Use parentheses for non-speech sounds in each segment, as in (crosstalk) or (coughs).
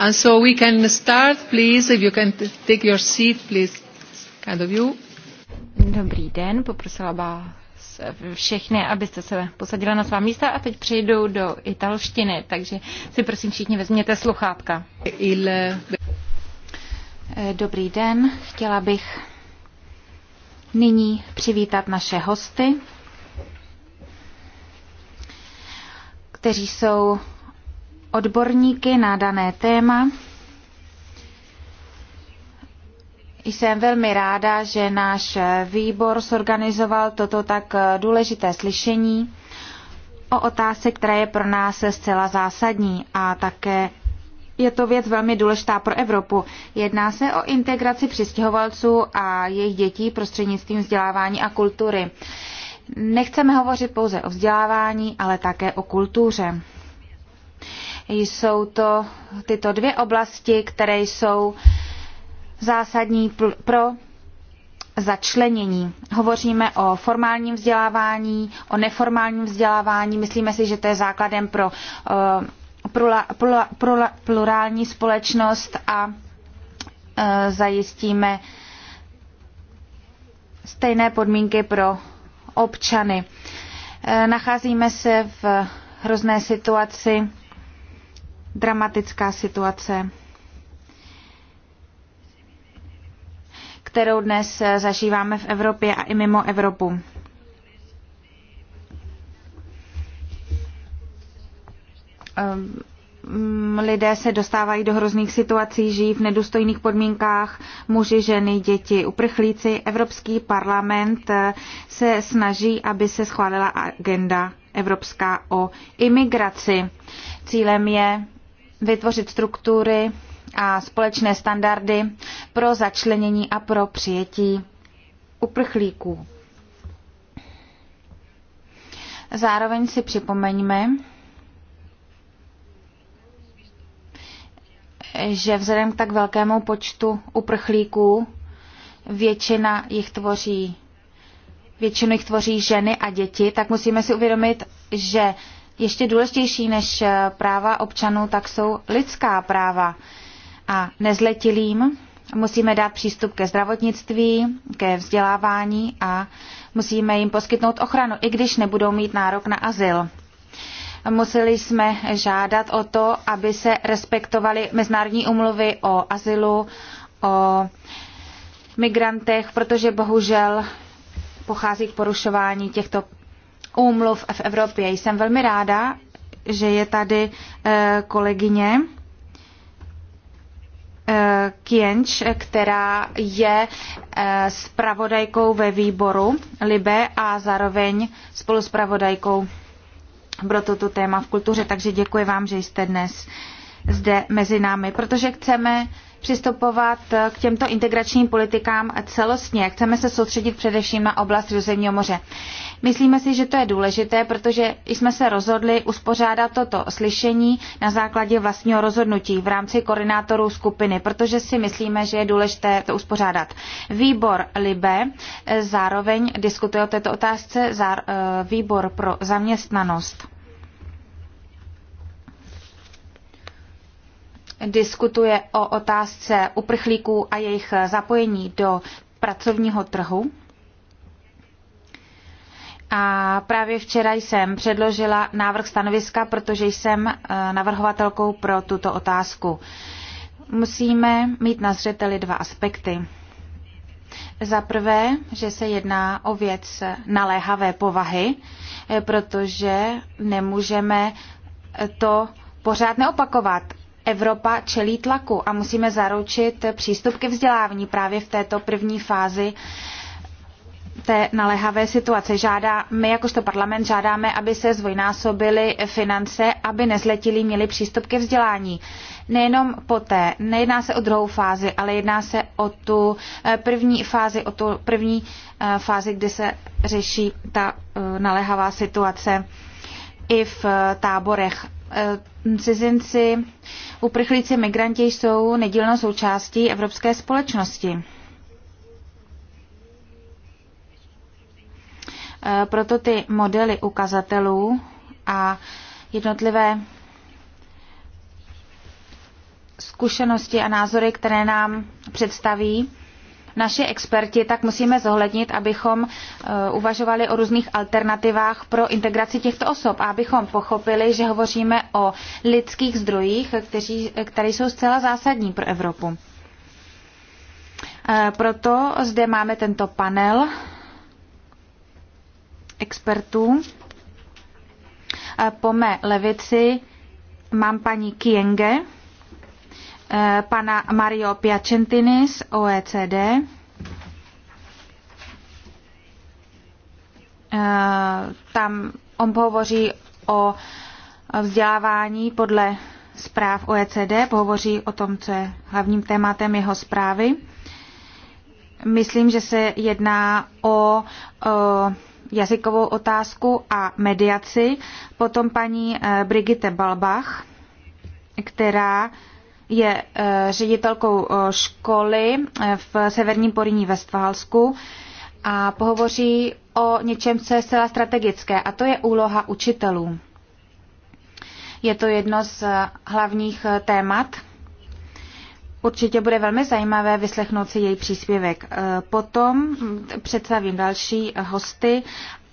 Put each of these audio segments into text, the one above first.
And so we can start, please, if you can take your seat, please, kind of you. Dobrý den, poprosila vás všechny, abyste se posadila na svá místa a teď přejdu do italštiny, takže si prosím všichni vezměte sluchátka. Il... Eh, dobrý den, chtěla bych nyní přivítat naše hosty, kteří jsou odborníky na dané téma. Jsem velmi ráda, že náš výbor zorganizoval toto tak důležité slyšení o otázce, která je pro nás zcela zásadní a také je to věc velmi důležitá pro Evropu. Jedná se o integraci přistěhovalců a jejich dětí prostřednictvím vzdělávání a kultury. Nechceme hovořit pouze o vzdělávání, ale také o kultuře. Jsou to tyto dvě oblasti, které jsou zásadní pro začlenění. Hovoříme o formálním vzdělávání, o neformálním vzdělávání. Myslíme si, že to je základem pro eh, plula, plula, plula, plurální společnost a eh, zajistíme stejné podmínky pro občany. Eh, nacházíme se v hrozné situaci dramatická situace, kterou dnes zažíváme v Evropě a i mimo Evropu. Ehm, lidé se dostávají do hrozných situací, žijí v nedůstojných podmínkách, muži, ženy, děti, uprchlíci. Evropský parlament se snaží, aby se schválila agenda evropská o imigraci. Cílem je vytvořit struktury a společné standardy pro začlenění a pro přijetí uprchlíků. Zároveň si připomeňme, že vzhledem k tak velkému počtu uprchlíků většina jich tvoří, většinu jich tvoří ženy a děti, tak musíme si uvědomit, že ještě důležitější než eh, práva občanů, tak jsou lidská práva. A nezletilým musíme dát přístup ke zdravotnictví, ke vzdělávání a musíme jim poskytnout ochranu, i když nebudou mít nárok na azyl. Museli jsme žádat o to, aby se respektovaly mezinárodní umluvy o azylu, o migrantech, protože bohužel pochází k porušování těchto úmluv v Evropě. Jsem velmi ráda, že je tady eh, kolegyně eh, Kienč, která je spravodajkou eh, ve výboru Libe a zároveň spoluspravodajkou pro toto téma v kultuře. Takže děkuji vám, že jste dnes zde mezi námi, protože chceme přistupovat k těmto integračním politikám celostně. Chceme se soustředit především na oblast Jozemního moře. Myslíme si, že to je důležité, protože jsme se rozhodli uspořádat toto slyšení na základě vlastního rozhodnutí v rámci koordinátorů skupiny, protože si myslíme, že je důležité to uspořádat. Výbor LIBE eh, zároveň diskutuje o této otázce za eh, výbor pro zaměstnanost. Diskutuje o otázce uprchlíků a jejich zapojení do pracovního trhu. A právě včera jsem předložila návrh stanoviska, protože jsem eh, navrhovatelkou pro tuto otázku. Musíme mít na zřeteli dva aspekty. Za prvé, že se jedná o věc naléhavé povahy, eh, protože nemůžeme to pořád neopakovat. Evropa čelí tlaku a musíme zaručit přístup ke vzdělávání právě v této první fázi té naléhavé situace. Žádá, my jakožto parlament žádáme, aby se zdvojnásobily finance, aby nezletilí měli přístup ke vzdělání. Nejenom poté, nejedná se o druhou fázi, ale jedná se o tu eh, první fázi, o tu první eh, fázi, kdy se řeší ta eh, naléhavá situace i v táborech. Cizinci, uprchlíci, migranti jsou nedílnou součástí evropské společnosti. Eh, proto ty modely ukazatelů a jednotlivé zkušenosti a názory, které nám představí naši experti, tak musíme zohlednit, abychom eh, uvažovali o různých alternativách pro integraci těchto osob a abychom pochopili, že hovoříme o lidských zdrojích, kteří, které jsou zcela zásadní pro Evropu. Eh, proto zde máme tento panel expertů. Eh, po mé levici mám paní Kienge, eh, pana Mario Piacentini z OECD, eh, tam on hovoří o vzdělávání podle zpráv OECD, hovoří o tom, co je hlavním tématem jeho zprávy. Myslím, že se jedná o, o jazykovou otázku a mediaci, potom paní eh, Brigitte Balbach, která je eh, ředitelkou eh, školy v severním ve Vestfálsku a pohovoří o něčem, co je zcela strategické, a to je úloha učitelů. Je to jedno z hlavních témat Určitě bude velmi zajímavé vyslechnout si její příspěvek. Eh, potom představím další hosty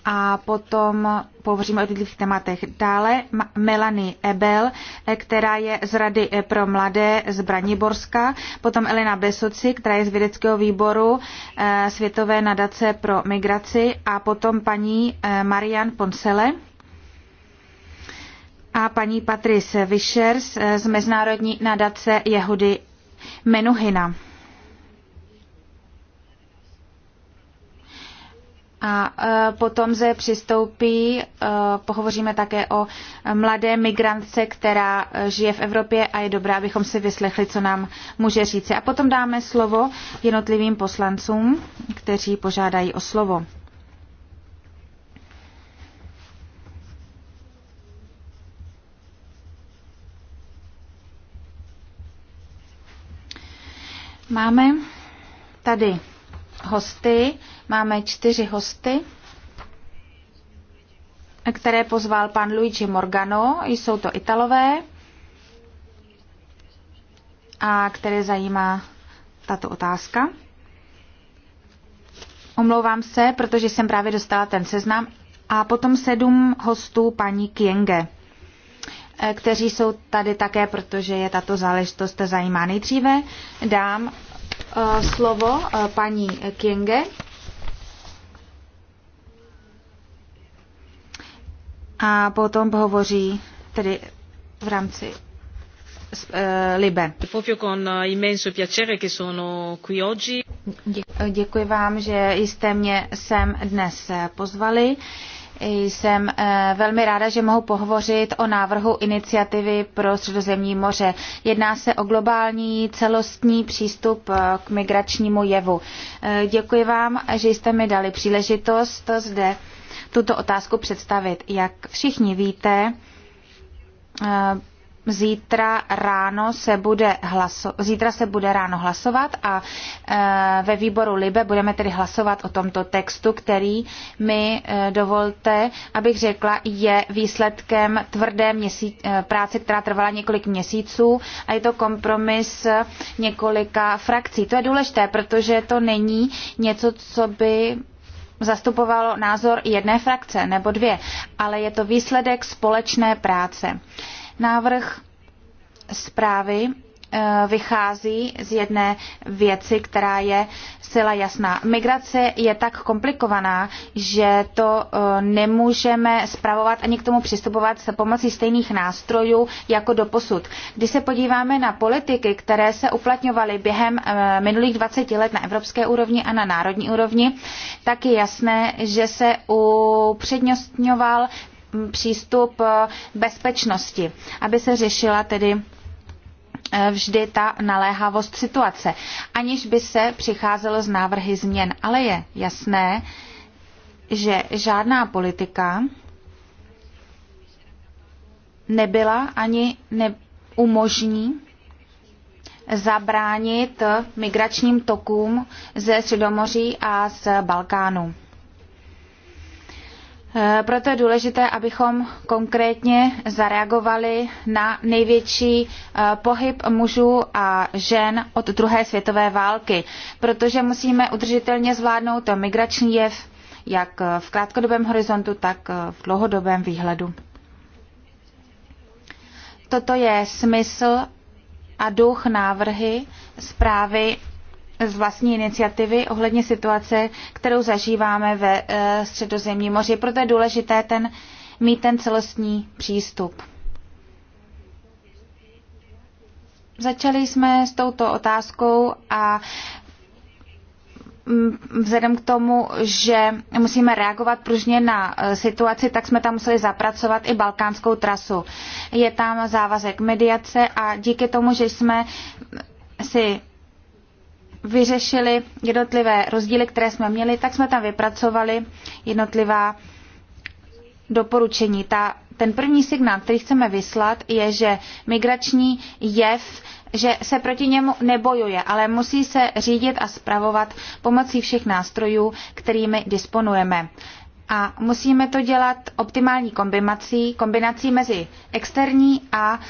a potom pohovoříme o jednotlivých tématech. Dále Melanie Ebel, eh, která je z Rady eh, pro mladé z Braniborska, potom Elena Besoci, která je z vědeckého výboru Světové nadace pro migraci a potom paní Marian Poncele a paní Patrice Vyšers z Mezinárodní nadace Jehudy Menuhina. A e, potom se přistoupí, e, pohovoříme také o mladé migrantce, která e, žije v Evropě a je dobré, abychom si vyslechli, co nám může říci. A potom dáme slovo jednotlivým poslancům, kteří požádají o slovo. Máme tady hosty, máme čtyři hosty, které pozval pan Luigi Morgano, jsou to Italové, a které zajímá tato otázka. Omlouvám se, protože jsem právě dostala ten seznam. A potom sedm hostů paní Kienge. Eh, kteří jsou tady také, protože je tato záležitost zajímá. Nejdříve dám eh, slovo eh, paní Kinge. A potom hovoří tedy v rámci Libe. Děkuji vám, že jste mě sem dnes pozvali. Jsem eh, velmi ráda, že mohu pohovořit o návrhu iniciativy pro Středozemní moře. Jedná se o globální celostní přístup eh, k migračnímu jevu. Eh, děkuji vám, že jste mi dali příležitost zde tuto otázku představit. Jak všichni víte, Zítra ráno se bude hlaso- zítra se bude ráno hlasovat a e, ve výboru Libe budeme tedy hlasovat o tomto textu, který mi e, dovolte, abych řekla, je výsledkem tvrdé měsíc- e, práce, která trvala několik měsíců a je to kompromis několika frakcí. To je důležité, protože to není něco, co by zastupovalo názor jedné frakce nebo dvě, ale je to výsledek společné práce. Návrh zprávy eh, vychází z jedné věci, která je sila jasná. Migrace je tak komplikovaná, že to eh, nemůžeme spravovat ani k tomu přistupovat s pomocí stejných nástrojů jako do posud. Když se podíváme na politiky, které se uplatňovaly během eh, minulých 20 let na evropské úrovni a na národní úrovni, tak je jasné, že se upřednostňoval přístup e, bezpečnosti, aby se řešila tedy e, vždy ta naléhavost situace, aniž by se přicházelo z návrhy změn. Ale je jasné, že žádná politika nebyla ani neumožní zabránit migračním tokům ze Středomoří a z Balkánu. Eh, proto je důležité, abychom konkrétně zareagovali na největší eh, pohyb mužů a žen od druhé světové války, protože musíme udržitelně zvládnout migrační jev jak eh, v krátkodobém horizontu, tak v dlouhodobém výhledu. Toto je smysl a duch návrhy zprávy z vlastní iniciativy ohledně situace, kterou zažíváme ve eh, Středozemním moři. Proto je důležité ten, mít ten celostní přístup. Začali jsme s touto otázkou a mm, vzhledem k tomu, že musíme reagovat pružně na eh, situaci, tak jsme tam museli zapracovat i balkánskou trasu. Je tam závazek mediace a díky tomu, že jsme si vyřešili jednotlivé rozdíly, které jsme měli, tak jsme tam vypracovali jednotlivá doporučení. Ta, ten první signál, který chceme vyslat, je, že migrační jev že se proti němu nebojuje, ale musí se řídit a spravovat pomocí všech nástrojů, kterými disponujeme. A musíme to dělat optimální kombinací, kombinací mezi externí a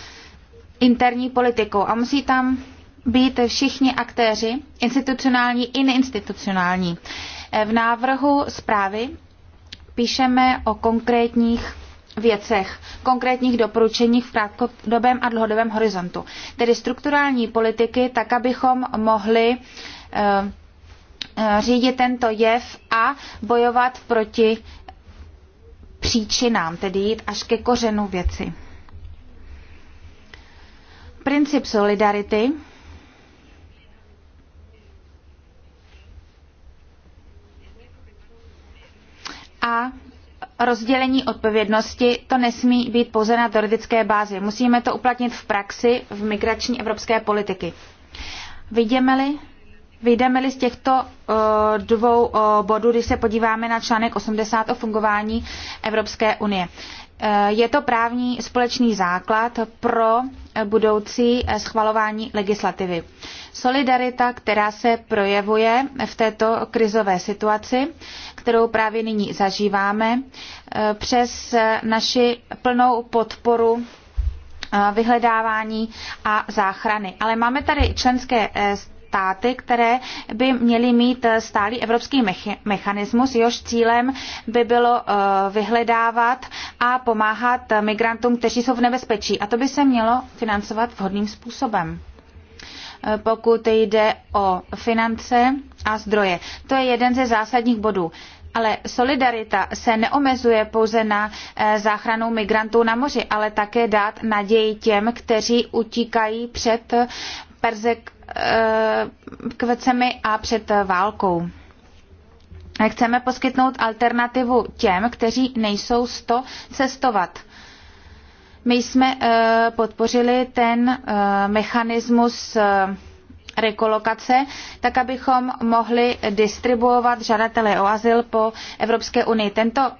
interní politikou. A musí tam být všichni aktéři, institucionální i neinstitucionální. V návrhu zprávy píšeme o konkrétních věcech, konkrétních doporučeních v krátkodobém a dlouhodobém horizontu, tedy strukturální politiky, tak abychom mohli eh, eh, řídit tento jev a bojovat proti příčinám, tedy jít až ke kořenu věci. Princip solidarity a rozdělení odpovědnosti to nesmí být pouze na teoretické bázi. Musíme to uplatnit v praxi v migrační evropské politiky. Vidíme-li, Vyjdeme-li z těchto eh, dvou eh, bodů, když se podíváme na článek 80 o fungování Evropské unie. Eh, je to právní společný základ pro eh, budoucí eh, schvalování legislativy. Solidarita, která se projevuje v této krizové situaci, kterou právě nyní zažíváme, přes naši plnou podporu vyhledávání a záchrany. Ale máme tady členské státy, které by měly mít eh, stálý evropský mechanismus, jehož cílem by bylo eh, vyhledávat a pomáhat migrantům, kteří jsou v nebezpečí. A to by se mělo financovat vhodným způsobem eh, pokud jde o finance a zdroje. To je jeden ze zásadních bodů. Ale solidarita se neomezuje pouze na záchranu migrantů na moři, ale také dát naději těm, kteří utíkají před persek- Eh, kvecemi a před válkou. Chceme poskytnout alternativu těm, kteří nejsou sto cestovat. My jsme eh, podpořili ten eh, mechanismus rekolokace, tak abychom mohli distribuovat žadatele o azyl po Evropské unii. Tento uh,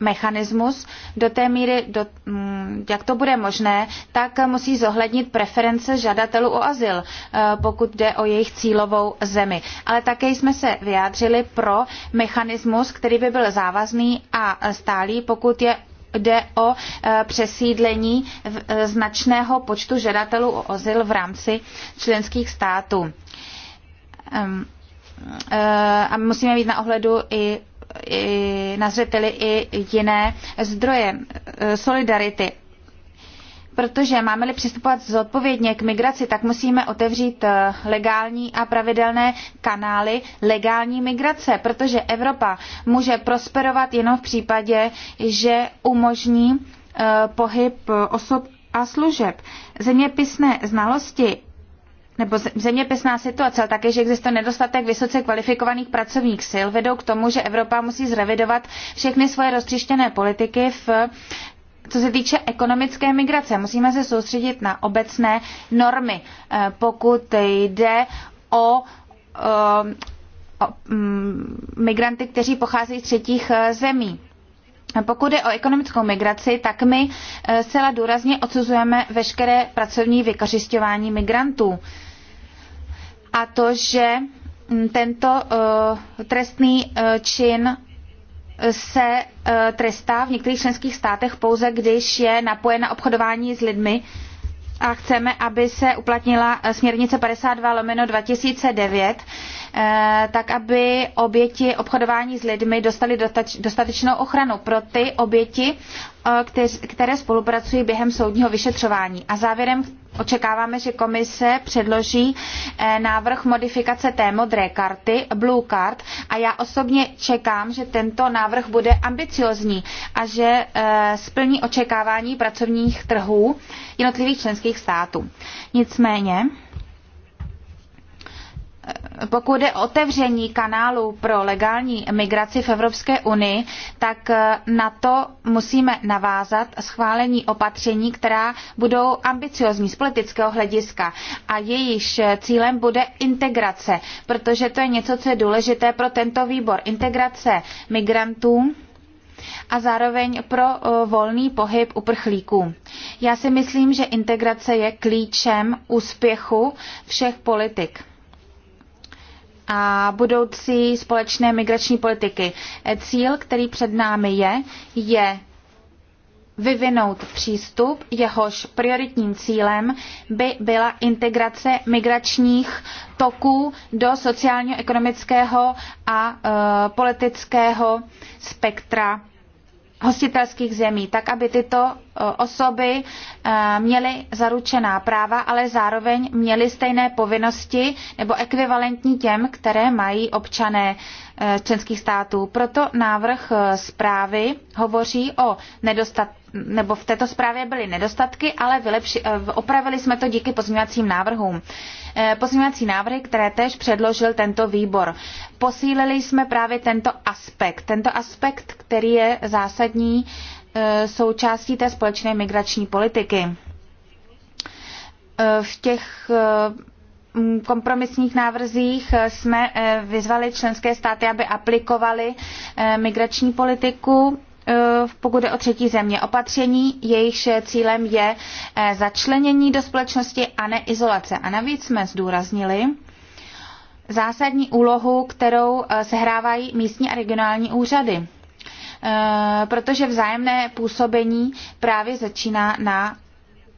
mechanismus do té míry, do, um, jak to bude možné, tak musí zohlednit preference žadatelů o azyl, uh, pokud jde o jejich cílovou zemi. Ale také jsme se vyjádřili pro mechanismus, který by byl závazný a stálý, pokud je jde o e, přesídlení e, značného počtu žadatelů o ozil v rámci členských států. E, a musíme mít na ohledu i na zřeteli i jiné zdroje solidarity protože máme-li přistupovat zodpovědně k migraci, tak musíme otevřít eh, legální a pravidelné kanály legální migrace, protože Evropa může prosperovat jenom v případě, že umožní eh, pohyb osob a služeb. Zeměpisné znalosti nebo zeměpisná situace, ale také, že existuje nedostatek vysoce kvalifikovaných pracovních sil, vedou k tomu, že Evropa musí zrevidovat všechny svoje roztříštěné politiky v co se týče ekonomické migrace, musíme se soustředit na obecné normy, eh, pokud jde o eh, mm, migranty, kteří pocházejí z třetích eh, zemí. Pokud je o ekonomickou migraci, tak my zcela důrazně odsuzujeme veškeré pracovní vykořišťování migrantů. A to, že mm, tento trestný čin se eh, trestá v některých členských státech pouze, když je napojena obchodování s lidmi a chceme, aby se uplatnila eh, směrnice 52 lomeno 2009, Eh, tak aby oběti obchodování s lidmi dostaly dostatečnou ochranu pro ty oběti, eh, které spolupracují během soudního vyšetřování. A závěrem očekáváme, že komise předloží eh, návrh modifikace té modré karty, Blue Card, a já osobně čekám, že tento návrh bude ambiciozní a že splní očekávání pracovních trhů jednotlivých členských států. Nicméně, pokud jde o otevření kanálu pro legální migraci v Evropské unii, tak eh, na to musíme navázat schválení opatření, která budou ambiciozní z politického hlediska a jejíž eh, cílem bude integrace, protože to je něco, co je důležité pro tento výbor. Integrace migrantů a zároveň pro eh, volný pohyb uprchlíků. Já si myslím, že integrace je klíčem úspěchu všech politik a budoucí společné migrační politiky. Cíl, který před námi je, je vyvinout přístup, jehož prioritním cílem by byla integrace migračních toků do sociálně-ekonomického a e, politického spektra hostitelských zemí, tak aby tyto e, osoby e, měly zaručená práva, ale zároveň měly stejné povinnosti nebo ekvivalentní těm, které mají občané e, členských států. Proto návrh zprávy hovoří o nedostatku nebo v této zprávě byly nedostatky, ale vylepši, eh, opravili jsme to díky pozměňovacím návrhům. Eh, pozměňovací návrhy, které též předložil tento výbor. Posílili jsme právě tento aspekt, tento aspekt, který je zásadní eh, součástí té společné migrační politiky. V těch kompromisních návrzích jsme vyzvali členské státy, aby aplikovali migrační politiku Eh, pokud je o třetí země, opatření, jejichž cílem je eh, začlenění do společnosti a ne izolace. A navíc jsme zdůraznili zásadní úlohu, kterou eh, sehrávají místní a regionální úřady. Protože vzájemné působení právě začíná na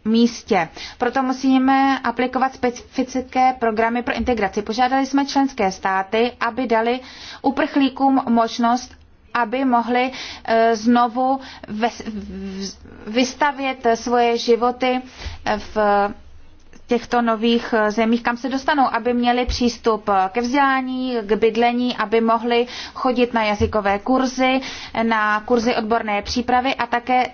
místě. Proto musíme aplikovat specifické programy pro integraci. Požádali jsme členské státy, aby dali uprchlíkům možnost aby mohli eh, znovu vystavět svoje životy eh, v těchto nových eh, zemích, kam se dostanou, aby měli přístup ke vzdělání, k bydlení, aby mohli chodit na jazykové kurzy, na kurzy odborné přípravy a také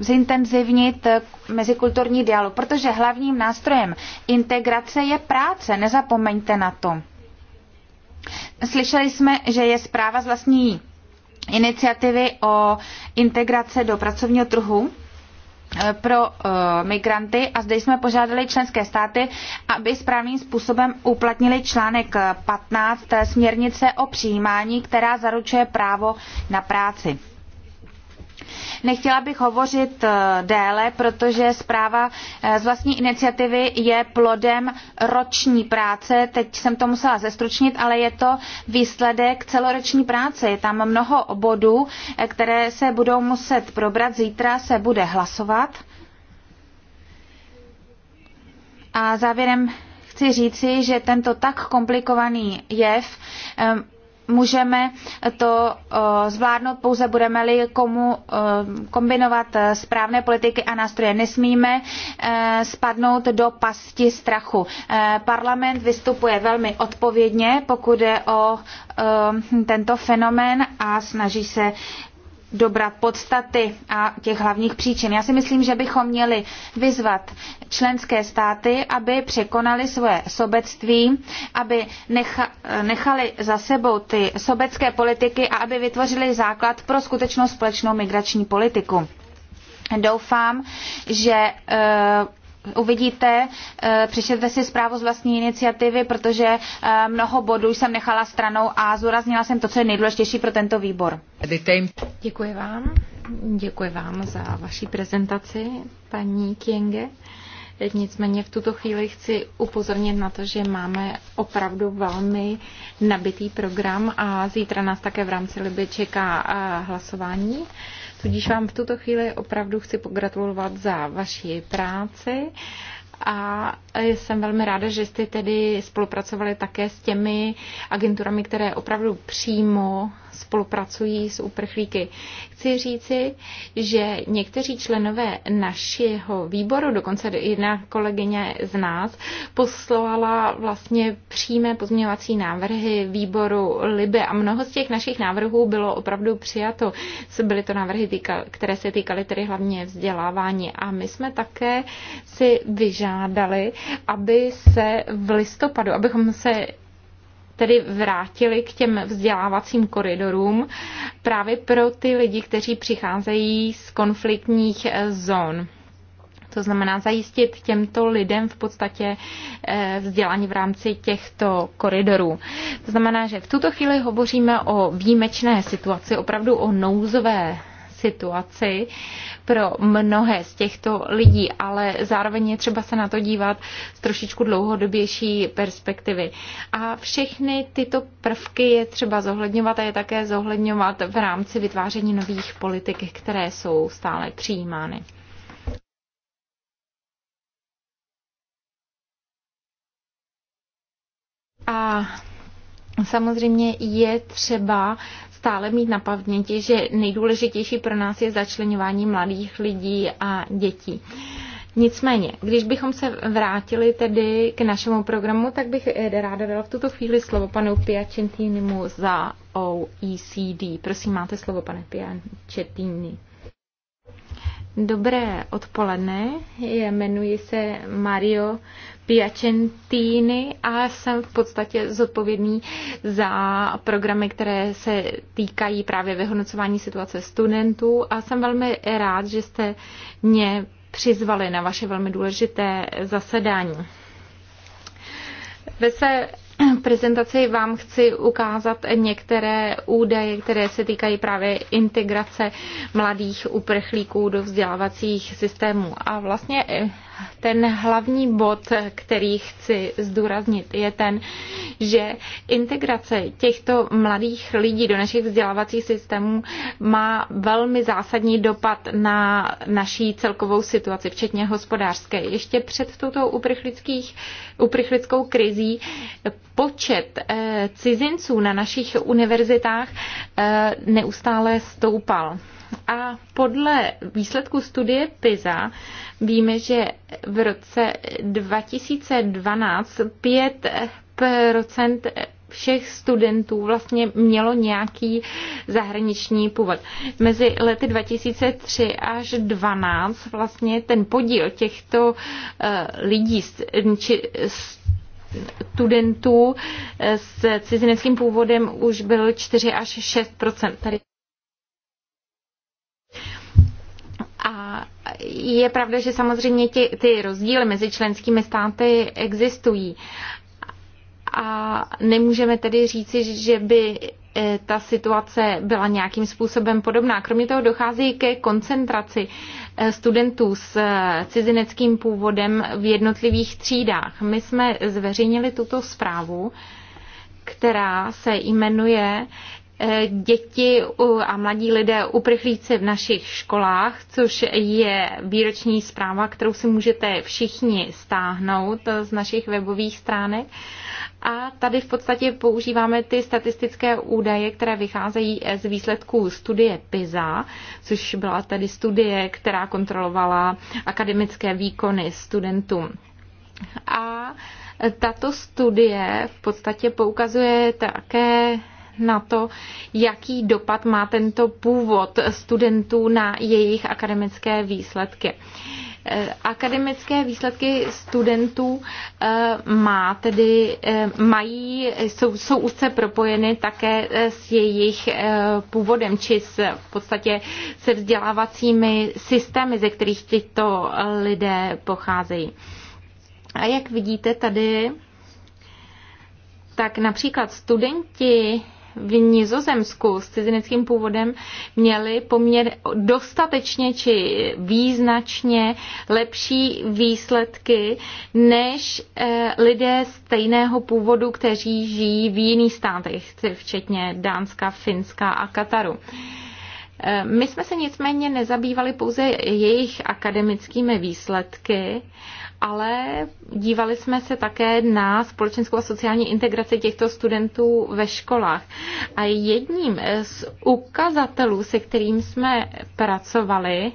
zintenzivnit mezikulturní dialog, protože hlavním nástrojem integrace je práce, nezapomeňte na to. Slyšeli jsme, že je zpráva z vlastní iniciativy o integrace do pracovního trhu eh, pro eh, migranty a zde jsme požádali členské státy, aby správným způsobem uplatnili článek 15 směrnice o přijímání, která zaručuje právo na práci. Nechtěla bych hovořit eh, déle, protože zpráva eh, z vlastní iniciativy je plodem roční práce. Teď jsem to musela zestručnit, ale je to výsledek celoroční práce. Je tam mnoho bodů, eh, které se budou muset probrat. Zítra se bude hlasovat. A závěrem chci říci, že tento tak komplikovaný jev můžeme to eh, zvládnout pouze budeme-li komu eh, kombinovat eh, správné politiky a nástroje. Nesmíme spadnout do pasti strachu. Parlament vystupuje velmi odpovědně, pokud je o tento fenomén a snaží se dobra podstaty a těch hlavních příčin. Já si myslím, že bychom měli vyzvat členské státy, aby překonali svoje sobectví, aby necha, nechali za sebou ty sobecké politiky a aby vytvořili základ pro skutečnou společnou migrační politiku. Doufám, že eh, uvidíte, eh, přečtěte si zprávu z vlastní iniciativy, protože eh, mnoho bodů jsem nechala stranou a zúraznila jsem to, co je nejdůležitější pro tento výbor. Děkuji vám. Děkuji vám za vaši prezentaci, paní Kienge. Nicméně v tuto chvíli chci upozornit na to, že máme opravdu velmi nabitý program a zítra nás také v rámci Liby čeká eh, hlasování. Tudíž vám v tuto chvíli opravdu chci pogratulovat za vaši práci a jsem velmi ráda, že jste tedy spolupracovali také s těmi agenturami, které opravdu přímo spolupracují s uprchlíky. Chci říci, že někteří členové našeho výboru, dokonce jedna kolegyně z nás, poslala vlastně přímé pozměňovací návrhy výboru Libe a mnoho z těch našich návrhů bylo opravdu přijato. Byly to návrhy, které se týkaly tedy hlavně vzdělávání a my jsme také si vyžádali, aby se v listopadu, abychom se tedy vrátili k těm vzdělávacím koridorům právě pro ty lidi, kteří přicházejí z konfliktních eh, zón. To znamená zajistit těmto lidem v podstatě eh, vzdělání v rámci těchto koridorů. To znamená, že v tuto chvíli hovoříme o výjimečné situaci, opravdu o nouzové situaci, pro mnohé z těchto lidí, ale zároveň je třeba se na to dívat z trošičku dlouhodobější perspektivy. A všechny tyto prvky je třeba zohledňovat a je také zohledňovat v rámci vytváření nových politik, které jsou stále přijímány. A samozřejmě je třeba stále mít na paměti, že nejdůležitější pro nás je začlenování mladých lidí a dětí. Nicméně, když bychom se vrátili tedy k našemu programu, tak bych eh, ráda dala v tuto chvíli slovo panu Piacentinimu za OECD. Prosím, máte slovo, pane Piacentini. Dobré odpoledne, jmenuji se Mario Piacentini a jsem v podstatě zodpovědný za programy, které se týkají právě vyhodnocování situace studentů a jsem velmi rád, že jste mě přizvali na vaše velmi důležité zasedání. Ve své prezentaci vám chci ukázat některé údaje, které se týkají právě integrace mladých uprchlíků do vzdělávacích systémů. A vlastně eh, ten hlavní bod, který chci zdůraznit, je ten, že integrace těchto mladých lidí do našich vzdělávacích systémů má velmi zásadní dopad na naší celkovou situaci, včetně hospodářské. Ještě před touto uprchlických, uprchlickou krizí počet eh, cizinců na našich univerzitách eh, neustále stoupal. A podle výsledku studie PISA Víme, že v roce 2012 5 všech studentů vlastně mělo nějaký zahraniční původ. Mezi lety 2003 až 2012 vlastně ten podíl těchto eh, lidí, či studentů eh, s cizineckým původem už byl 4 až 6 Tady A je pravda, že samozřejmě ty, ty rozdíly mezi členskými státy existují. A nemůžeme tedy říci, že by eh, ta situace byla nějakým způsobem podobná. Kromě toho dochází ke koncentraci eh, studentů s eh, cizineckým původem v jednotlivých třídách. My jsme zveřejnili tuto zprávu, která se jmenuje děti a mladí lidé uprchlíci v našich školách, což je výroční zpráva, kterou si můžete všichni stáhnout z našich webových stránek. A tady v podstatě používáme ty statistické údaje, které vycházejí z výsledků studie PISA, což byla tedy studie, která kontrolovala akademické výkony studentům. A tato studie v podstatě poukazuje také na to, jaký dopad má tento původ studentů na jejich akademické výsledky. Eh, akademické výsledky studentů eh, má tedy, eh, mají, jsou, jsou úzce propojeny také s jejich původem, či s, v podstatě se vzdělávacími systémy, ze kterých tyto lidé pocházejí. A jak vidíte tady, tak například studenti v Nizozemsku s cizineckým původem měli poměr dostatečně či význačně lepší výsledky než eh, lidé stejného původu, kteří žijí v jiných státech, včetně Dánska, Finska a Kataru. Eh, my jsme se nicméně nezabývali pouze jejich akademickými výsledky, ale dívali jsme se také na společenskou a sociální integraci těchto studentů ve školách. A jedním z ukazatelů, se kterým jsme pracovali,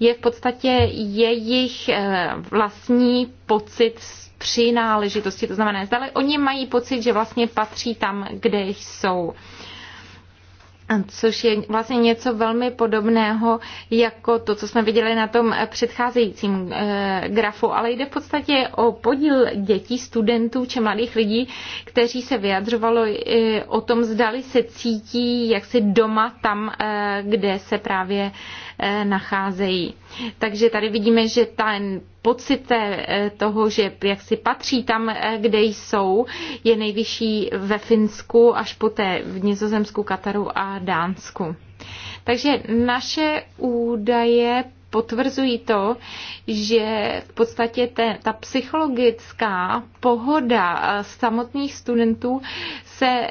je v podstatě jejich eh, vlastní pocit přináležitosti. To znamená, zdali oni mají pocit, že vlastně patří tam, kde jsou což je vlastně něco velmi podobného jako to, co jsme viděli na tom předcházejícím eh, grafu, ale jde v podstatě o podíl dětí, studentů či mladých lidí, kteří se vyjadřovalo eh, o tom, zdali se cítí jaksi doma tam, eh, kde se právě Eh, nacházejí. Takže tady vidíme, že ten pocit eh, toho, že jak si patří tam, eh, kde jsou, je nejvyšší ve Finsku až poté v Nizozemsku, Kataru a Dánsku. Takže naše údaje potvrzují to, že v podstatě te, ta psychologická pohoda samotných studentů se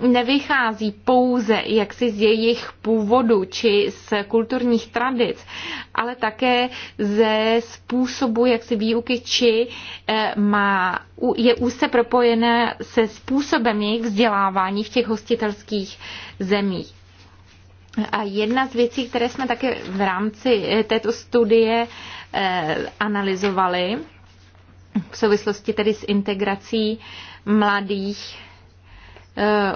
nevychází pouze jaksi z jejich původu či z kulturních tradic, ale také ze způsobu jaksi výuky či eh, má, je úzce propojené se způsobem jejich vzdělávání v těch hostitelských zemích. A jedna z věcí, které jsme také v rámci eh, této studie eh, analyzovali v souvislosti tedy s integrací mladých Eh,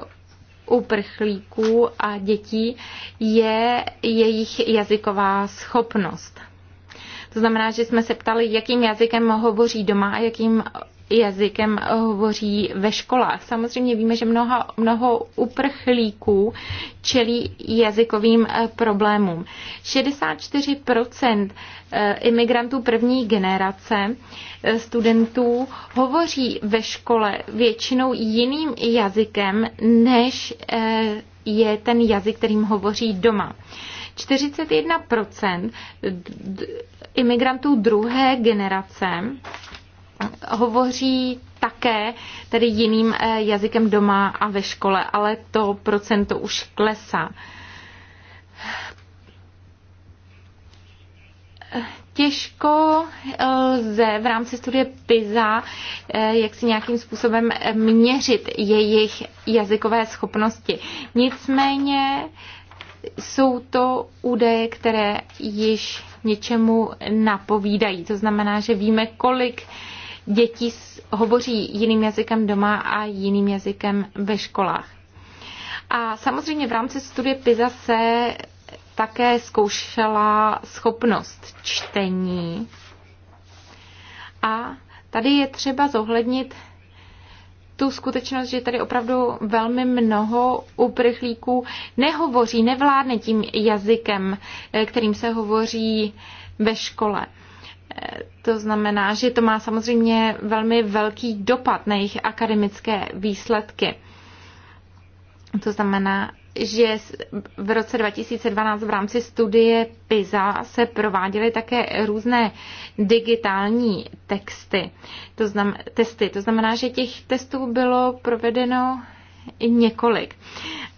uprchlíků a dětí je jejich jazyková schopnost. To znamená, že jsme se ptali, jakým jazykem hovoří doma a jakým jazykem hovoří ve školách. Samozřejmě víme, že mnoha, mnoho uprchlíků čelí jazykovým eh, problémům. 64% eh, imigrantů první generace eh, studentů hovoří ve škole většinou jiným jazykem, než je ten jazyk, kterým hovoří doma. 41% imigrantů druhé generace hovoří také tedy jiným eh, jazykem doma a ve škole, ale to procento už klesá. Těžko eh, lze v rámci studie PISA eh, jak si nějakým způsobem měřit jejich jazykové schopnosti. Nicméně jsou to údaje, které již něčemu napovídají. To znamená, že víme, kolik uh, děti hovoří jiným jazykem doma a jiným jazykem ve školách. A samozřejmě v rámci studie PISA se také zkoušela schopnost čtení. A tady je třeba zohlednit tu skutečnost, že tady opravdu velmi mnoho uprchlíků nehovoří, nevládne tím jazykem, eh, kterým se hovoří ve škole. To znamená, že to má samozřejmě velmi velký dopad na jejich akademické výsledky. To znamená, že v roce 2012 v rámci studie PISA se prováděly také různé digitální texty, to znamená, testy. To znamená, že těch testů bylo provedeno několik.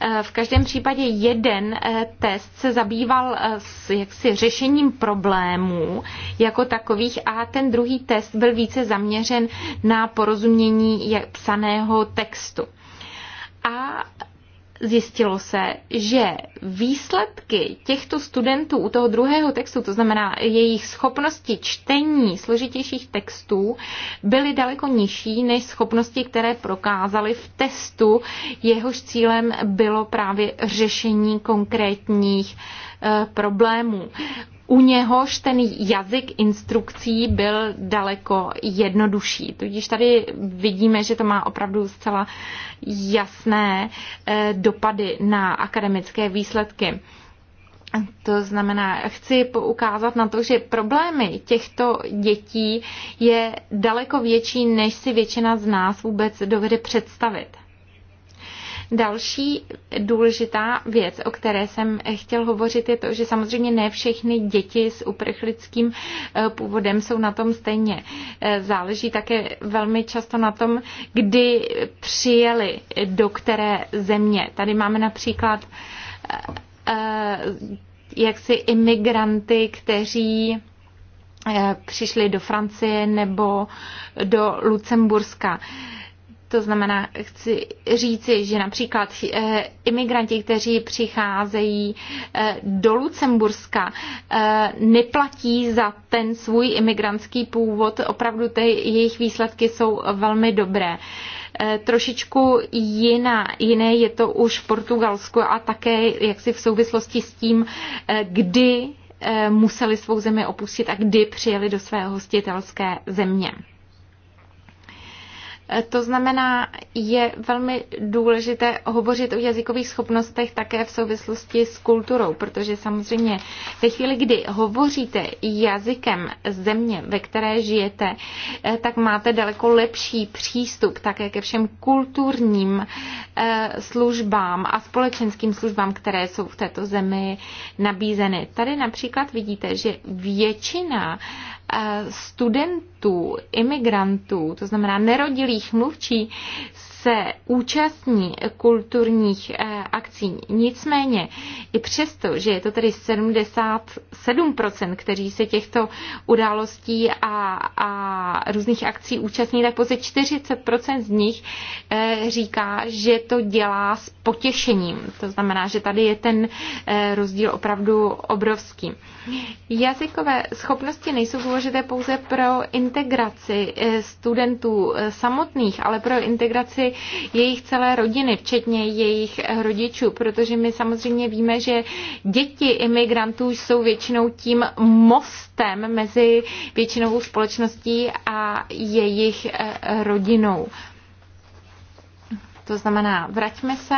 Eh, v každém případě jeden eh, test se zabýval eh, s jaksi řešením problémů jako takových a ten druhý test byl více zaměřen na porozumění psaného textu. A zjistilo se, že výsledky těchto studentů u toho druhého textu, to znamená jejich schopnosti čtení složitějších textů, byly daleko nižší než schopnosti, které prokázali v testu, jehož cílem bylo právě řešení konkrétních eh, problémů u něhož ten jazyk instrukcí byl daleko jednodušší. Tudíž tady vidíme, že to má opravdu zcela jasné eh, dopady na akademické výsledky. To znamená, chci poukázat na to, že problémy těchto dětí je daleko větší, než si většina z nás vůbec dovede představit. Další důležitá věc, o které jsem chtěl hovořit, je to, že samozřejmě ne všechny děti s uprchlickým eh, původem jsou na tom stejně. Eh, záleží také velmi často na tom, kdy přijeli do které země. Tady máme například eh, jaksi imigranty, kteří přišli do Francie nebo do Lucemburska. To znamená, chci říci, že například eh, imigranti, kteří přicházejí eh, do Lucemburska, eh, neplatí za ten svůj imigrantský původ. Opravdu ty jejich výsledky jsou velmi dobré trošičku jiná, jiné je to už v Portugalsku a také jaksi v souvislosti s tím, kdy museli svou zemi opustit a kdy přijeli do své hostitelské země. Eh, to znamená, je velmi důležité hovořit o jazykových schopnostech také v souvislosti s kulturou, protože samozřejmě ve chvíli, kdy hovoříte jazykem země, ve které žijete, eh, tak máte daleko lepší přístup také ke všem kulturním eh, službám a společenským službám, které jsou v této zemi nabízeny. Tady například vidíte, že většina Eh, studentů, imigrantů, to znamená nerodilých mluvčí, se účastní kulturních eh, akcí. Nicméně i přesto, že je to tedy 77%, kteří se těchto událostí a, a různých akcí účastní, tak pouze 40% z nich eh, říká, že to dělá s potěšením. To znamená, že tady je ten eh, rozdíl opravdu obrovský. Jazykové schopnosti nejsou důležité pouze pro integraci studentů samotných, ale pro integraci jejich celé rodiny, včetně jejich rodičů, protože my samozřejmě víme, že děti imigrantů jsou většinou tím mostem mezi většinovou společností a jejich eh, rodinou. To znamená, vraťme se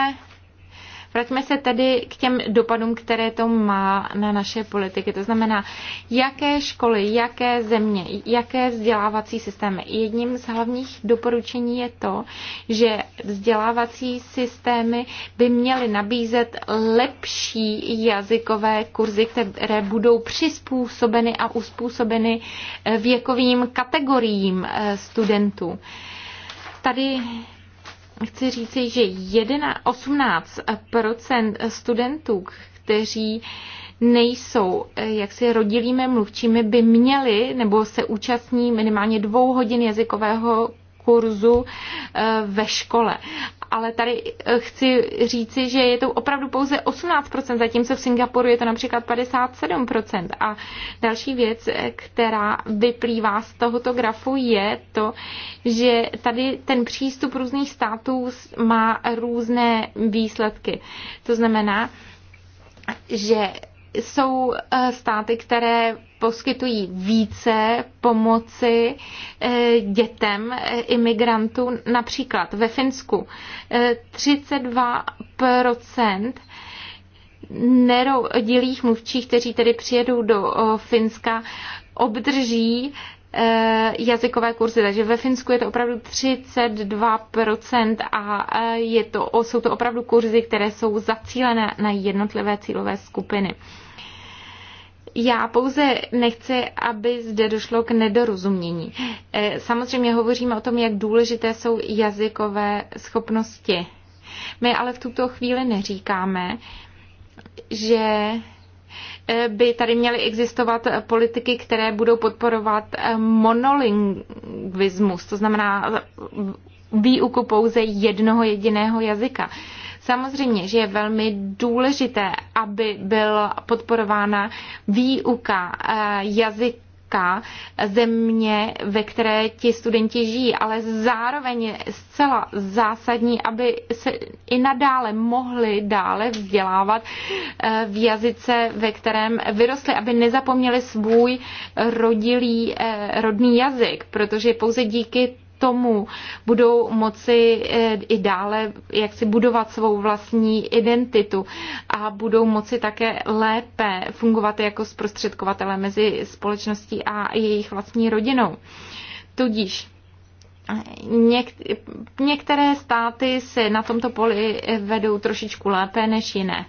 Vraťme se tedy k těm dopadům, které to má na naše politiky. To znamená, jaké školy, jaké země, jaké vzdělávací systémy. Jedním z hlavních doporučení je to, že vzdělávací systémy by měly nabízet lepší jazykové kurzy, které budou přizpůsobeny a uspůsobeny eh, věkovým kategoriím eh, studentů. Tady chci říci, že 18% studentů, kteří nejsou eh, jaksi rodilými mluvčími, by měli nebo se účastní minimálně dvou hodin jazykového kurzu eh, ve škole ale tady eh, chci říci, že je to opravdu pouze 18%, zatímco v Singapuru je to například 57%. A další věc, eh, která vyplývá z tohoto grafu, je to, že tady ten přístup různých států má různé výsledky. To znamená, že jsou eh, státy, které poskytují více pomoci eh, dětem eh, imigrantů. Například ve Finsku 32 nerodilých mluvčích, kteří tedy přijedou do Finska, obdrží Eh, jazykové kurzy, takže ve Finsku je to opravdu 32% a eh, je to, jsou to opravdu kurzy, které jsou zacílené na jednotlivé cílové skupiny. Já pouze nechci, aby zde došlo k nedorozumění. Eh, samozřejmě hovoříme o tom, jak důležité jsou jazykové schopnosti. My ale v tuto chvíli neříkáme, že by tady měly existovat politiky, které budou podporovat eh, monolingvismus, to znamená výuku pouze jednoho jediného jazyka. Samozřejmě, že je velmi důležité, aby byla podporována výuka eh, jazyk velká země, ve které ti studenti žijí, ale zároveň je zcela zásadní, aby se i nadále mohli dále vzdělávat eh, v jazyce, ve kterém vyrostli, aby nezapomněli svůj rodilý, eh, rodný jazyk, protože pouze díky tomu budou moci eh, i dále jak si budovat svou vlastní identitu a budou moci také lépe fungovat jako zprostředkovatele mezi společností a jejich vlastní rodinou. Tudíž Něk- některé státy se na tomto poli vedou trošičku lépe než jiné.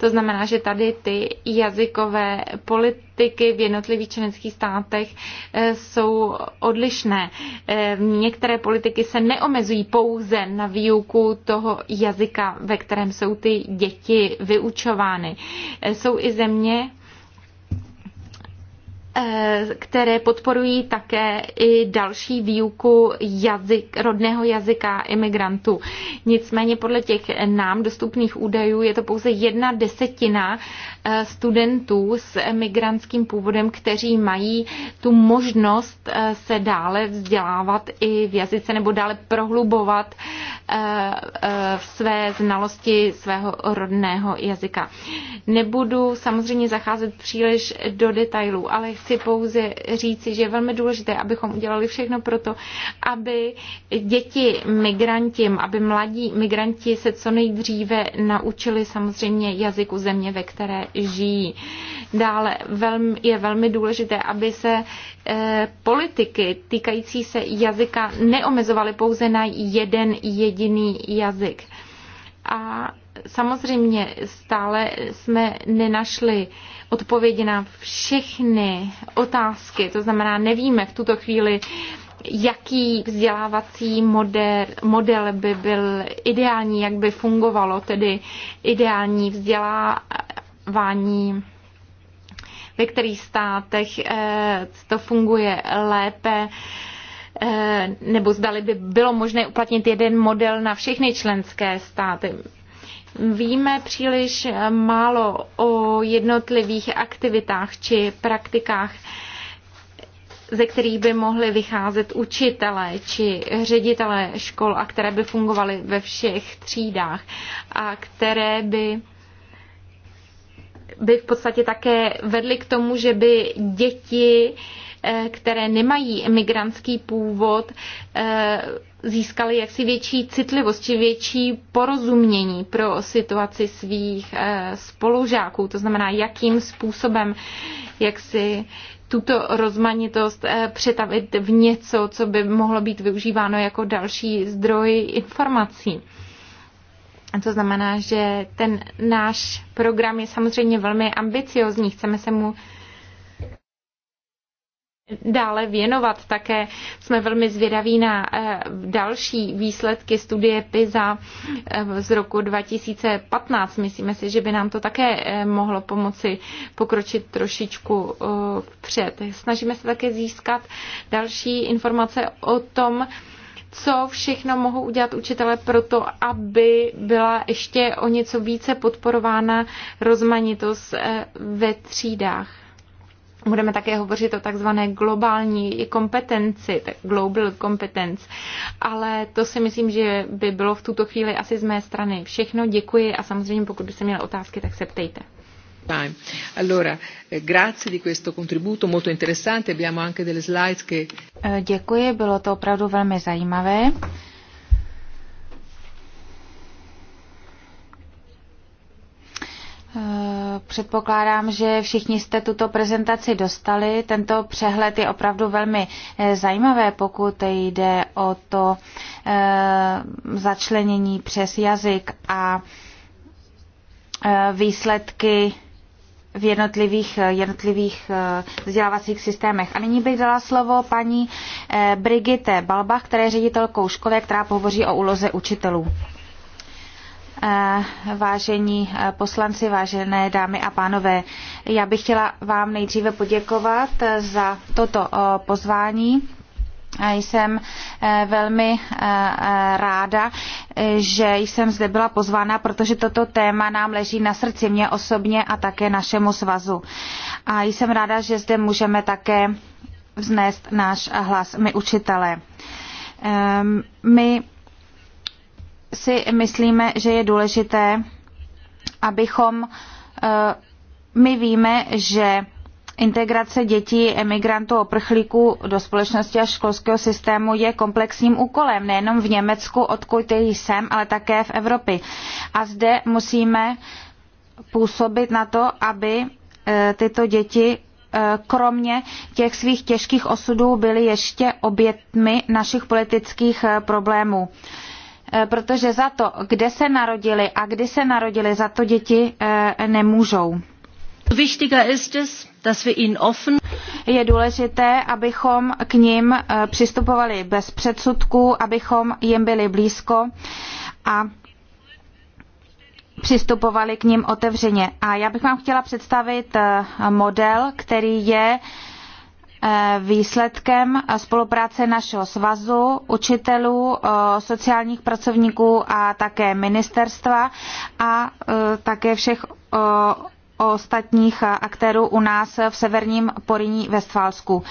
To znamená, že tady ty jazykové politiky v jednotlivých členských státech eh, jsou odlišné. Eh, některé politiky se neomezují pouze na výuku toho jazyka, ve kterém jsou ty děti vyučovány. Eh, jsou i země, Eh, které podporují také i další výuku jazyk, rodného jazyka imigrantů. Nicméně podle těch nám dostupných údajů je to pouze jedna desetina eh, studentů s migrantským původem, kteří mají tu možnost eh, se dále vzdělávat i v jazyce nebo dále prohlubovat své znalosti svého rodného jazyka. Nebudu samozřejmě zacházet příliš do detailů, ale chci pouze říci, že je velmi důležité, abychom udělali všechno pro to, aby děti migrantím, aby mladí migranti se co nejdříve naučili samozřejmě jazyku země, ve které žijí. Dále velmi, je velmi důležité, aby se eh, politiky týkající se jazyka neomezovaly pouze na jeden jediný jazyk. A samozřejmě stále jsme nenašli odpovědi na všechny otázky, to znamená, nevíme v tuto chvíli, jaký vzdělávací model, model by byl ideální, jak by fungovalo tedy ideální vzdělávání ve kterých státech eh, to funguje lépe, eh, nebo zdali by bylo možné uplatnit jeden model na všechny členské státy. Víme příliš málo o jednotlivých aktivitách či praktikách, ze kterých by mohly vycházet učitelé či ředitelé škol a které by fungovaly ve všech třídách a které by by v podstatě také vedly k tomu, že by děti, eh, které nemají migrantský původ, eh, získali jaksi větší citlivost či větší porozumění pro situaci svých eh, spolužáků. To znamená, jakým způsobem jak si tuto rozmanitost eh, přetavit v něco, co by mohlo být využíváno jako další zdroj informací. To znamená, že ten náš program je samozřejmě velmi ambiciozní, chceme se mu dále věnovat. Také jsme velmi zvědaví na eh, další výsledky studie PISA eh, z roku 2015. Myslíme si, že by nám to také eh, mohlo pomoci pokročit trošičku vpřed. Snažíme se také získat další informace o tom, co všechno mohou udělat učitele pro to, aby byla ještě o něco více podporována rozmanitost ve třídách. Budeme také hovořit o takzvané globální kompetenci, tak global competence, ale to si myslím, že by bylo v tuto chvíli asi z mé strany všechno. Děkuji a samozřejmě pokud byste měli otázky, tak se ptejte. Time. Allora, eh, grazie di questo contributo molto interessante, abbiamo anche delle slides che... Eh, děkuji, bylo to opravdu velmi zajímavé. Předpokládám, že všichni jste tuto prezentaci dostali. Tento přehled je opravdu velmi eh, zajímavé, pokud jde o to eh, začlenění přes jazyk a eh, výsledky v jednotlivých, jednotlivých vzdělávacích systémech. A nyní bych dala slovo paní Brigitte Balbach, která je ředitelkou školy, která pohovoří o úloze učitelů. Eh, vážení eh, poslanci, vážené dámy a pánové, já bych chtěla vám nejdříve poděkovat eh, za toto pozvání. Jsem velmi ráda, že jsem zde byla pozvána, protože toto téma nám leží na srdci mě osobně a také našemu svazu. A jsem ráda, že zde můžeme také vznést náš hlas, my učitelé. Ehm, my si myslíme, že je důležité, abychom, eh, my víme, že Integrace dětí, emigrantů, oprchlíků do společnosti a školského systému je komplexním úkolem, nejenom v Německu, odkud jsem, ale také v Evropě. A zde musíme působit na to, aby eh, tyto děti eh, kromě těch svých těžkých osudů byly ještě obětmi našich politických problémů. Eh, protože za to, kde se narodili a kdy se narodili, za to děti eh, nemůžou. Je důležité, abychom k ním eh, přistupovali bez předsudků, abychom jim byli blízko a přistupovali k ním otevřeně. A já bych vám chtěla představit model, který je Eh, výsledkem spolupráce našeho svazu, učitelů, eh, sociálních pracovníků a také ministerstva a eh, také všech ostatních aktérů u nás v severním Poriní ve Stválsku.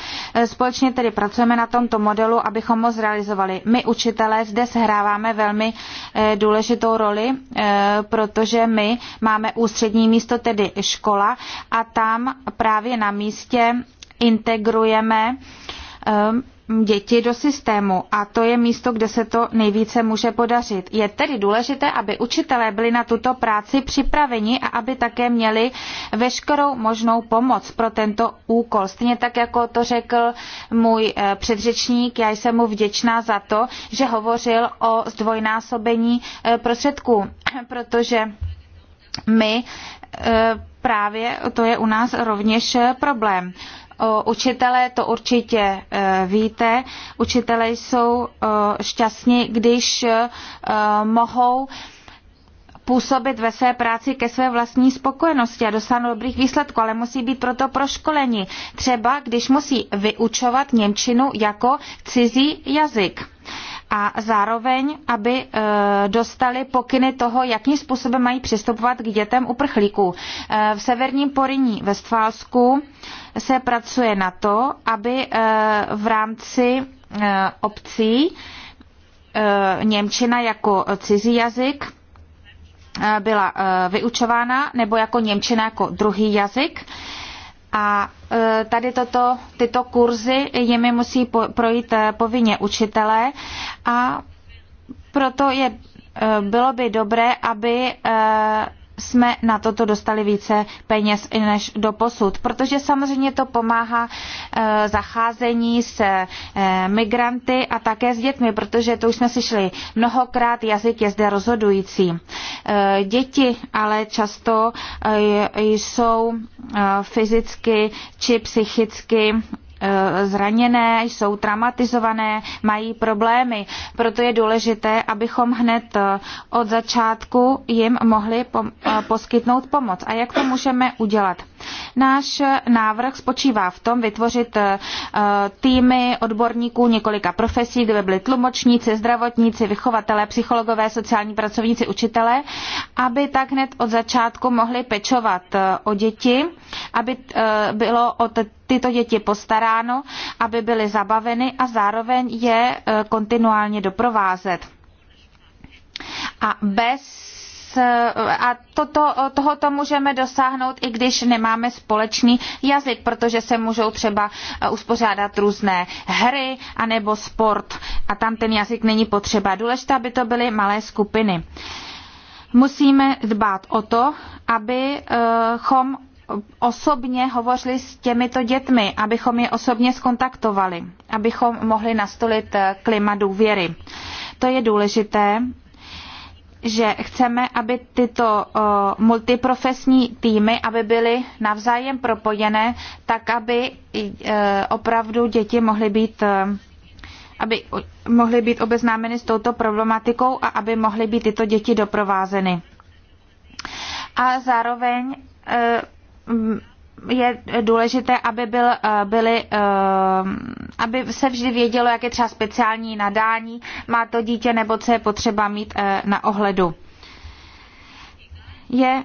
Společně tedy pracujeme na tomto modelu, abychom ho zrealizovali. My učitelé zde sehráváme velmi důležitou roli, protože my máme ústřední místo, tedy škola, a tam právě na místě integrujeme ehm, děti do systému a to je místo, kde se to nejvíce může podařit. Je tedy důležité, aby učitelé byli na tuto práci připraveni a aby také měli veškerou možnou pomoc pro tento úkol. Stejně tak, jako to řekl můj eh, předřečník, já jsem mu vděčná za to, že hovořil o zdvojnásobení eh, prostředků, (clears throat) protože my eh, právě to je u nás rovněž problém. Učitelé to určitě e, víte. Učitelé jsou e, šťastní, když e, mohou působit ve své práci ke své vlastní spokojenosti a dostanou dobrých výsledků, ale musí být proto proškoleni. Třeba když musí vyučovat Němčinu jako cizí jazyk. Uh, a zároveň, aby e, dostali pokyny toho, jakým způsobem mají přistupovat k dětem uprchlíků. E, v severním Poriní ve Stválsku se pracuje na to, aby e, v rámci obcí Němčina jako cizí jazyk byla vyučována, nebo jako Němčina jako druhý jazyk. A Eh, tady toto, tyto kurzy jimi musí po, projít eh, povinně učitelé a proto je, eh, bylo by dobré, aby jsme na toto dostali více peněz než do posud, protože samozřejmě to pomáhá e, zacházení s e, migranty a také s dětmi, protože to už jsme slyšeli mnohokrát, jazyk je zde rozhodující. E, děti ale často e, jsou e, fyzicky či psychicky Eh, zraněné, jsou traumatizované, mají problémy. Proto je důležité, abychom hned eh, od začátku jim mohli eh, poskytnout pomoc. A jak to můžeme udělat? Náš návrh spočívá v tom vytvořit týmy odborníků několika profesí, kde by byly tlumočníci, zdravotníci, vychovatelé, psychologové, sociální pracovníci, učitelé, aby tak hned od začátku mohli pečovat o děti, aby bylo od tyto děti postaráno, aby byly zabaveny a zároveň je e, kontinuálně doprovázet. A bez e, a toto, tohoto můžeme dosáhnout, i když nemáme společný jazyk, protože se můžou třeba e, uspořádat různé hry anebo sport a tam ten jazyk není potřeba. Důležité, aby to byly malé skupiny. Musíme dbát o to, abychom osobně hovořili s těmito dětmi, abychom je osobně skontaktovali, abychom mohli nastolit eh, klima důvěry. To je důležité, že chceme, aby tyto eh, multiprofesní týmy, aby byly navzájem propojené, tak aby eh, opravdu děti mohly být aby mohly být obeznámeny s touto problematikou a aby mohly být tyto děti doprovázeny. A zároveň je důležité, aby, byl, eh, byly, eh, aby se vždy vědělo, jak je třeba speciální nadání, má to dítě nebo co je potřeba mít eh, na ohledu. Je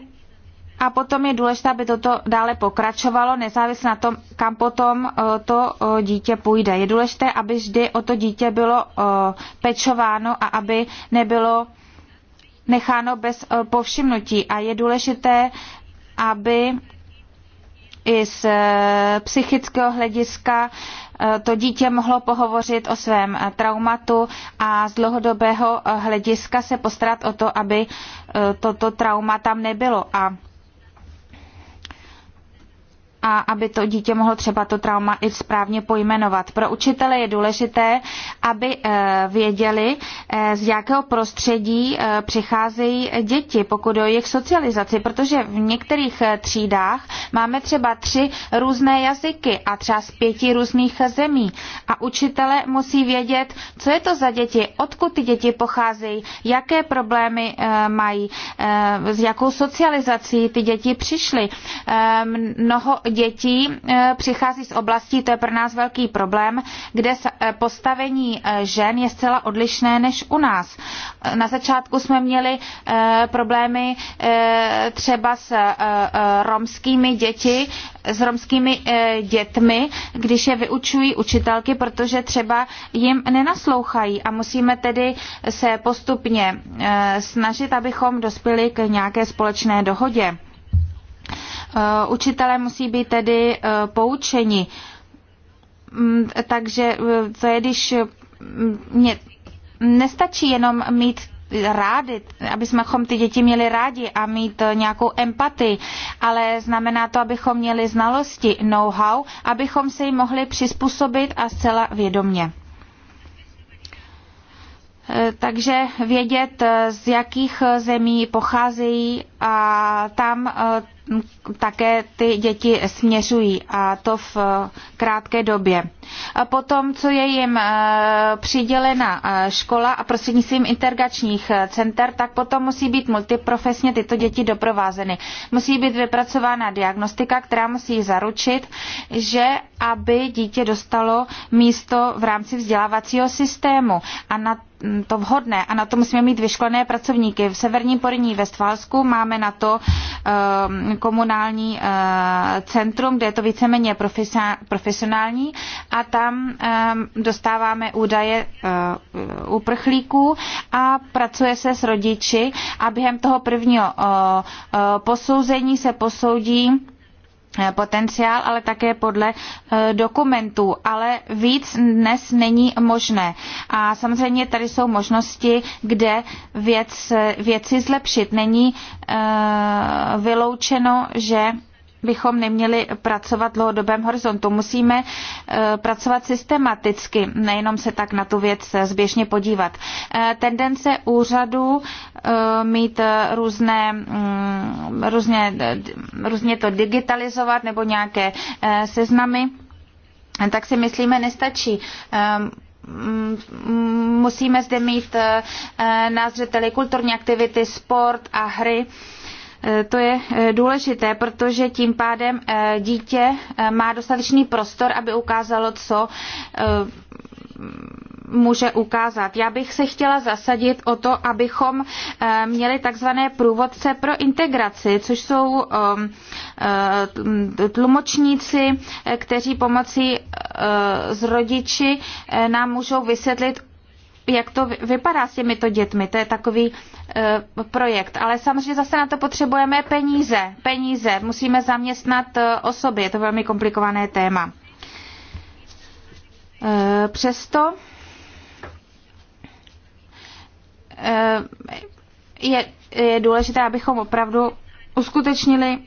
a potom je důležité, aby toto dále pokračovalo, nezávisle na tom, kam potom to dítě půjde. Je důležité, aby vždy o to dítě bylo pečováno a aby nebylo necháno bez povšimnutí. A je důležité, aby i z eh, psychického hlediska eh, to dítě mohlo pohovořit o svém eh, traumatu a z dlouhodobého hlediska se postarat o to, aby toto trauma tam nebylo. A a aby to dítě mohlo třeba to trauma i správně pojmenovat. Pro učitele je důležité, aby eh, věděli, eh, z jakého prostředí eh, přicházejí děti, pokud o jejich socializaci, protože v některých třídách máme třeba tři různé jazyky a třeba z pěti různých zemí. A učitele musí vědět, co je to za děti, odkud ty děti pocházejí, jaké problémy mají, s jakou socializací ty děti přišly. Mnoho dětí eh, přichází z oblastí, to je pro nás velký problém, kde eh, postavení eh, žen je zcela odlišné než u nás. Na začátku jsme měli problémy třeba s romskými děti, s romskými dětmi, když je vyučují učitelky, protože třeba jim nenaslouchají a musíme tedy se postupně snažit, abychom dospěli k nějaké společné dohodě. Eh, učitelé musí být tedy eh, poučeni. Mm, takže eh, to je, když mm, mě nestačí jenom mít rádi, aby jsme ty děti měli rádi a mít nějakou empatii, ale znamená to, abychom měli znalosti, know-how, abychom se jim mohli přizpůsobit a zcela vědomě takže vědět, z jakých zemí pocházejí a tam eh, také ty děti směřují a to v krátké době. A potom, co je jim eh, přidělena eh, škola a prostřednictvím intergačních center, tak potom musí být multiprofesně tyto děti doprovázeny. Musí být vypracována diagnostika, která musí zaručit, že aby dítě dostalo místo v rámci vzdělávacího systému. A na to vhodné a na to musíme mít vyškolené pracovníky. V severním Porní Stválsku máme na to ehm, komunální eh, centrum, kde je to víceméně profesionální a tam ehm, dostáváme údaje eh, uprchlíků a pracuje se s rodiči a během toho prvního eh, posouzení se posoudí, Eh, potenciál, ale také podle eh, dokumentů, ale víc dnes není možné. A samozřejmě tady jsou možnosti, kde věc, věci zlepšit. Není eh, vyloučeno, že bychom neměli pracovat v dlouhodobém horizontu. Musíme e, pracovat systematicky, nejenom se tak na tu věc e, zběžně podívat. E, tendence úřadu mít různé, mm, různě, různě to digitalizovat nebo nějaké seznamy, tak si myslíme nestačí musíme zde mít na zřeteli kulturní aktivity, sport a hry Eh, to je eh, důležité, protože tím pádem eh, dítě má dostatečný prostor, aby ukázalo, co může ukázat. Já bych se chtěla zasadit o to, abychom měli takzvané průvodce pro integraci, což jsou tlumočníci, kteří pomocí s rodiči nám můžou vysvětlit, jak to vypadá s těmito dětmi. To je takový eh, projekt. Ale samozřejmě zase na to potřebujeme peníze. Peníze. Musíme zaměstnat e, osoby. Je to velmi komplikované téma. Eh, přesto je, je důležité, abychom opravdu uskutečnili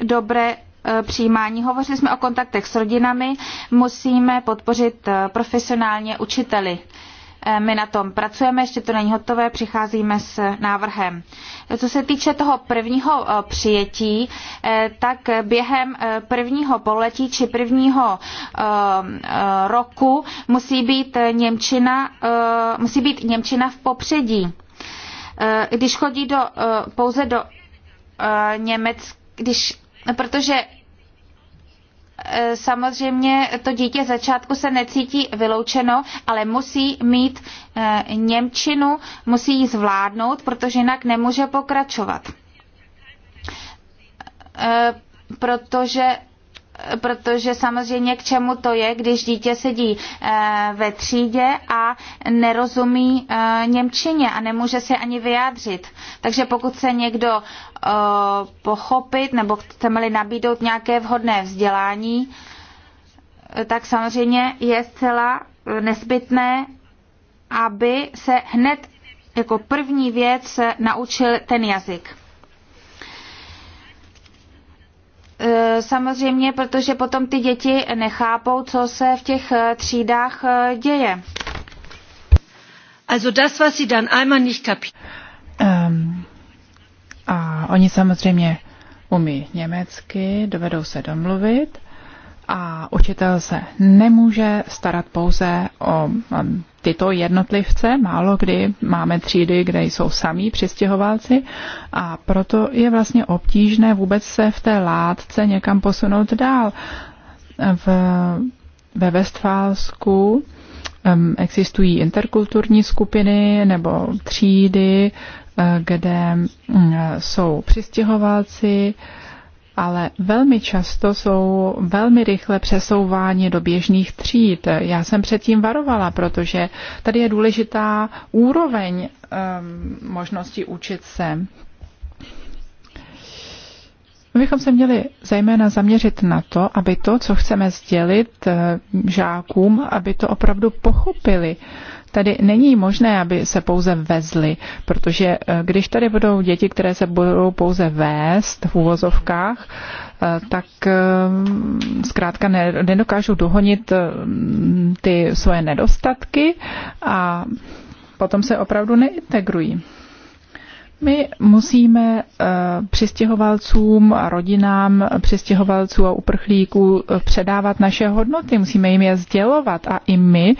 dobré přijímání. Hovořili jsme o kontaktech s rodinami, musíme podpořit profesionálně učiteli. Eh, my na tom pracujeme, ještě to není hotové, přicházíme s návrhem. Co se týče toho prvního eh, přijetí, eh, tak během prvního poletí či prvního roku musí být Němčina, musí být Němčina v popředí. Když chodí do, pouze do Německa, když, protože Eh, samozřejmě to dítě začátku se necítí vyloučeno, ale musí mít eh, Němčinu, musí ji zvládnout, protože jinak nemůže pokračovat. Eh, protože protože samozřejmě k čemu to je, když dítě sedí eh, ve třídě a nerozumí eh, Němčině a nemůže se ani vyjádřit. Takže pokud se někdo eh, pochopit nebo chceme-li nabídnout nějaké vhodné vzdělání, tak samozřejmě je zcela nezbytné, aby se hned jako první věc naučil ten jazyk. Eh, samozřejmě, protože potom ty děti nechápou, co se v těch eh, třídách eh, děje. Also das, was sie dann einmal nicht um, a oni samozřejmě umí německy, dovedou se domluvit a učitel se nemůže starat pouze o tyto jednotlivce. Málo kdy máme třídy, kde jsou samí přistěhovalci a proto je vlastně obtížné vůbec se v té látce někam posunout dál. V, ve um, existují interkulturní skupiny nebo třídy, eh, kde mm, jsou přistěhovalci, ale velmi často jsou velmi rychle přesouváni do běžných tříd. Já jsem předtím varovala, protože tady je důležitá úroveň um, možnosti učit se. My bychom se měli zejména zaměřit na to, aby to, co chceme sdělit ehm, žákům, aby to opravdu pochopili. Uh, tady není možné, aby se pouze vezly, protože eh, když tady budou děti, které se budou pouze vést v úvozovkách, eh, tak eh, zkrátka nedokážou dohonit ty svoje nedostatky a potom se opravdu neintegrují. My musíme eh, přistěhovalcům a rodinám přistěhovalců a uprchlíků eh, předávat naše hodnoty, musíme jim je sdělovat a i my,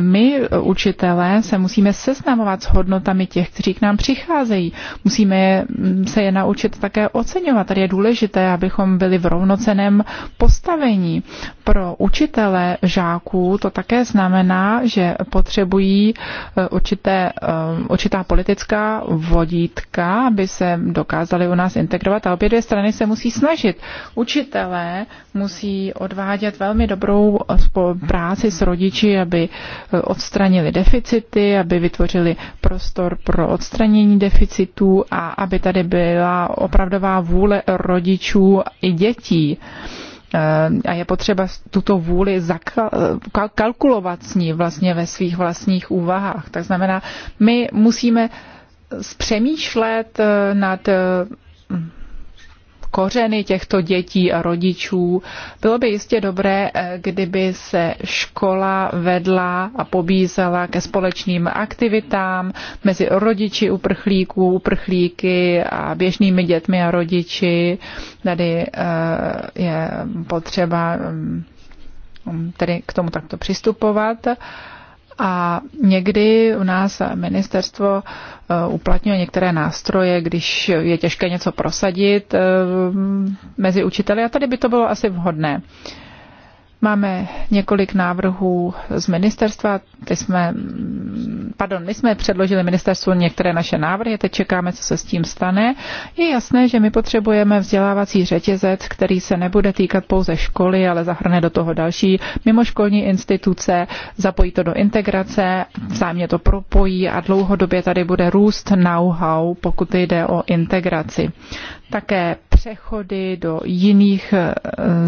my eh, učitelé, se musíme seznamovat s hodnotami těch, kteří k nám přicházejí. Musíme mm, se je naučit také oceňovat. Tady je důležité, abychom byli v rovnoceném postavení. Pro učitele žáků to také znamená, že potřebují určité, určitá politická vodítka, prostředka, aby se dokázali u nás integrovat a obě dvě strany se musí snažit. Učitelé musí odvádět velmi dobrou práci s rodiči, aby eh, odstranili deficity, aby vytvořili prostor pro odstranění deficitů a aby tady byla opravdová vůle rodičů i dětí eh, a je potřeba tuto vůli kalkulovat s ní vlastně ve svých vlastních úvahách. Tak znamená, my musíme zpřemýšlet eh, nad eh, hm, kořeny těchto dětí a rodičů. Bylo by jistě dobré, eh, kdyby se škola vedla a pobízela ke společným aktivitám mezi rodiči uprchlíků, uprchlíky a běžnými dětmi a rodiči. Tady je potřeba hm, hm, tedy k tomu takto přistupovat. A někdy u nás ministerstvo eh, uplatňuje některé nástroje, když je těžké něco prosadit eh, mezi učiteli a tady by to bylo asi vhodné. Máme několik návrhů z ministerstva. Ty jsme, pardon, my jsme předložili ministerstvu některé naše návrhy, teď čekáme, co se s tím stane. Je jasné, že my potřebujeme vzdělávací řetězec, který se nebude týkat pouze školy, ale zahrne do toho další mimoškolní instituce, zapojí to do integrace, vzájemně to propojí a dlouhodobě tady bude růst know-how, pokud jde o integraci. Také přechody do jiných eh,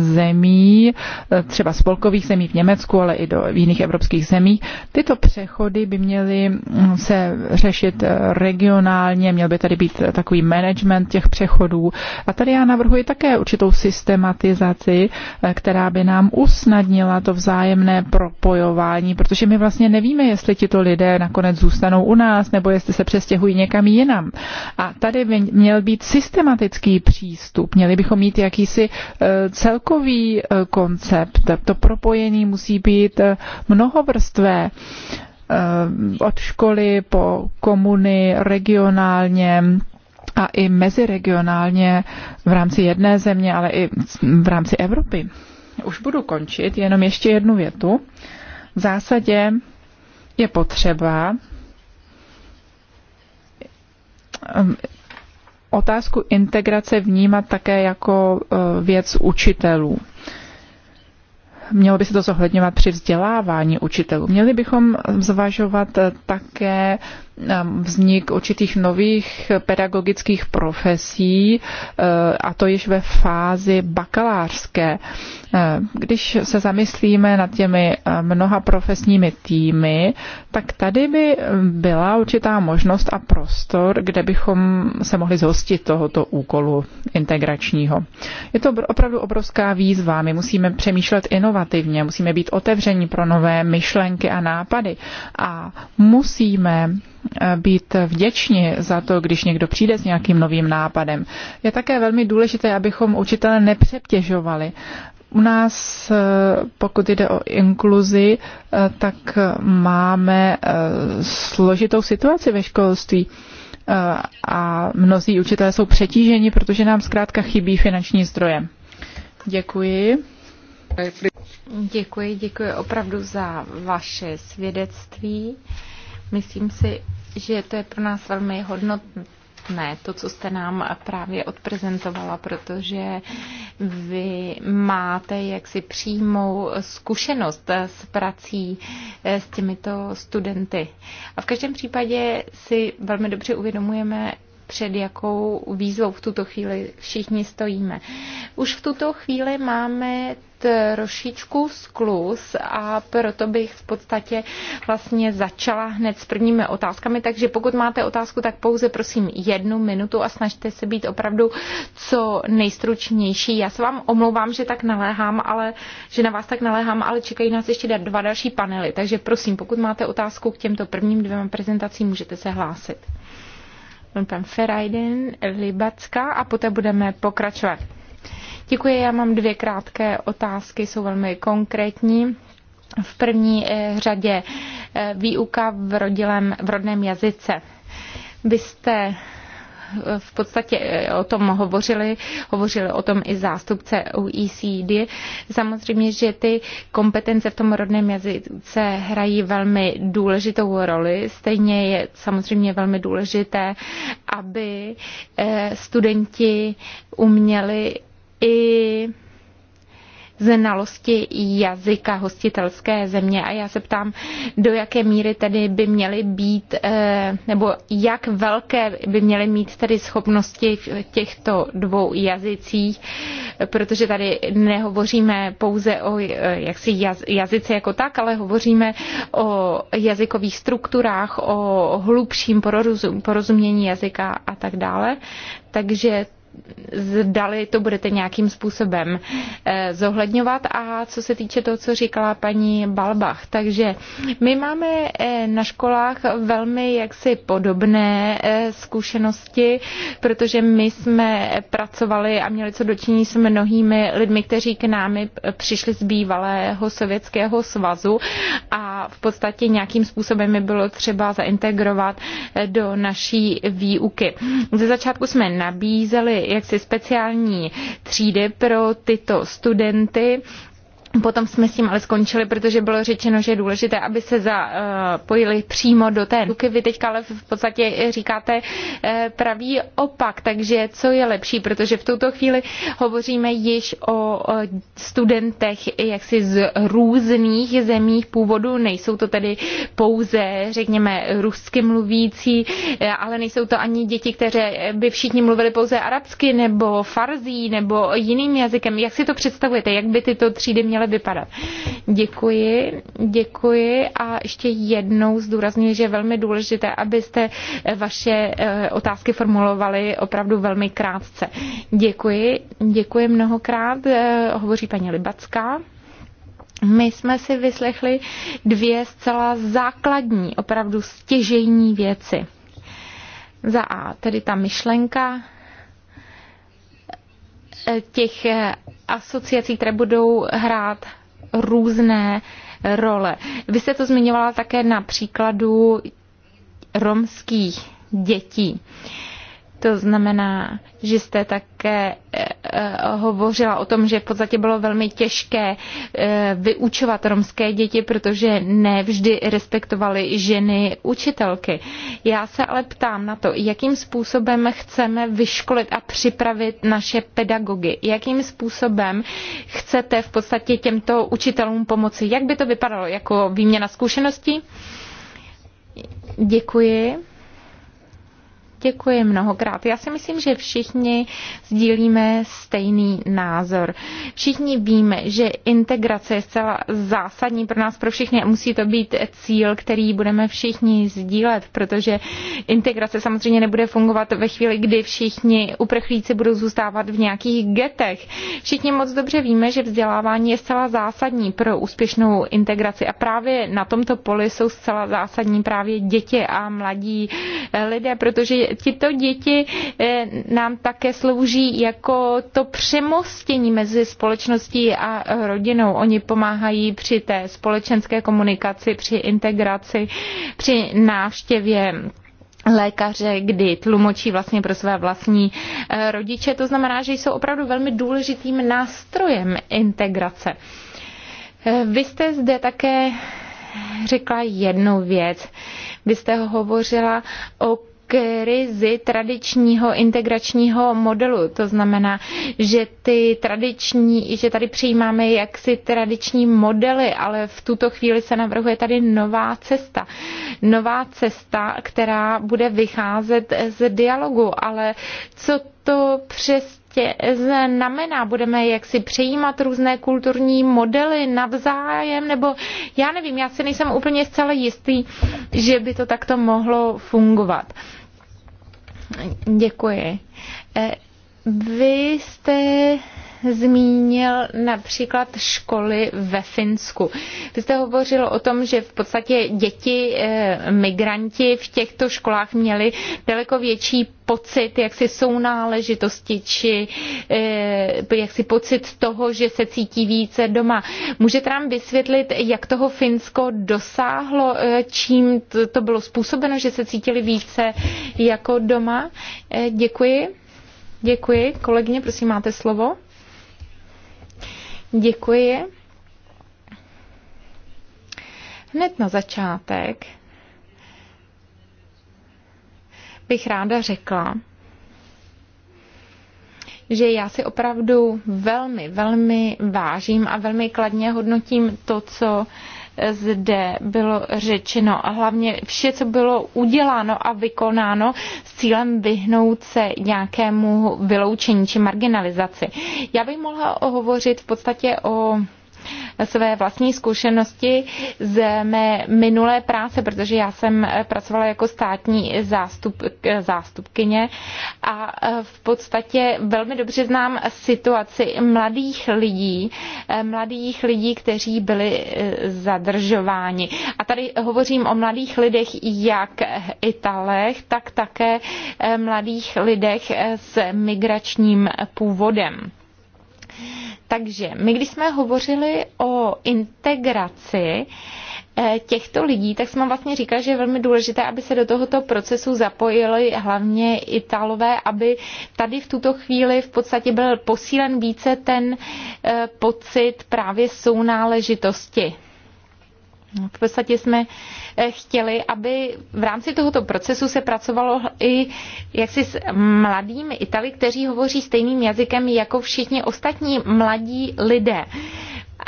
zemí, eh, třeba spolkových zemí v Německu, ale i do jiných evropských zemí. Tyto přechody by měly mm, se řešit eh, regionálně, měl by tady být takový management těch přechodů. A tady já navrhuji také určitou systematizaci, která by nám usnadnila to vzájemné propojování, protože my vlastně nevíme, jestli tito lidé nakonec zůstanou u nás, nebo jestli se přestěhují někam jinam. A tady by měl být systematický přístup přístup. Měli bychom mít jakýsi eh, celkový eh, koncept. To propojení musí být eh, mnohovrstvé od školy po komuny, regionálně, a i meziregionálně v rámci jedné země, ale i v rámci Evropy. Už budu končit, jenom ještě jednu větu. V zásadě je potřeba otázku integrace vnímat také jako e, věc učitelů. Mělo by se to zohledňovat při vzdělávání učitelů. Měli bychom zvažovat e, také vznik určitých nových pedagogických profesí, eh, a to již ve fázi bakalářské. Eh, když se zamyslíme nad těmi eh, mnoha profesními týmy, tak tady by byla určitá možnost a prostor, kde bychom se mohli zhostit tohoto úkolu integračního. Je to opravdu obrovská výzva. My musíme přemýšlet inovativně, musíme být otevření pro nové myšlenky a nápady a musíme být vděční za to, když někdo přijde s nějakým novým nápadem. Je také velmi důležité, abychom učitele nepřetěžovali. U nás, eh, pokud jde o inkluzi, eh, tak máme eh, složitou situaci ve školství a mnozí učitelé jsou přetíženi, protože nám zkrátka chybí finanční zdroje. Děkuji. Děkuji, děkuji opravdu za vaše svědectví. Myslím si, že to je pro nás velmi hodnotné ne, to, co jste nám právě odprezentovala, protože vy máte jaksi přímou zkušenost s prací eh, s těmito studenty. A v každém případě si velmi dobře uvědomujeme, před jakou výzvou v tuto chvíli všichni stojíme. Už v tuto chvíli máme trošičku eh, sklus a proto bych v podstatě vlastně začala hned s prvními otázkami. Takže pokud máte otázku, tak pouze prosím jednu minutu a snažte se být opravdu co nejstručnější. Já se vám omlouvám, že tak naléhám, ale že na vás tak naléhám, ale čekají nás ještě dva další panely. Takže prosím, pokud máte otázku k těmto prvním dvěma prezentacím, můžete se hlásit. Pan Ferajden, Libacka a poté budeme pokračovat. Děkuji, já mám dvě krátké otázky, jsou velmi konkrétní. V první eh, řadě eh, výuka v, rodilém, v rodném jazyce. Vy jste eh, v podstatě o tom hovořili, hovořili o tom i zástupce OECD. Samozřejmě, že ty kompetence v tom rodném jazyce hrají velmi důležitou roli. Stejně je samozřejmě velmi důležité, aby studenti uměli i znalosti jazyka hostitelské země. A já se ptám, do jaké míry tedy by měly být, eh, nebo jak velké by měly mít tedy schopnosti v těchto dvou jazycích, protože tady nehovoříme pouze o eh, jaksi jazyce jako tak, ale hovoříme o jazykových strukturách, o hlubším porozumění jazyka a tak dále. Takže zdali to budete nějakým způsobem eh, zohledňovat. A co se týče toho, co říkala paní Balbach, takže my máme eh, na školách velmi jaksi podobné eh, zkušenosti, protože my jsme pracovali a měli co dočinění s mnohými lidmi, kteří k námi přišli z bývalého sovětského svazu a v podstatě nějakým způsobem mi bylo třeba zaintegrovat do naší výuky. Ze začátku jsme nabízeli jaksi speciální třídy pro tyto studenty Potom jsme s tím ale skončili, protože bylo řečeno, že je důležité, aby se zapojili eh, přímo do té ruky. Vy teďka ale v podstatě eh, říkáte eh, pravý opak, takže co je lepší, protože v tuto chvíli hovoříme již o studentech jaksi z různých zemí původu. Nejsou to tedy pouze, řekněme, rusky mluvící, ale nejsou to ani děti, které by všichni mluvili pouze arabsky nebo farzí nebo jiným jazykem. Jak si to představujete? Jak by tyto třídy měly měly vypadat. Děkuji, děkuji a ještě jednou zdůraznuju, že je velmi důležité, abyste eh, vaše eh, otázky formulovali opravdu velmi krátce. Děkuji, děkuji mnohokrát, eh, hovoří paní Libacká. My jsme si vyslechli dvě zcela základní, opravdu stěžejní věci. Za A, tedy ta myšlenka, Eh, těch eh, asociací, které budou hrát různé role. Vy jste to zmiňovala také na příkladu romských dětí. Uh, to znamená, že jste také eh, eh, hovořila o tom, že v podstatě bylo velmi těžké eh, vyučovat romské děti, protože ne vždy respektovali ženy učitelky. Já se ale ptám na to, jakým způsobem chceme vyškolit a připravit naše pedagogy. Jakým způsobem chcete v podstatě těmto učitelům pomoci? Jak by to vypadalo? Jako výměna zkušeností? Děkuji. Děkuji mnohokrát. Já si myslím, že všichni sdílíme stejný názor. Všichni víme, že integrace je zcela zásadní pro nás, pro všechny a musí to být cíl, který budeme všichni sdílet, protože integrace samozřejmě nebude fungovat ve chvíli, kdy všichni uprchlíci budou zůstávat v nějakých getech. Všichni moc dobře víme, že vzdělávání je zcela zásadní pro úspěšnou integraci a právě na tomto poli jsou zcela zásadní právě děti a mladí lidé, protože Tyto děti eh, nám také slouží jako to přemostění mezi společností a rodinou. Oni pomáhají při té společenské komunikaci, při integraci, při návštěvě lékaře, kdy tlumočí vlastně pro své vlastní eh, rodiče. To znamená, že jsou opravdu velmi důležitým nástrojem integrace. Eh, vy jste zde také řekla jednu věc. Vy jste hovořila o krizi tradičního integračního modelu. To znamená, že, ty tradiční, že tady přijímáme jaksi tradiční modely, ale v tuto chvíli se navrhuje tady nová cesta. Nová cesta, která bude vycházet z dialogu, ale co to přes znamená, budeme jaksi přejímat různé kulturní modely navzájem, nebo já nevím, já si nejsem úplně zcela jistý, že by to takto mohlo fungovat. Děkuji. Eh, vy jste zmínil například školy ve Finsku. Vy jste hovořil o tom, že v podstatě děti, eh, migranti v těchto školách měli daleko větší pocit jak jsou náležitosti, či eh, si pocit toho, že se cítí více doma. Můžete nám vysvětlit, jak toho Finsko dosáhlo, eh, čím to bylo způsobeno, že se cítili více jako doma? Děkuji. Děkuji. Kolegyně, prosím, máte slovo. Děkuji. Hned na začátek bych ráda řekla, že já si opravdu velmi, velmi vážím a velmi kladně hodnotím to, co zde bylo řečeno a hlavně vše, co bylo uděláno a vykonáno s cílem vyhnout se nějakému vyloučení či marginalizaci. Já bych mohla hovořit v podstatě o své vlastní zkušenosti z mé minulé práce, protože já jsem eh, pracovala jako státní zástup, eh, zástupkyně a eh, v podstatě velmi dobře znám situaci mladých lidí, mladých lidí, kteří byli zadržováni. A tady hovořím o mladých lidech jak Italech, tak také mladých lidech s migračním původem. Takže my, když jsme hovořili o integraci eh, těchto lidí, tak jsme vlastně říkali, že je velmi důležité, aby se do tohoto procesu zapojili hlavně Italové, aby tady v tuto chvíli v podstatě byl posílen více ten eh, pocit právě sounáležitosti. V podstatě jsme eh, chtěli, aby v rámci tohoto procesu se pracovalo i jaksi s mladými Itali, kteří hovoří stejným jazykem jako všichni ostatní mladí lidé.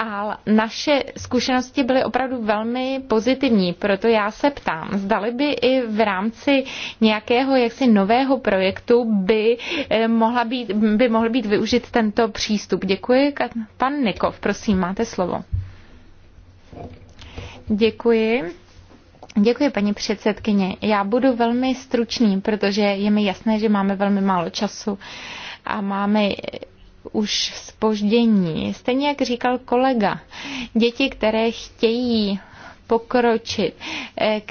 A naše zkušenosti byly opravdu velmi pozitivní, proto já se ptám, zdali by i v rámci nějakého jaksi nového projektu by, eh, mohla být, by mohl být využit tento přístup. Děkuji. Pan Nikov, prosím, máte slovo. Děkuji. Děkuji, paní předsedkyně. Já budu velmi stručný, protože je mi jasné, že máme velmi málo času a máme už spoždění. Stejně jak říkal kolega, děti, které chtějí pokročit, eh,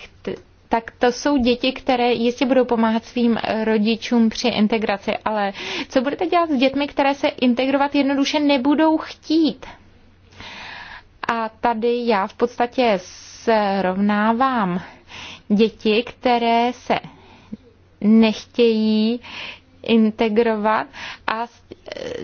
tak to jsou děti, které jistě budou pomáhat svým rodičům při integraci. Ale co budete dělat s dětmi, které se integrovat jednoduše nebudou chtít? A tady já v podstatě srovnávám děti, které se nechtějí integrovat a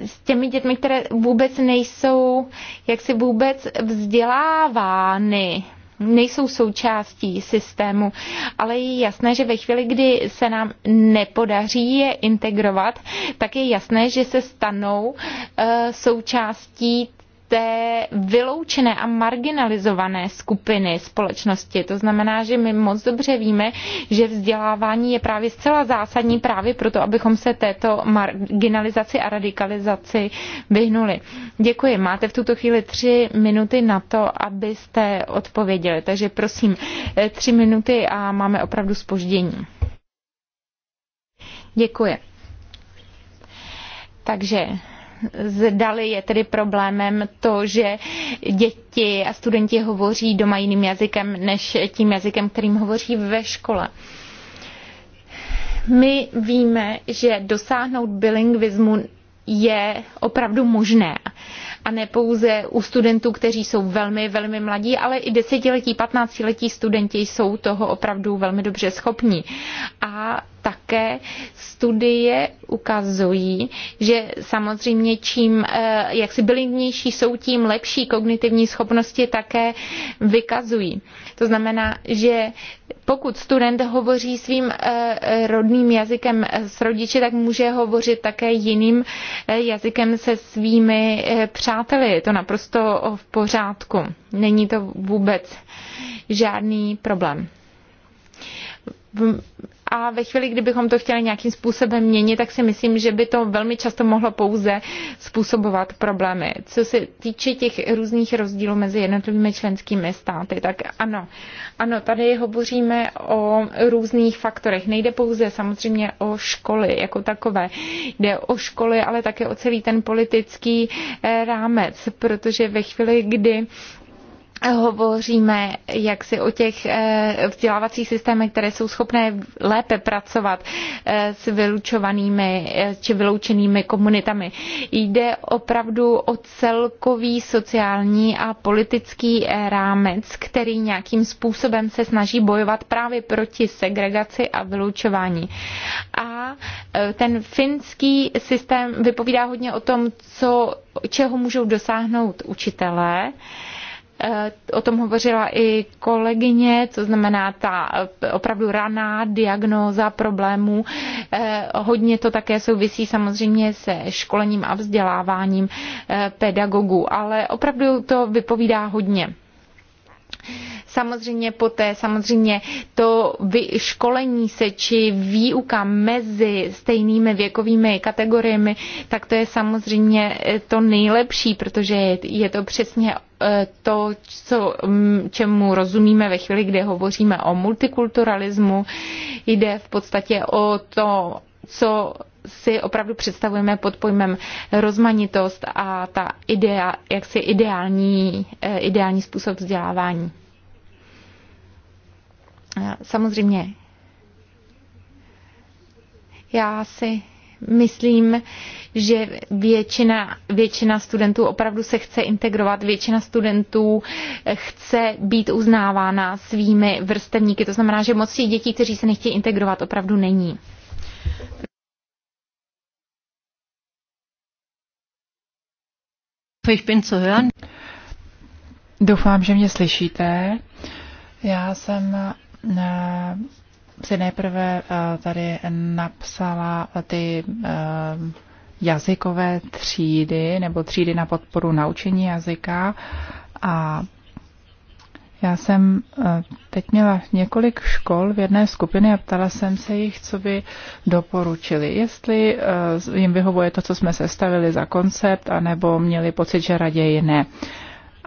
s těmi dětmi, které vůbec nejsou, jak vůbec vzdělávány, nejsou součástí systému, ale je jasné, že ve chvíli, kdy se nám nepodaří je integrovat, tak je jasné, že se stanou eh, součástí té vyloučené a marginalizované skupiny společnosti. To znamená, že my moc dobře víme, že vzdělávání je právě zcela zásadní právě proto, abychom se této marginalizaci a radikalizaci vyhnuli. Děkuji. Máte v tuto chvíli tři minuty na to, abyste odpověděli. Takže prosím, eh, tři minuty a máme opravdu spoždění. Děkuji. Takže zdali je tedy problémem to, že děti a studenti hovoří doma jiným jazykem než tím jazykem, kterým hovoří ve škole. My víme, že dosáhnout bilingvismu je opravdu možné. A ne pouze u studentů, kteří jsou velmi, velmi mladí, ale i desetiletí, patnáctiletí studenti jsou toho opravdu velmi dobře schopní. A také studie ukazují, že samozřejmě čím eh, jak si bylinnější jsou, tím lepší kognitivní schopnosti také vykazují. To znamená, že pokud student hovoří svým eh, rodným jazykem s rodiči, tak může hovořit také jiným eh, jazykem se svými přáteli. Je to naprosto v pořádku. Není to vůbec žádný problém a ve chvíli, kdybychom to chtěli nějakým způsobem měnit, tak si myslím, že by to velmi často mohlo pouze způsobovat problémy. Co se týče těch různých rozdílů mezi jednotlivými členskými státy, tak ano, ano, tady hovoříme o různých faktorech. Nejde pouze samozřejmě o školy jako takové. Jde o školy, ale také o celý ten politický eh, rámec, protože ve chvíli, kdy hovoříme jak si o těch eh, vzdělávacích systémech, které jsou schopné lépe pracovat eh, s vylučovanými eh, či vyloučenými komunitami. Jde opravdu o celkový sociální a politický rámec, který nějakým způsobem se snaží bojovat právě proti segregaci a vyloučování. A ten finský systém vypovídá hodně o tom, co, čeho můžou dosáhnout učitelé, Eh, o tom hovořila i kolegyně, co znamená ta eh, opravdu raná diagnóza problémů. Eh, hodně to také souvisí samozřejmě se školením a vzděláváním pedagogů, ale opravdu to vypovídá hodně. Samozřejmě poté, samozřejmě to školení se či výuka mezi stejnými věkovými kategoriemi, tak to je samozřejmě eh, to nejlepší, protože je to přesně eh, to, co, mm, čemu rozumíme ve chvíli, kdy hovoříme o multikulturalismu. Jde v podstatě o to, co si opravdu představujeme pod pojmem rozmanitost a ta idea, jaksi ideální, eh, ideální způsob vzdělávání. Eh, samozřejmě, já si myslím, že většina, většina studentů opravdu se chce integrovat, většina studentů eh, chce být uznávána svými vrstevníky. To znamená, že moc těch dětí, kteří se nechtějí integrovat, opravdu není. Ich bin zu hören. Doufám, že mě slyšíte. Já jsem eh, si nejprve eh, tady napsala ty eh, jazykové třídy nebo třídy na podporu naučení jazyka a já jsem eh, teď měla několik škol v jedné skupině a ptala jsem se jich, co by doporučili. Jestli eh, jim vyhovuje to, co jsme sestavili za koncept, anebo měli pocit, že raději ne.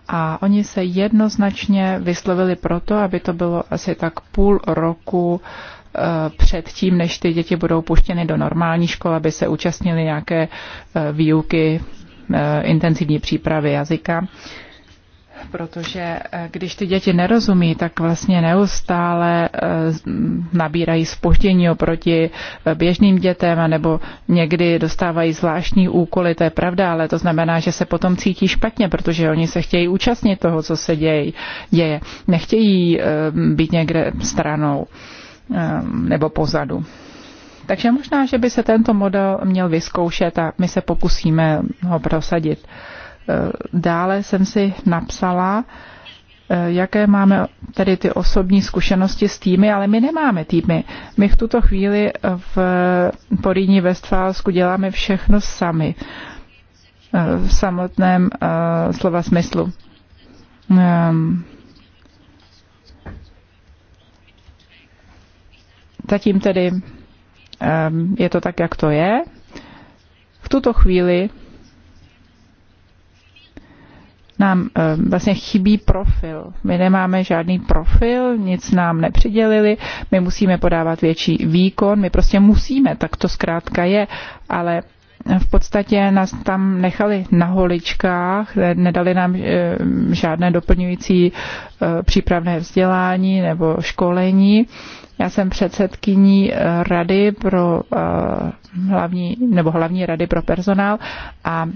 A oni se jednoznačně vyslovili proto, aby to bylo asi tak půl roku eh, před tím, než ty děti budou puštěny do normální školy, aby se účastnili nějaké výuky intenzivní přípravy jazyka protože eh, když ty děti nerozumí, tak vlastně neustále eh, nabírají spoždění oproti eh, běžným dětem, nebo někdy dostávají zvláštní úkoly, to je pravda, ale to znamená, že se potom cítí špatně, protože oni se chtějí účastnit toho, co se děje, děje. Nechtějí být někde stranou nebo pozadu. Takže možná, že by se tento model měl vyzkoušet a my se pokusíme ho prosadit. Eh, dále jsem si napsala, eh, jaké máme tedy ty osobní zkušenosti s týmy, ale my nemáme týmy. My v tuto chvíli eh, v Porýní Westfálsku děláme všechno sami v samotném slova smyslu. Ehm. Zatím tedy ehm, je to tak, jak to je. V tuto chvíli nám eh, vlastně chybí profil. My nemáme žádný profil, nic nám nepřidělili, my musíme podávat větší výkon, my prostě musíme, tak to zkrátka je, ale v podstatě nás tam nechali na holičkách, nedali nám eh, žádné doplňující eh, přípravné vzdělání nebo školení. Já jsem předsedkyní rady pro hlavní, nebo hlavní rady pro personál a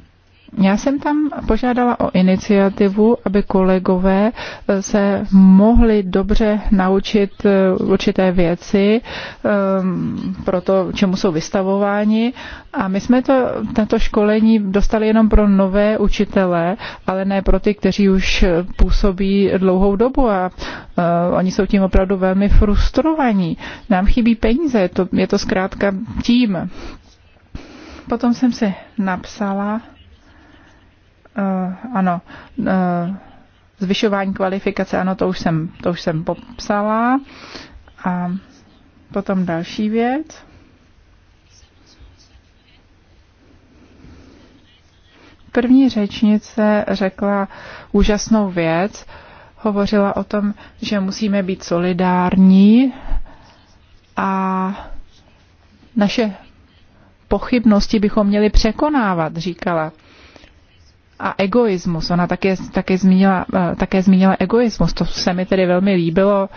já jsem tam požádala o iniciativu, aby kolegové eh, se mohli dobře naučit eh, určité věci ehm, pro to, čemu jsou vystavováni. A my jsme to, tato školení dostali jenom pro nové učitele, ale ne pro ty, kteří už eh, působí dlouhou dobu a oni jsou tím opravdu velmi frustrovaní. Nám chybí peníze, je to, je to zkrátka tím. Potom jsem si napsala Eh, ano, eh, zvyšování kvalifikace, ano, to už jsem, to už jsem popsala. A potom další věc. První řečnice řekla úžasnou věc. Hovořila o tom, že musíme být solidární a naše pochybnosti bychom měli překonávat, říkala a egoismus. Ona také, také, zmínila, eh, také zmínila egoismus. To se mi tedy velmi líbilo,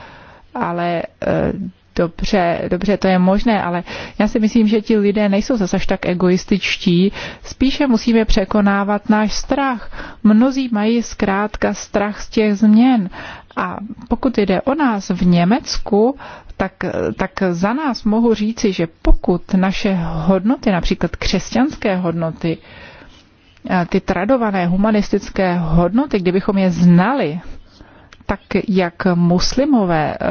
ale eh, dobře, dobře, to je možné, ale já si myslím, že ti lidé nejsou zase až tak egoističtí. Spíše musíme překonávat náš strach. Mnozí mají zkrátka strach z těch změn. A pokud jde o nás v Německu, tak, tak za nás mohu říci, že pokud naše hodnoty, například křesťanské hodnoty, ty tradované humanistické hodnoty, kdybychom je znali, tak jak muslimové eh,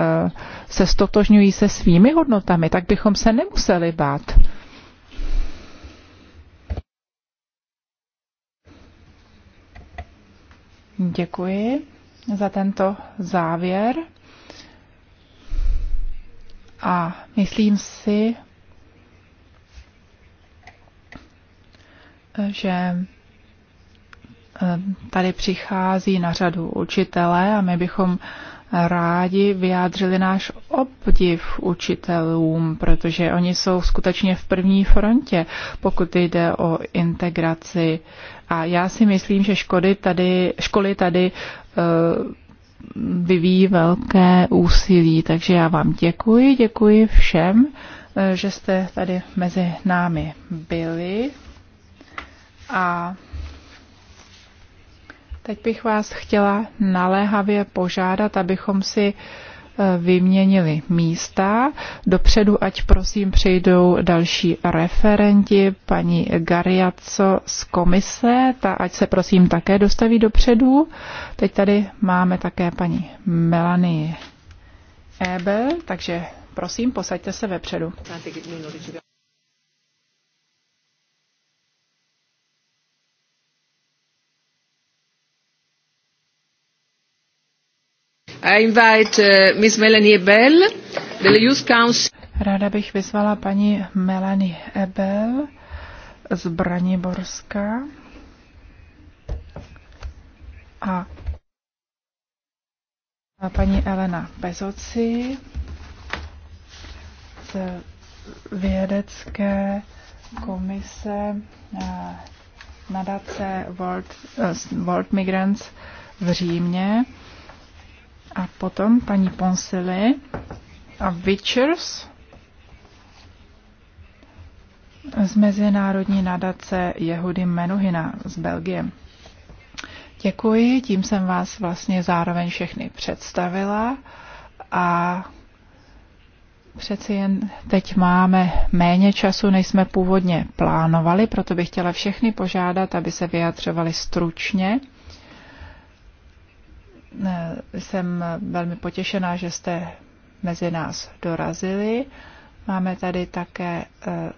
se stotožňují se svými hodnotami, tak bychom se nemuseli bát. Děkuji za tento závěr. A myslím si, že Eh, tady přichází na řadu učitelé a my bychom rádi vyjádřili náš obdiv učitelům, protože oni jsou skutečně v první frontě, pokud jde o integraci. A já si myslím, že škody tady, školy tady eh, vyvíjí velké úsilí, takže já vám děkuji, děkuji všem, eh, že jste tady mezi námi byli. A Teď bych vás chtěla naléhavě požádat, abychom si e, vyměnili místa. Dopředu, ať prosím přijdou další referenti, paní Gariaco z komise, ta ať se prosím také dostaví dopředu. Teď tady máme také paní Melanie Ebel, takže prosím, posaďte se vepředu. I invite uh, Miss Melanie Bell, the Youth Council. Ráda bych vyzvala paní Melanie Ebel z Braniborska. A paní Elena Bezoci z vědecké komise eh, nadace World, eh, World Migrants v Římě. A potom paní Ponsely a Witchers z Mezinárodní nadace Jehudy Menuhina z Belgie. Děkuji, tím jsem vás vlastně zároveň všechny představila a Přeci jen teď máme méně času, než jsme původně plánovali, proto bych chtěla všechny požádat, aby se vyjadřovali stručně jsem velmi potěšená, že jste mezi nás dorazili. Máme tady také eh,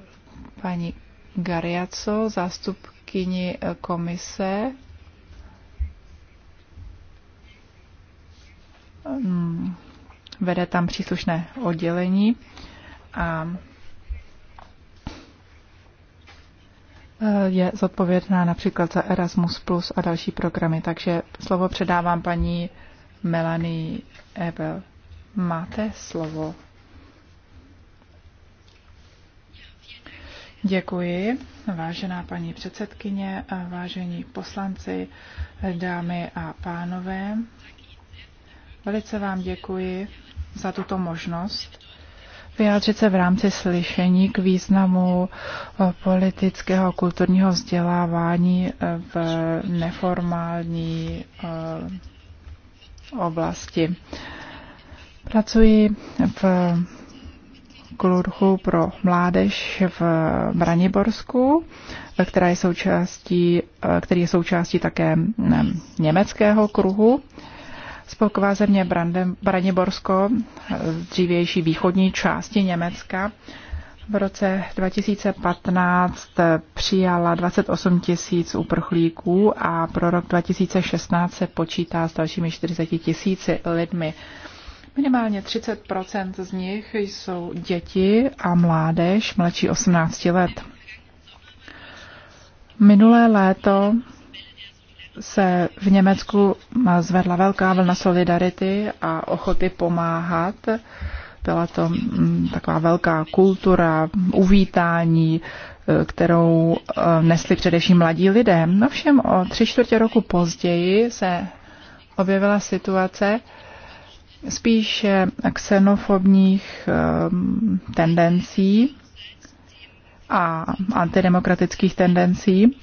paní Gariaco, zástupkyni eh, komise. Mm, vede tam příslušné oddělení a je zodpovědná například za Erasmus Plus a další programy, takže slovo předávám paní Melanie Ebel. Máte slovo. Děkuji, vážená paní předsedkyně, vážení poslanci, dámy a pánové. Velice vám děkuji za tuto možnost vyjádřit se v rámci slyšení k významu eh, politického a kulturního vzdělávání eh, v neformální eh, oblasti. Pracuji v klubu pro mládež v Braniborsku, která je součástí, který je součástí také německého kruhu. Spolková země Braniborsko, eh, dřívější východní části Německa, v roce 2015 eh, přijala 28 tisíc uprchlíků a pro rok 2016 se počítá s dalšími 40 tisíci lidmi. Minimálně 30 z nich jsou děti a mládež mladší 18 let. Minulé léto se v Německu zvedla velká vlna solidarity a ochoty pomáhat. Byla to mm, taková velká kultura uvítání, e, kterou e, nesli především mladí lidé. No všem o tři čtvrtě roku později se objevila situace spíše xenofobních e, tendencí a antidemokratických tendencí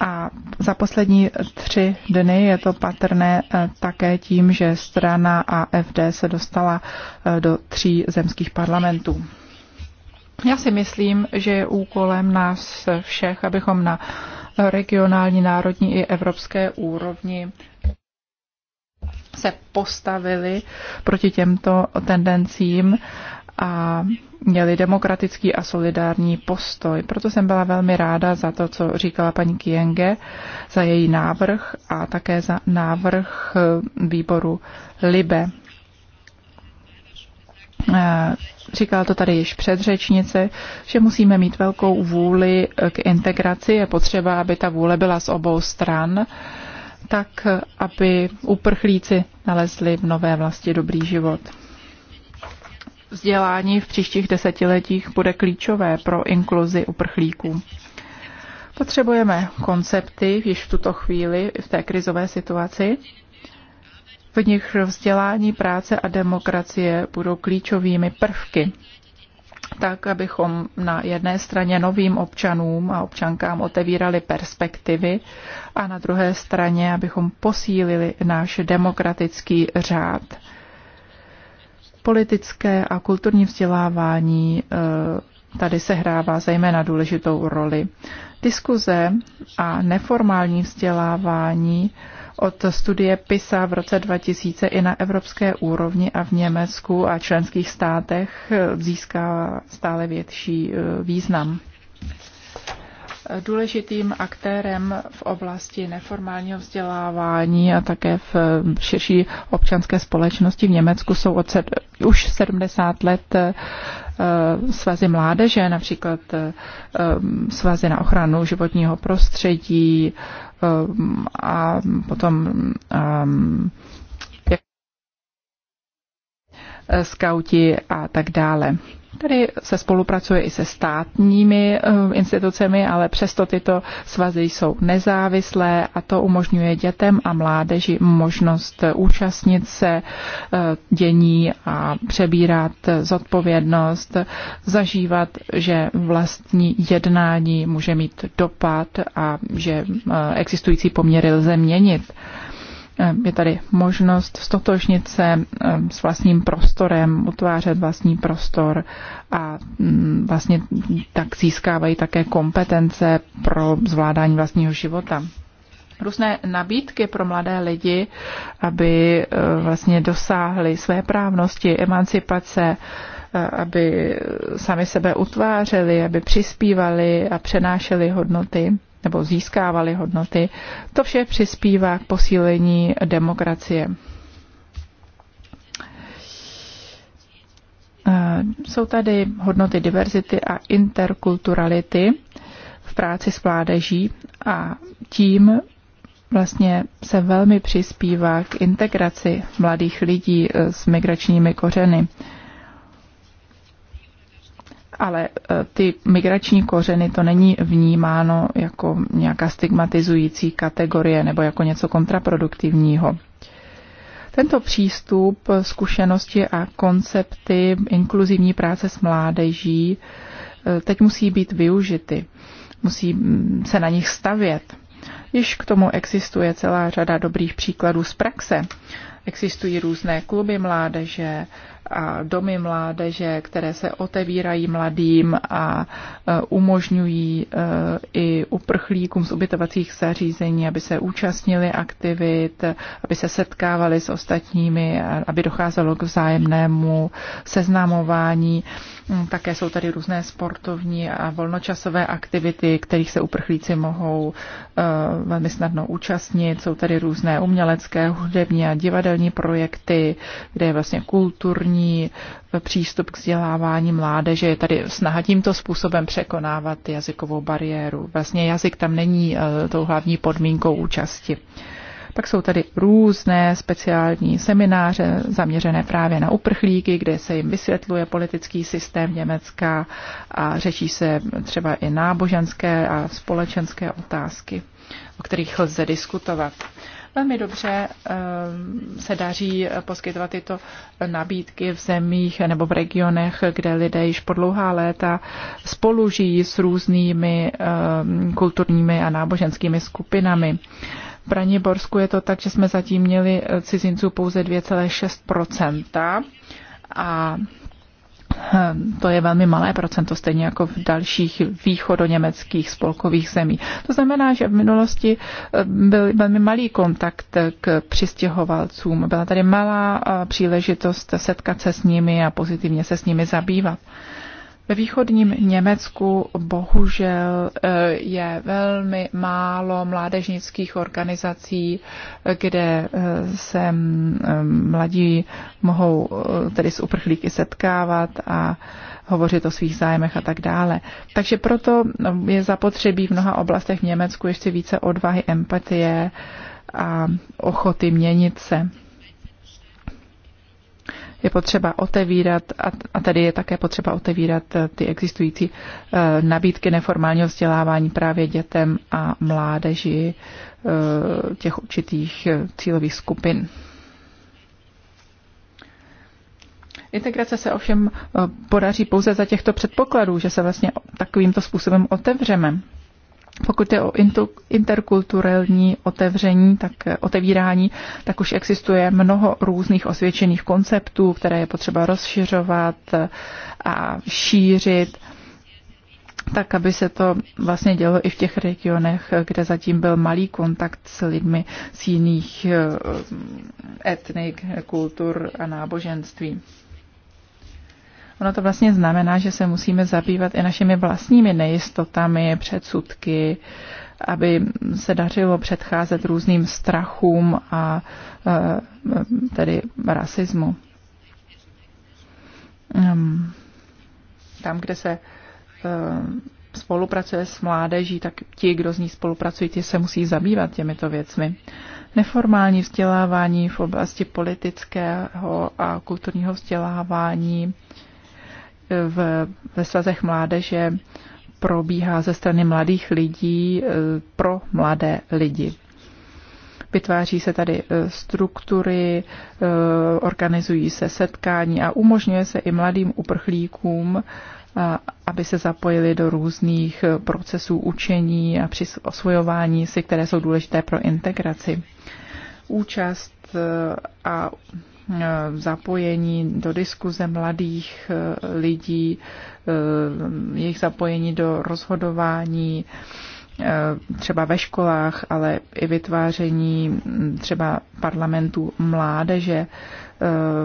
a za poslední tři dny je to patrné eh, také tím, že strana AFD se dostala eh, do tří zemských parlamentů. Já si myslím, že je úkolem nás všech, abychom na regionální, národní i evropské úrovni se postavili proti těmto tendencím a měli demokratický a solidární postoj. Proto jsem byla velmi ráda za to, co říkala paní Kienge, za její návrh a také za návrh výboru Libe. Eh, říkala to tady již předřečnice, že musíme mít velkou vůli k integraci. Je potřeba, aby ta vůle byla z obou stran, tak aby uprchlíci nalezli v nové vlasti dobrý život vzdělání v příštích desetiletích bude klíčové pro inkluzi uprchlíků. Potřebujeme koncepty již v tuto chvíli v té krizové situaci. V nich vzdělání, práce a demokracie budou klíčovými prvky tak, abychom na jedné straně novým občanům a občankám otevírali perspektivy a na druhé straně, abychom posílili náš demokratický řád politické a kulturní vzdělávání eh, tady sehrává zejména důležitou roli. Diskuze a neformální vzdělávání od studie PISA v roce 2000 i na evropské úrovni a v Německu a členských státech eh, získá stále větší eh, význam důležitým aktérem v oblasti neformálního vzdělávání a také v širší občanské společnosti v Německu jsou od sed, už 70 let eh, svazy mládeže, například eh, svazy na ochranu životního prostředí eh, a potom skauti a tak dále. Tady se spolupracuje i se státními eh, institucemi, ale přesto tyto svazy jsou nezávislé a to umožňuje dětem a mládeži možnost účastnit se eh, dění a přebírat zodpovědnost, zažívat, že vlastní jednání může mít dopad a že eh, existující poměry lze měnit. Eh, je tady možnost stotožnit se eh, s vlastním prostorem, utvářet vlastní prostor a mm, vlastně tak získávají také kompetence pro zvládání vlastního života. Různé nabídky pro mladé lidi, aby eh, vlastně dosáhli své právnosti, emancipace, aby sami sebe utvářeli, aby přispívali a přenášeli hodnoty nebo získávali hodnoty. To vše přispívá k posílení demokracie. Eh, jsou tady hodnoty diverzity a interkulturality v práci s mládeží a tím vlastně se velmi přispívá k integraci mladých lidí eh, s migračními kořeny ale e, ty migrační kořeny to není vnímáno jako nějaká stigmatizující kategorie nebo jako něco kontraproduktivního. Tento přístup, zkušenosti a koncepty inkluzivní práce s mládeží e, teď musí být využity, musí se na nich stavět. Již k tomu existuje celá řada dobrých příkladů z praxe. Existují různé kluby mládeže a domy mládeže, které se otevírají mladým a e, umožňují e, i uprchlíkům z ubytovacích zařízení, aby se účastnili aktivit, aby se setkávali s ostatními, aby docházelo k vzájemnému seznamování. Mm, také jsou tady různé sportovní a volnočasové aktivity, kterých se uprchlíci mohou eh, velmi snadno účastnit. Jsou tady různé umělecké, hudební a divadelní projekty, kde je vlastně kulturní eh, přístup k vzdělávání mládeže. Je tady snaha tímto způsobem překonávat jazykovou bariéru. Vlastně jazyk tam není eh, tou hlavní podmínkou účasti. Pak jsou tady různé speciální semináře zaměřené právě na uprchlíky, kde se jim vysvětluje politický systém Německa a řeší se třeba i náboženské a společenské otázky, o kterých lze diskutovat velmi dobře ehm, se daří poskytovat tyto nabídky v zemích nebo v regionech, kde lidé již po dlouhá léta spolužijí s různými ehm, kulturními a náboženskými skupinami. Braniborsku je to tak, že jsme zatím měli eh, cizinců pouze 2,6 a hm, to je velmi malé procento, stejně jako v dalších východoněmeckých spolkových zemí. To znamená, že v minulosti eh, byl velmi malý kontakt k přistěhovalcům. Byla tady malá eh, příležitost setkat se s nimi a pozitivně se s nimi zabývat. Ve východním Německu bohužel eh, je velmi málo mládežnických organizací, kde eh, se mm, eh, mladí mohou tedy s uprchlíky setkávat a hovořit o svých zájmech a tak dále. Takže proto je zapotřebí v mnoha oblastech v Německu ještě více odvahy, empatie a ochoty měnit se je potřeba otevírat, a tady je také potřeba otevírat eh, ty existující eh, nabídky neformálního vzdělávání právě dětem a mládeži eh, těch určitých cílových skupin. Integrace se ovšem podaří pouze za těchto předpokladů, že se vlastně takovýmto způsobem otevřeme. Pokud je o interkulturální otevření, tak eh, otevírání, tak už existuje mnoho různých osvědčených konceptů, které je potřeba rozšiřovat eh, a šířit, tak aby se to vlastně dělo i v těch regionech, kde zatím byl malý kontakt s lidmi z jiných eh, etnik, kultur a náboženství. Ono to vlastně znamená, že se musíme zabývat i našimi vlastními nejistotami, předsudky, aby se dařilo předcházet různým strachům a e, tedy rasismu. Ehm, tam, kde se e, spolupracuje s mládeží, tak ti, kdo z ní spolupracují, ti se musí zabývat těmito věcmi. Neformální vzdělávání v oblasti politického a kulturního vzdělávání, v, ve svazech mládeže probíhá ze strany mladých lidí e, pro mladé lidi. Vytváří se tady e, struktury, e, organizují se setkání a umožňuje se i mladým uprchlíkům, aby se zapojili do různých procesů učení a při osvojování si, které jsou důležité pro integraci. Účast a Eh, zapojení do diskuze mladých eh, lidí, eh, jejich zapojení do rozhodování třeba ve školách, ale i vytváření mm, třeba parlamentu mládeže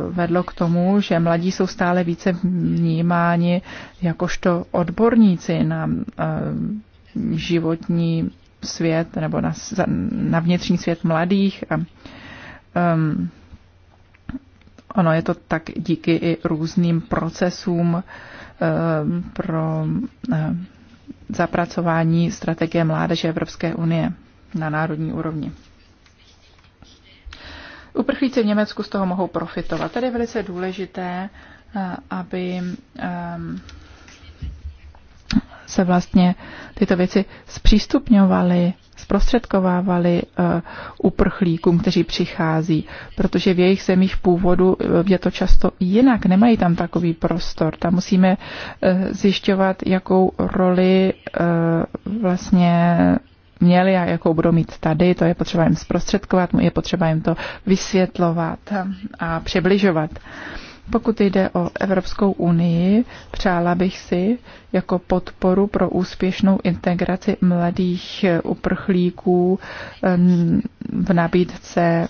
vedlo k tomu, že mladí jsou stále více vnímáni jakožto odborníci na životní svět nebo na, na vnitřní svět mladých. A, um, Ono je to tak díky i různým procesům eh, pro eh, zapracování strategie mládeže Evropské unie na národní úrovni. Uprchlíci v Německu z toho mohou profitovat. Tady je velice důležité, eh, aby se vlastně tyto věci zpřístupňovaly zprostředkovávali eh, uprchlíkům, kteří přichází, protože v jejich zemích původu eh, je to často jinak, nemají tam takový prostor. Tam musíme eh, zjišťovat, jakou roli vlastně měli a jakou budou mít tady, to je potřeba jim zprostředkovat, je potřeba jim to vysvětlovat a přibližovat. Pokud jde o Evropskou unii, přála bych si jako podporu pro úspěšnou integraci mladých uprchlíků v nabídce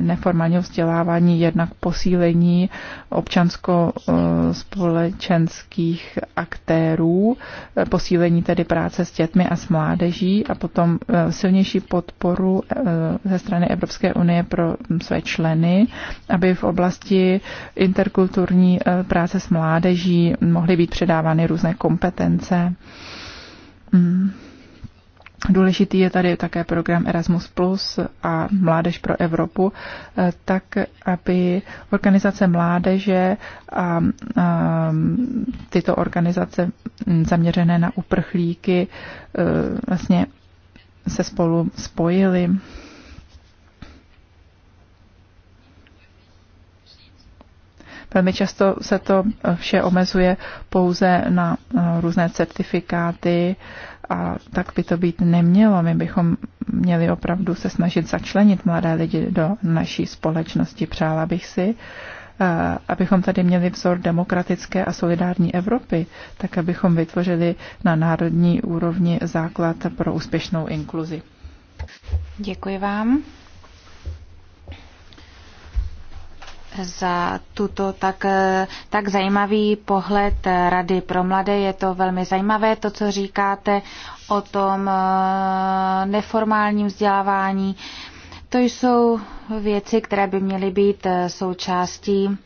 neformálního vzdělávání jednak posílení občansko-společenských aktérů, posílení tedy práce s dětmi a s mládeží a potom silnější podporu ze strany Evropské unie pro své členy, aby v oblasti interkulturní kulturní eh, práce s mládeží, mohly být předávány různé kompetence. Mm. Důležitý je tady také program Erasmus Plus a Mládež pro Evropu, eh, tak aby organizace mládeže a, ehm, tyto organizace mm, zaměřené na uprchlíky eh, vlastně se spolu spojily. Velmi často se to eh, vše omezuje pouze na eh, různé certifikáty a tak by to být nemělo. My bychom měli opravdu se snažit začlenit mladé lidi do naší společnosti. Přála bych si, eh, abychom tady měli vzor demokratické a solidární Evropy, tak abychom vytvořili na národní úrovni základ pro úspěšnou inkluzi. Děkuji vám. za tuto tak, tak zajímavý pohled Rady pro mladé. Je to velmi zajímavé, to, co říkáte o tom eh, neformálním vzdělávání. To jsou věci, které by měly být eh, součástí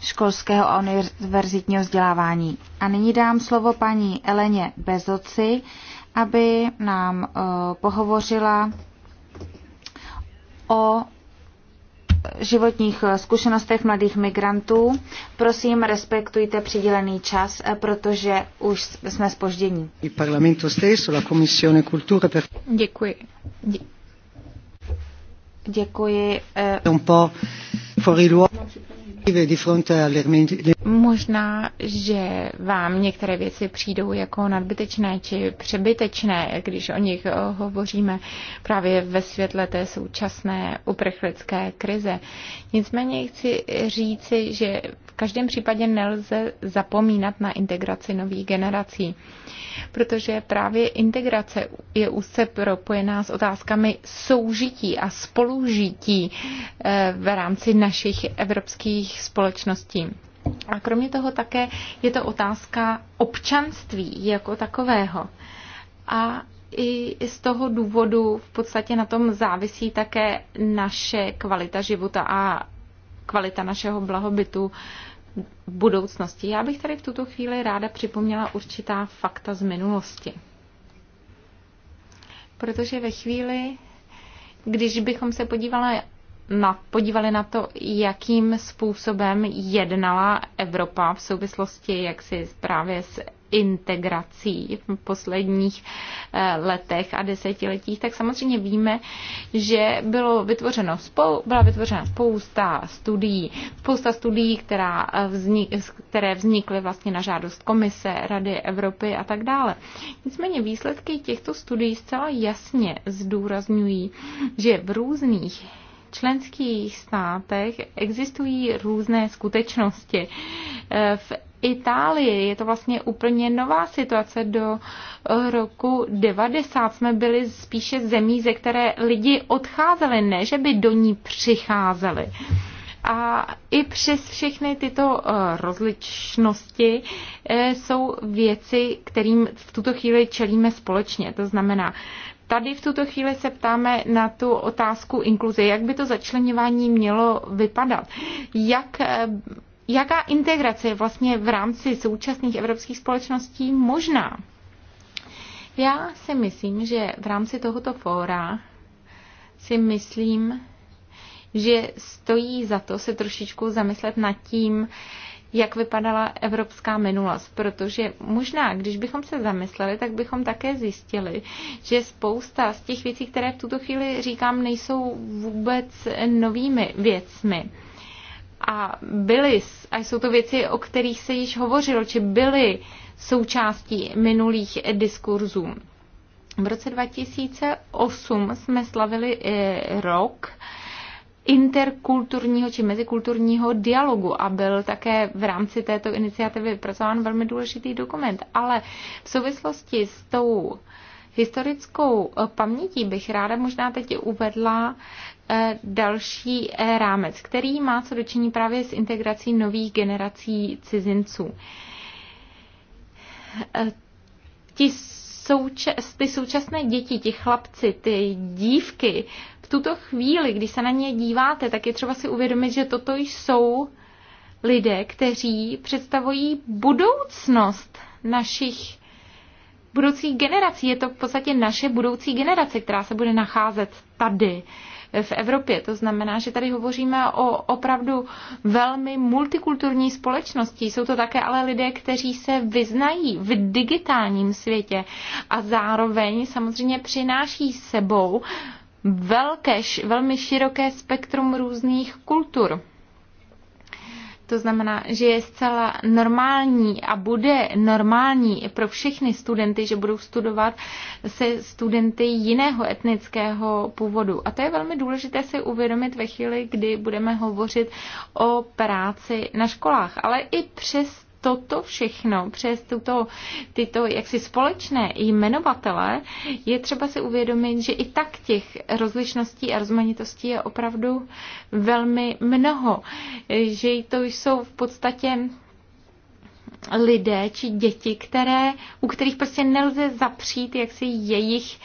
školského a univerzitního vzdělávání. A nyní dám slovo paní Eleně Bezoci, aby nám eh, pohovořila o životních eh, zkušenostech mladých migrantů. Prosím, respektujte přidělený čas, eh, protože už jsme spoždění. Děkuji. Děkuji. Děkuji. Eh, Un Možná, že vám některé věci přijdou jako nadbytečné či přebytečné, když o nich eh, hovoříme právě ve světle té současné uprchlické krize. Nicméně chci říci, že v každém případě nelze zapomínat na integraci nových generací, protože právě integrace je úzce propojená s otázkami soužití a spolužití eh, v rámci našich evropských nadnárodních společností. A kromě toho také je to otázka občanství jako takového. A i z toho důvodu v podstatě na tom závisí také naše kvalita života a kvalita našeho blahobytu v budoucnosti. Já bych tady v tuto chvíli ráda připomněla určitá fakta z minulosti. Protože ve chvíli, když bychom se podívali na, podívali na to, jakým způsobem jednala Evropa v souvislosti jak si právě s integrací v posledních eh, letech a desetiletích, tak samozřejmě víme, že bylo vytvořeno spou, byla vytvořena spousta studií, spousta studií, která eh, vznik, které vznikly vlastně na žádost komise, Rady Evropy a tak dále. Nicméně výsledky těchto studií zcela jasně zdůrazňují, že v různých členských státech existují různé skutečnosti. V Itálii je to vlastně úplně nová situace. Do roku 90 jsme byli spíše zemí, ze které lidi odcházeli, ne že by do ní přicházeli. A i přes všechny tyto eh, rozličnosti eh, jsou věci, kterým v tuto chvíli čelíme společně. To znamená Tady v tuto chvíli se ptáme na tu otázku inkluze. Jak by to začlenování mělo vypadat? Jak eh, Jaká integrace je vlastně v rámci současných evropských společností možná? Já si myslím, že v rámci tohoto fóra si myslím, že stojí za to se trošičku zamyslet nad tím, jak vypadala evropská minulost, protože možná, když bychom se zamysleli, tak bychom také zjistili, že spousta z těch věcí, které v tuto chvíli říkám, nejsou vůbec novými věcmi a byly, a jsou to věci, o kterých se již hovořilo, či byly součástí minulých diskurzů. V roce 2008 jsme slavili eh, rok interkulturního či mezikulturního dialogu a byl také v rámci této iniciativy vypracován velmi důležitý dokument. Ale v souvislosti s tou historickou eh, pamětí bych ráda možná teď uvedla eh, další eh, rámec, který má co dočiní právě s integrací nových generací cizinců. Ti souča- ty současné děti, ti chlapci, ty dívky, v tuto chvíli, když se na ně díváte, tak je třeba si uvědomit, že toto jsou lidé, kteří představují budoucnost našich budoucích generací. Je to v podstatě naše budoucí generace, která se bude nacházet tady v Evropě. To znamená, že tady hovoříme o opravdu velmi multikulturní společnosti. Jsou to také ale lidé, kteří se vyznají v digitálním světě a zároveň samozřejmě přináší sebou velké, velmi široké spektrum různých kultur. To znamená, že je zcela normální a bude normální pro všechny studenty, že budou studovat se studenty jiného etnického původu. A to je velmi důležité si uvědomit ve chvíli, kdy budeme hovořit o práci na školách. Ale i přes toto všechno, přes tuto, tyto jaksi společné jmenovatele, je třeba si uvědomit, že i tak těch rozlišností a rozmanitostí je opravdu velmi mnoho. Že to jsou v podstatě lidé či děti, které, u kterých prostě nelze zapřít jaksi jejich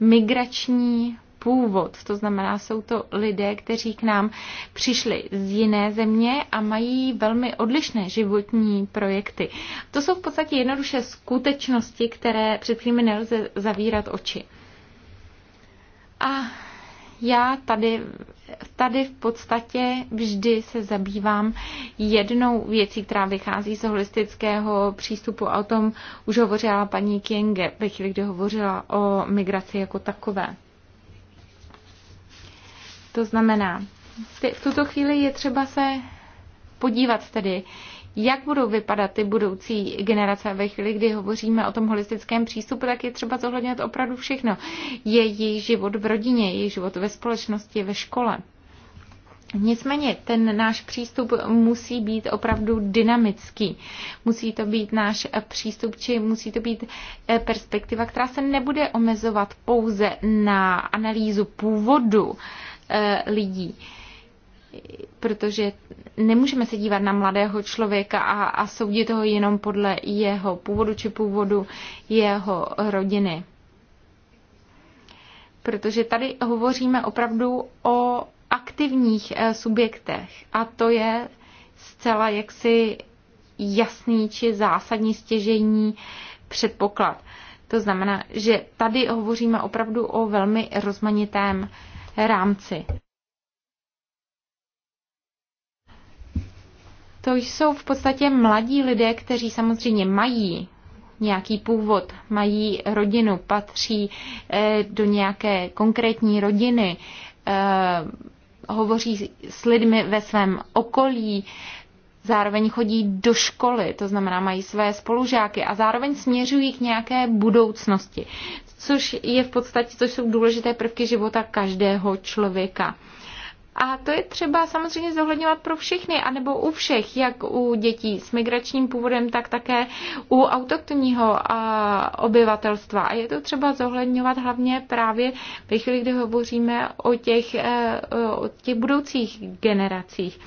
migrační původ. To znamená, jsou to lidé, kteří k nám přišli z jiné země a mají velmi odlišné životní projekty. To jsou v podstatě jednoduše skutečnosti, které před kterými nelze zavírat oči. A já tady, tady v podstatě vždy se zabývám jednou věcí, která vychází z holistického přístupu a o tom už hovořila paní Kienge ve chvíli, kdy hovořila o migraci jako takové. To znamená, v tuto chvíli je třeba se podívat tedy, jak budou vypadat ty budoucí generace. Ve chvíli, kdy hovoříme o tom holistickém přístupu, tak je třeba zohledňovat opravdu všechno. Jejich život v rodině, jejich život ve společnosti, ve škole. Nicméně ten náš přístup musí být opravdu dynamický. Musí to být náš přístup, či musí to být eh, perspektiva, která se nebude omezovat pouze na analýzu původu Eh, lidí. Protože nemůžeme se dívat na mladého člověka a, a soudit ho jenom podle jeho původu či původu jeho rodiny. Protože tady hovoříme opravdu o aktivních eh, subjektech a to je zcela jaksi jasný či zásadní stěžení předpoklad. To znamená, že tady hovoříme opravdu o velmi rozmanitém rámci. To jsou v podstatě mladí lidé, kteří samozřejmě mají nějaký původ, mají rodinu, patří eh, do nějaké konkrétní rodiny, eh, hovoří s lidmi ve svém okolí, zároveň chodí do školy, to znamená mají své spolužáky a zároveň směřují k nějaké budoucnosti což je v podstatě, což jsou důležité prvky života každého člověka. A to je třeba samozřejmě zohledňovat pro všechny, anebo u všech, jak u dětí s migračním původem, tak také u autoktonního obyvatelstva. A je to třeba zohledňovat hlavně právě ve chvíli, kdy hovoříme o těch, e, o těch budoucích generacích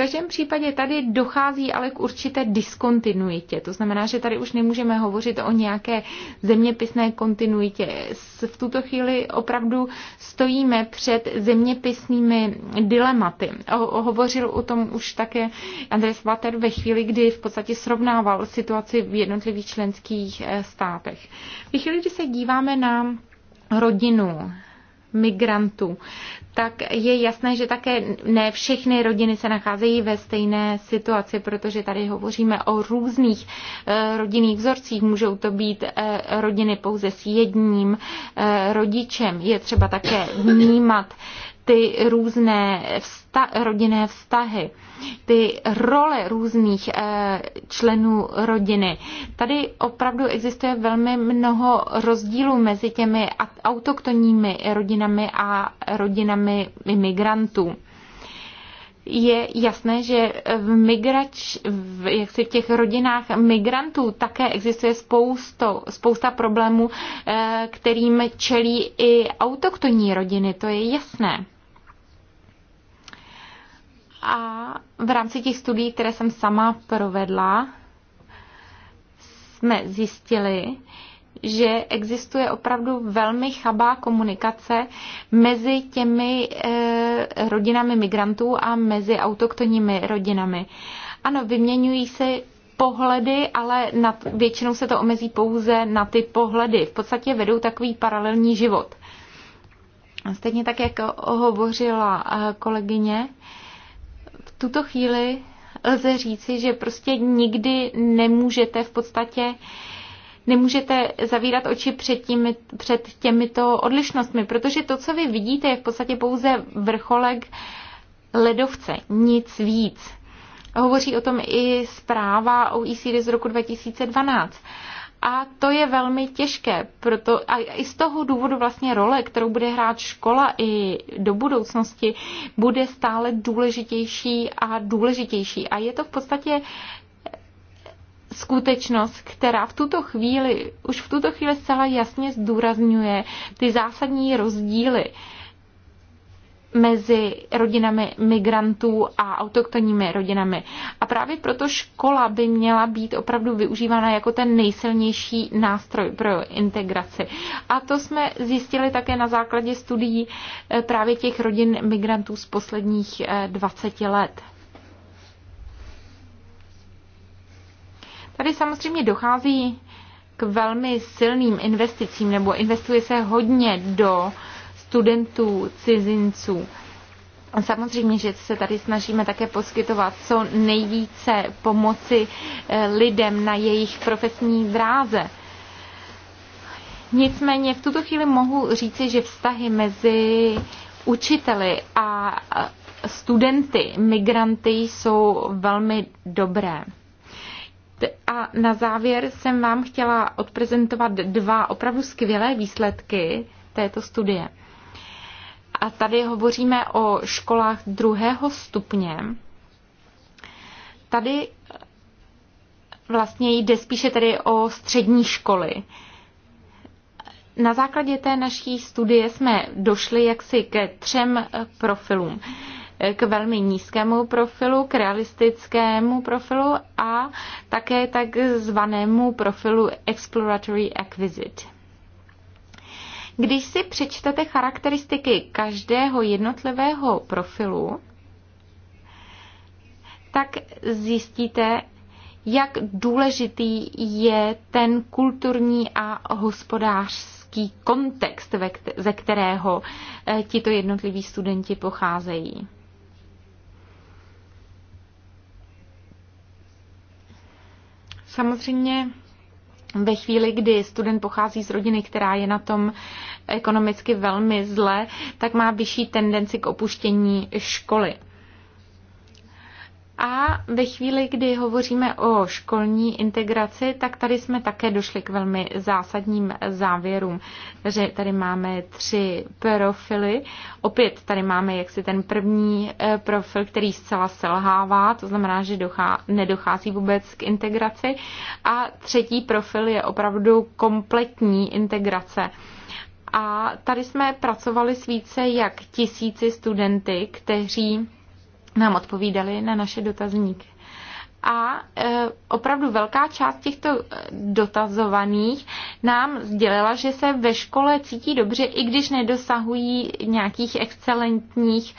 každém případě tady dochází ale k určité diskontinuitě. To znamená, že tady už nemůžeme hovořit o nějaké zeměpisné kontinuitě. V tuto chvíli opravdu stojíme před zeměpisnými dilematy. Hovořil o tom už také Andres Vater ve chvíli, kdy v podstatě srovnával situaci v jednotlivých členských eh, státech. Ve chvíli, kdy se díváme na rodinu migrantů, tak je jasné, že také ne všechny rodiny se nacházejí ve stejné situaci, protože tady hovoříme o různých eh, rodinných vzorcích. Můžou to být eh, rodiny pouze s jedním eh, rodičem. Je třeba také vnímat ty různé vzta- rodinné vztahy, ty role různých e, členů rodiny. Tady opravdu existuje velmi mnoho rozdílů mezi těmi autoktonními rodinami a rodinami vlnami imigrantů. je jasné, že v, migrač, v, jak si v těch rodinách migrantů také existuje spousto, spousta problémů, eh, kterým čelí i autoktonní rodiny, to je jasné. A v rámci těch studií, které jsem sama provedla, jsme zjistili, že existuje opravdu velmi chabá komunikace mezi těmi eh, rodinami migrantů a mezi autoktonními rodinami. Ano, vyměňují se pohledy, ale nad, většinou se to omezí pouze na ty pohledy. V podstatě vedou takový paralelní život. Stejně tak, jak hovořila eh, kolegyně, v tuto chvíli lze říci, že prostě nikdy nemůžete v podstatě nemůžete zavírat oči před, tím, před těmito odlišnostmi, protože to, co vy vidíte, je v podstatě pouze vrcholek ledovce, nic víc. Hovoří o tom i zpráva OECD z roku 2012. A to je velmi těžké. Proto, a i z toho důvodu vlastně role, kterou bude hrát škola i do budoucnosti, bude stále důležitější a důležitější. A je to v podstatě skutečnost, která v tuto chvíli, už v tuto chvíli zcela jasně zdůrazňuje ty zásadní rozdíly mezi rodinami migrantů a autoktonními rodinami. A právě proto škola by měla být opravdu využívána jako ten nejsilnější nástroj pro integraci. A to jsme zjistili také na základě studií eh, právě těch rodin migrantů z posledních 20 eh, let. Tady samozřejmě dochází k velmi silným investicím, nebo investuje se hodně do studentů, cizinců. Samozřejmě, že se tady snažíme také poskytovat co nejvíce pomoci eh, lidem na jejich profesní dráze. Nicméně v tuto chvíli mohu říci, že vztahy mezi učiteli a studenty, migranty jsou velmi dobré. A na závěr jsem vám chtěla odprezentovat dva opravdu skvělé výsledky této studie. A tady hovoříme o školách druhého stupně. Tady vlastně jde spíše tedy o střední školy. Na základě té naší studie jsme došli jaksi ke třem profilům k velmi nízkému profilu, k realistickému profilu a také takzvanému profilu exploratory acquisite. Když si přečtete charakteristiky každého jednotlivého profilu, tak zjistíte, jak důležitý je ten kulturní a hospodářský kontext, ze kterého eh, tito jednotliví studenti pocházejí. Samozřejmě ve chvíli, kdy student pochází z rodiny, která je na tom ekonomicky velmi zle, tak má vyšší tendenci k opuštění školy. A ve chvíli, kdy hovoříme o školní integraci, tak tady jsme také došli k velmi zásadním závěrům, že tady máme tři profily. Opět tady máme jaksi ten první eh, profil, který zcela selhává, to znamená, že dochá, nedochází vůbec k integraci. A třetí profil je opravdu kompletní integrace. A tady jsme pracovali s více jak tisíci studenty, kteří nám odpovídali na naše dotazníky. A e, opravdu velká část těchto e, dotazovaných nám sdělila, že se ve škole cítí dobře, i když nedosahují nějakých excelentních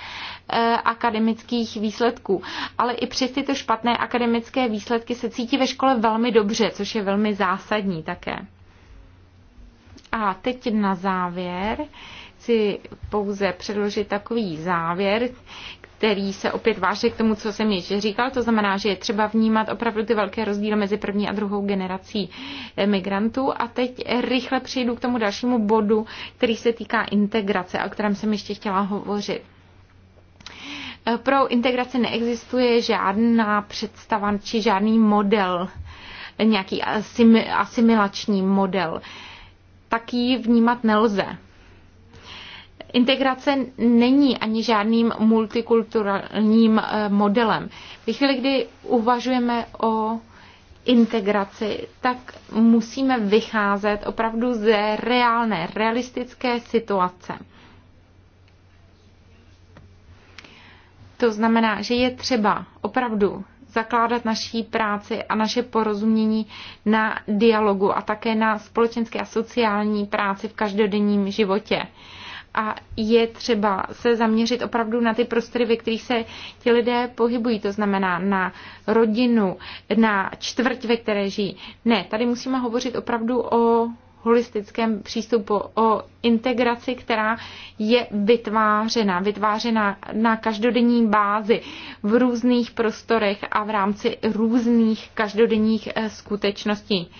e, akademických výsledků. Ale i přes tyto špatné akademické výsledky se cítí ve škole velmi dobře, což je velmi zásadní také. A teď na závěr chci pouze předložit takový závěr, který se opět váže k tomu, co jsem již říkal. To znamená, že je třeba vnímat opravdu ty velké rozdíly mezi první a druhou generací eh, migrantů. A teď rychle přejdu k tomu dalšímu bodu, který se týká integrace, o kterém jsem ještě chtěla hovořit. Eh, pro integraci neexistuje žádná představa či žádný model, eh, nějaký asimilační model. Taký vnímat nelze integrace není ani žádným multikulturálním eh, modelem. Ve chvíli, kdy uvažujeme o integraci, tak musíme vycházet opravdu ze reálné, realistické situace. To znamená, že je třeba opravdu zakládat naší práci a naše porozumění na dialogu a také na společenské a sociální práci v každodenním životě a je třeba se zaměřit opravdu na ty prostory, ve kterých se ti lidé pohybují, to znamená na rodinu, na čtvrť, ve které žijí. Ne, tady musíme hovořit opravdu o holistickém přístupu, o integraci, která je vytvářena, vytvářena na každodenní bázi v různých prostorech a v rámci různých každodenních eh, skutečností.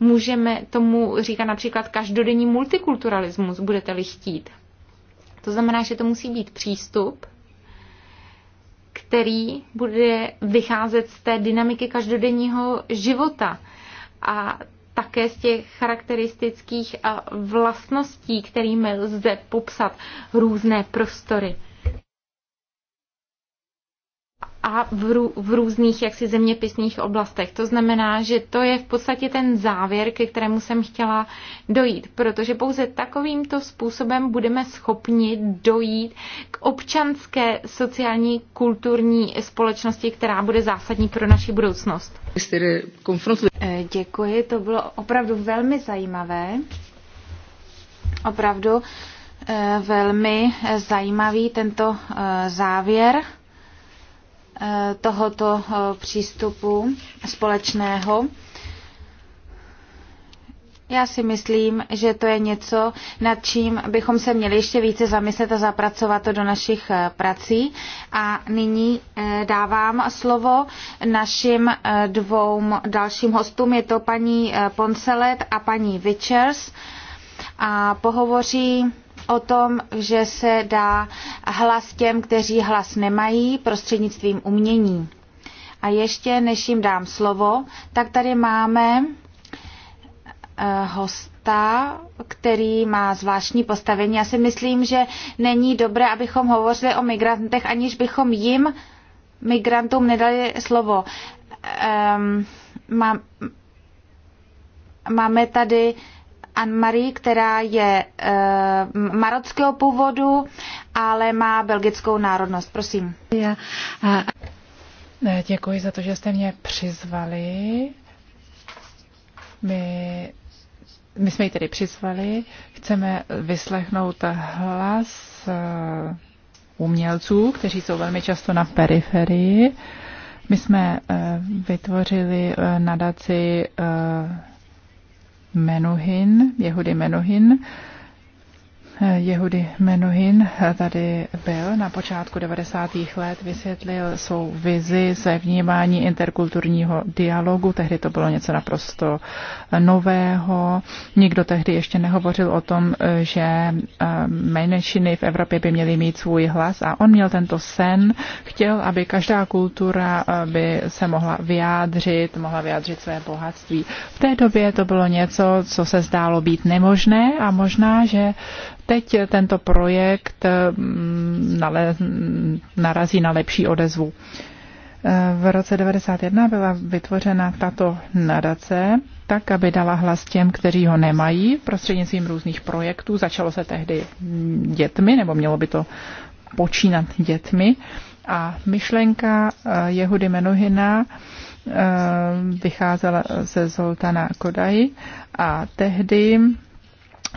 Můžeme tomu říkat například každodenní multikulturalismus, budete-li chtít. To znamená, že to musí být přístup, který bude vycházet z té dynamiky každodenního života a také z těch charakteristických eh, vlastností, kterými lze popsat různé prostory a v, rů, v různých jaksi zeměpisných oblastech. To znamená, že to je v podstatě ten závěr, ke kterému jsem chtěla dojít, protože pouze takovýmto způsobem budeme schopni dojít k občanské sociální kulturní společnosti, která bude zásadní pro naši budoucnost. Eh, děkuji, to bylo opravdu velmi zajímavé. Opravdu eh, velmi eh, zajímavý tento závěr. Eh, tohoto eh, přístupu společného. Já si myslím, že to je něco, nad čím bychom se měli ještě více zamyslet a zapracovat to do našich eh, prací. A nyní dávám slovo našim dvou dalším hostům. Je to paní Poncelet a paní Vichers. A pohovoří o tom, že se dá hlas těm, kteří hlas nemají, prostřednictvím umění. A ještě než jim dám slovo, tak tady máme eh, hosta, který má zvláštní postavení. Já si myslím, že není dobré, abychom hovořili o migrantech, aniž bychom jim, migrantům, nedali slovo. Um, ehm, má, máme tady Anne-Marie, která je uh, marockého původu, ale má belgickou národnost. Prosím. Děkuji za to, že jste mě přizvali. My, my jsme ji tedy přizvali. Chceme vyslechnout hlas eh, umělců, kteří jsou velmi často na periferii. My jsme eh, vytvořili nadaci Menuhin, Jehudy Menuhin, Jehudy Menuhin tady byl na počátku 90. let, vysvětlil svou vizi se vnímání interkulturního dialogu. Tehdy to bylo něco naprosto nového. Nikdo tehdy ještě nehovořil o tom, že eh, menšiny v Evropě by měly mít svůj hlas a on měl tento sen. Chtěl, aby každá kultura eh, by se mohla vyjádřit, mohla vyjádřit své bohatství. V té době to bylo něco, co se zdálo být nemožné a možná, že teď tento projekt eh, narazí na lepší odezvu. Eh, v roce 1991 byla vytvořena tato nadace, tak, aby dala hlas těm, kteří ho nemají, prostřednictvím různých projektů. Začalo se tehdy dětmi, nebo mělo by to počínat dětmi. A myšlenka eh, Jehudy Menuhina vycházela ze Zoltana Kodaji a tehdy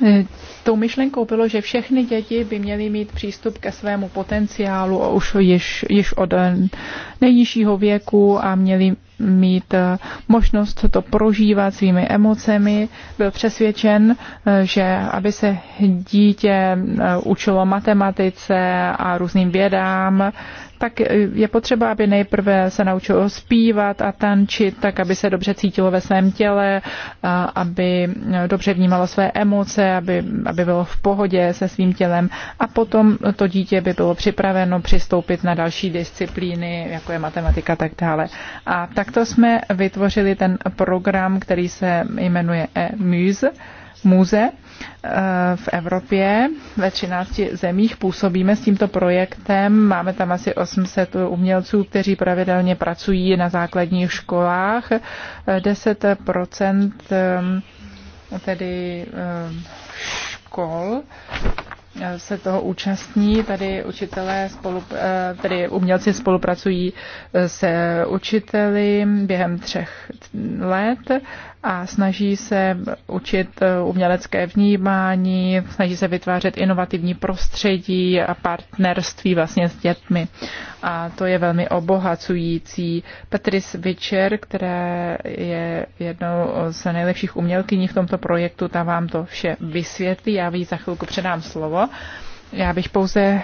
E, tou myšlenkou bylo, že všechny děti by měly mít přístup ke svému potenciálu a už již, již od e, nejnižšího věku a měly mít e, možnost to prožívat svými emocemi. Byl přesvědčen, že aby se dítě učilo matematice a různým vědám, tak e, je potřeba, aby nejprve se naučilo zpívat a tančit, tak aby se dobře cítilo ve svém těle, aby e, dobře vnímalo své emoce, aby, aby bylo v pohodě se svým tělem a potom to dítě by bylo připraveno přistoupit na další disciplíny, jako je matematika a tak dále. A takto jsme vytvořili ten program, který se jmenuje e Muse, v Evropě. Ve 13 zemích působíme s tímto projektem. Máme tam asi 800 umělců, kteří pravidelně pracují na základních školách. 10 ehm, tedy ehm, škol eh, se toho účastní. Tady učitelé, spolu, eh, tedy umělci spolupracují eh, se učiteli během třech let a snaží se učit umělecké vnímání, snaží se vytvářet inovativní prostředí a partnerství vlastně s dětmi. A to je velmi obohacující. Patrice Vičer, která je jednou z nejlepších umělkyní v tomto projektu, ta vám to vše vysvětlí. Já ví za chvilku předám slovo. Já bych pouze eh,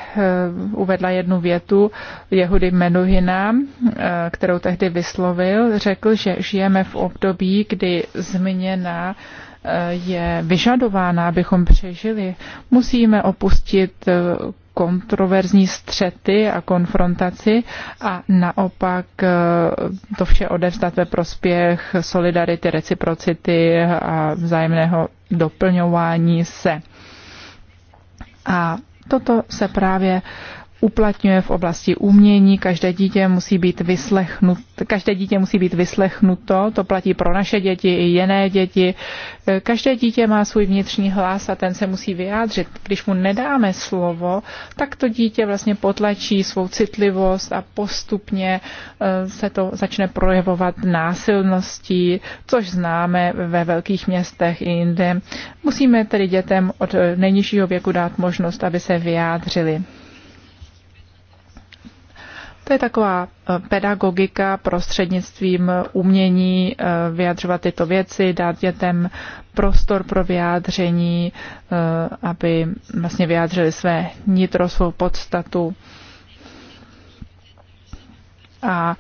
uvedla jednu větu Jehudy Menuhina, eh, kterou tehdy vyslovil. Řekl, že žijeme v období, kdy změna eh, je vyžadována, abychom přežili. Musíme opustit kontroverzní střety a konfrontaci a naopak to vše odevzdat ve prospěch solidarity, reciprocity a vzájemného doplňování se. A Toto se právě uplatňuje v oblasti umění. Každé dítě musí být vyslechnuto, každé dítě musí být vyslechnuto, to platí pro naše děti i jiné děti. Každé dítě má svůj vnitřní hlas a ten se musí vyjádřit. Když mu nedáme slovo, tak to dítě vlastně potlačí svou citlivost a postupně eh, se to začne projevovat násilností, což známe ve velkých městech i jinde. Musíme tedy dětem od eh, nejnižšího věku dát možnost, aby se vyjádřili. To je taková eh, pedagogika prostřednictvím umění eh, vyjadřovat tyto věci, dát dětem prostor pro vyjádření, eh, aby vlastně vyjádřili své nitro, svou podstatu. A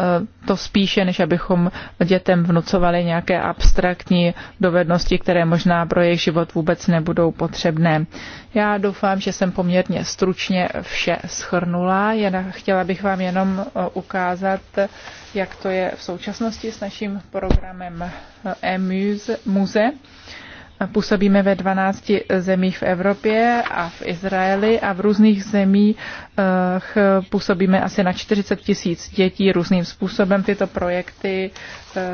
Eh, to spíše, než abychom dětem vnucovali nějaké abstraktní dovednosti, které možná pro jejich život vůbec nebudou potřebné. Já doufám, že jsem poměrně stručně vše schrnula. Jen chtěla bych vám jenom eh, ukázat, jak to je v současnosti s naším programem EMUSE. Eh, Působíme ve 12 zemích v Evropě a v Izraeli a v různých zemích eh, působíme asi na 40 tisíc dětí různým způsobem. Tyto projekty E,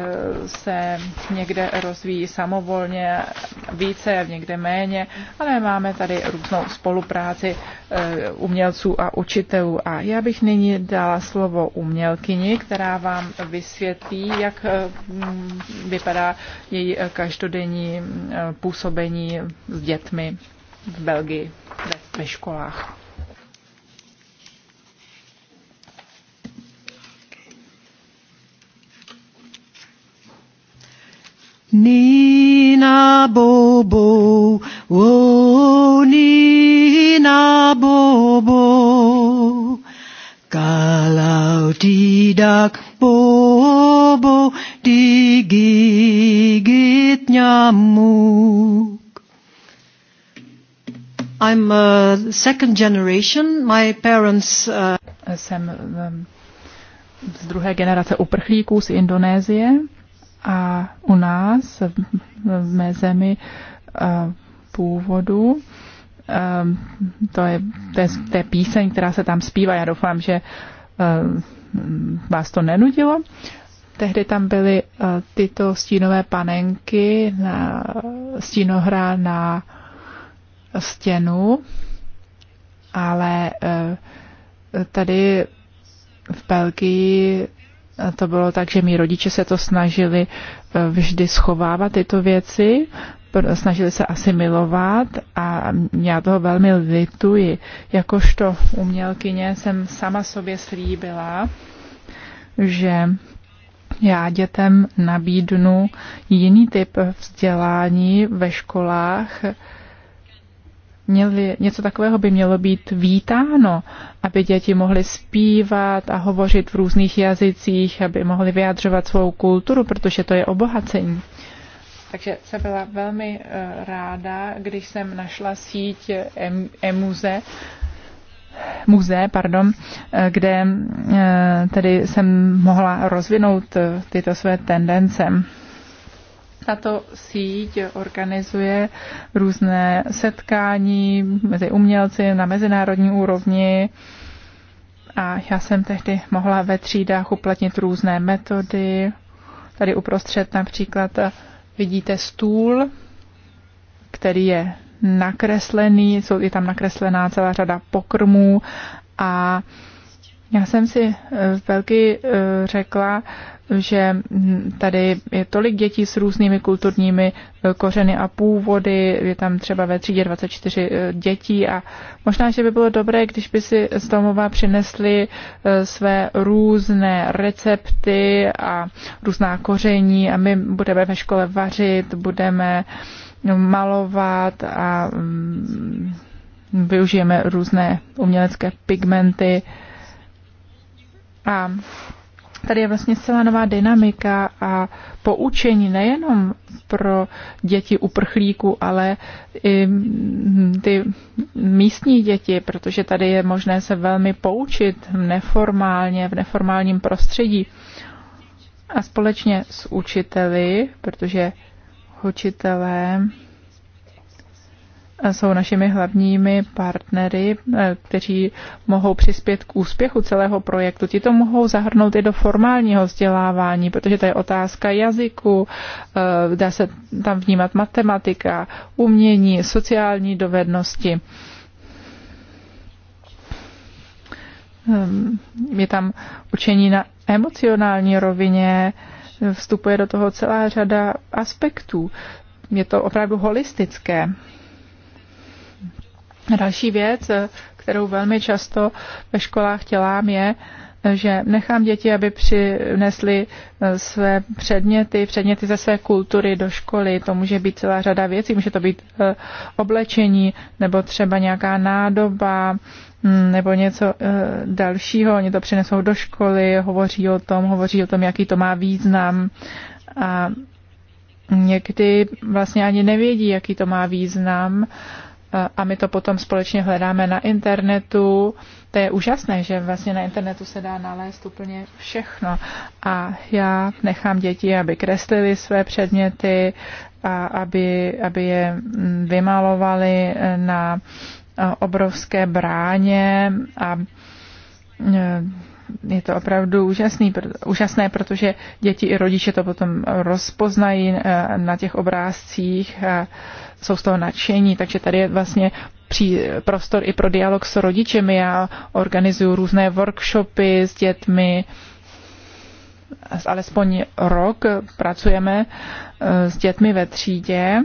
se někde rozvíjí samovolně více, někde méně, ale máme tady různou spolupráci e, umělců a učitelů. A já bych nyní dala slovo umělkyni, která vám vysvětlí, jak e, mm, vypadá její každodenní působení s dětmi v Belgii ve školách. Ni na bobo, oh ni na bobo. Kalau tidak bobo digigit nyamuk. I'm a second generation. My parents. Uh... Jsem um, z druhé generace uprchlíků z Indonésie a u nás v mé zemi původu to je, to, je, to je píseň, která se tam zpívá. Já doufám, že vás to nenudilo. Tehdy tam byly tyto stínové panenky, na, stínohra na stěnu, ale tady v Belgii to bylo tak, že mý rodiče se to snažili e, vždy schovávat tyto věci, snažili se asimilovat a já toho velmi lituji. Jakožto umělkyně jsem sama sobě slíbila, že já dětem nabídnu jiný typ vzdělání ve školách, měli, něco takového by mělo být vítáno, aby děti mohly zpívat a hovořit v různých jazycích, aby mohly vyjadřovat svou kulturu, protože to je obohacení. Takže jsem byla velmi eh, ráda, když jsem našla síť Emuze, muze, pardon, eh, kde eh, tedy jsem mohla rozvinout tyto své tendence. Tato síť organizuje různé setkání mezi umělci na mezinárodní úrovni a já jsem tehdy mohla ve třídách uplatnit různé metody. Tady uprostřed například vidíte stůl, který je nakreslený, jsou, i tam nakreslená celá řada pokrmů a já jsem si eh, v Belgii eh, řekla, že hm, tady je tolik dětí s různými kulturními eh, kořeny a původy, je tam třeba ve třídě 24 dětí a možná, že by bylo dobré, když by si z domova přinesli své různé recepty a různá koření a my budeme ve škole vařit, budeme no, malovat a hm, využijeme různé umělecké pigmenty. A tady je vlastně celá nová dynamika a poučení nejenom pro děti uprchlíků, ale i hm, ty místní děti, protože tady je možné se velmi poučit neformálně, v neformálním prostředí. A společně s učiteli, protože učitelé jsou našimi hlavními partnery, e, kteří mohou přispět k úspěchu celého projektu. Ti to mohou zahrnout i do formálního vzdělávání, protože to je otázka jazyku, e, dá se tam vnímat matematika, umění, sociální dovednosti. Ehm, je tam učení na emocionální rovině, vstupuje do toho celá řada aspektů. Je to opravdu holistické. Další věc, kterou velmi často ve školách dělám, je, že nechám děti, aby přinesly eh, své předměty, předměty ze své kultury do školy. To může být celá řada věcí, může to být eh, oblečení nebo třeba nějaká nádoba mm, nebo něco eh, dalšího. Oni to přinesou do školy, hovoří o tom, hovoří o tom, jaký to má význam. A někdy vlastně ani nevědí, jaký to má význam a my to potom společně hledáme na internetu. To je úžasné, že vlastně na internetu se dá nalézt úplně všechno. A já nechám děti, aby kreslili své předměty a aby, aby je vymalovali na obrovské bráně a e, je to opravdu úžasný, úžasné, protože děti i rodiče to potom rozpoznají e, na těch obrázcích. A, jsou z toho nadšení, takže tady je vlastně pří, prostor i pro dialog s rodičemi. Já organizuju různé workshopy s dětmi, alespoň rok pracujeme eh, s dětmi ve třídě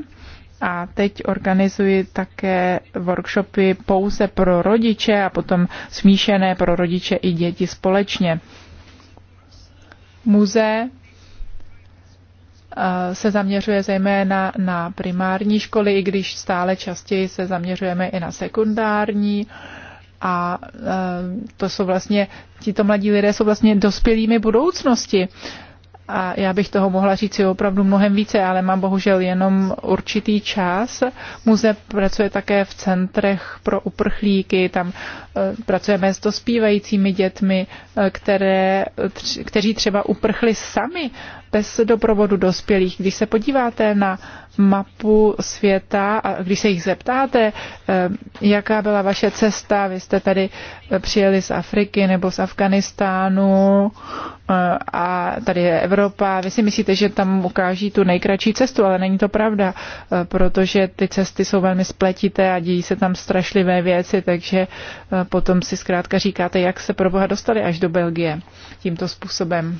a teď organizuji také workshopy pouze pro rodiče a potom smíšené pro rodiče i děti společně. Muze se zaměřuje zejména na primární školy, i když stále častěji se zaměřujeme i na sekundární. A e, to jsou vlastně, tito mladí lidé jsou vlastně dospělými budoucnosti. A já bych toho mohla říct si opravdu mnohem více, ale mám bohužel jenom určitý čas. Muze pracuje také v centrech pro uprchlíky, tam e, pracujeme s dospívajícími dětmi, e, které, kteří třeba uprchli sami bez doprovodu dospělých. Když se podíváte na mapu světa a když se jich zeptáte, eh, jaká byla vaše cesta, vy jste tady eh, přijeli z Afriky nebo z Afganistánu eh, a tady je Evropa, vy si myslíte, že tam ukáží tu nejkratší cestu, ale není to pravda, protože ty cesty jsou velmi spletité a dějí se tam strašlivé věci, takže potom si zkrátka říkáte, jak se pro boha dostali až do Belgie tímto způsobem.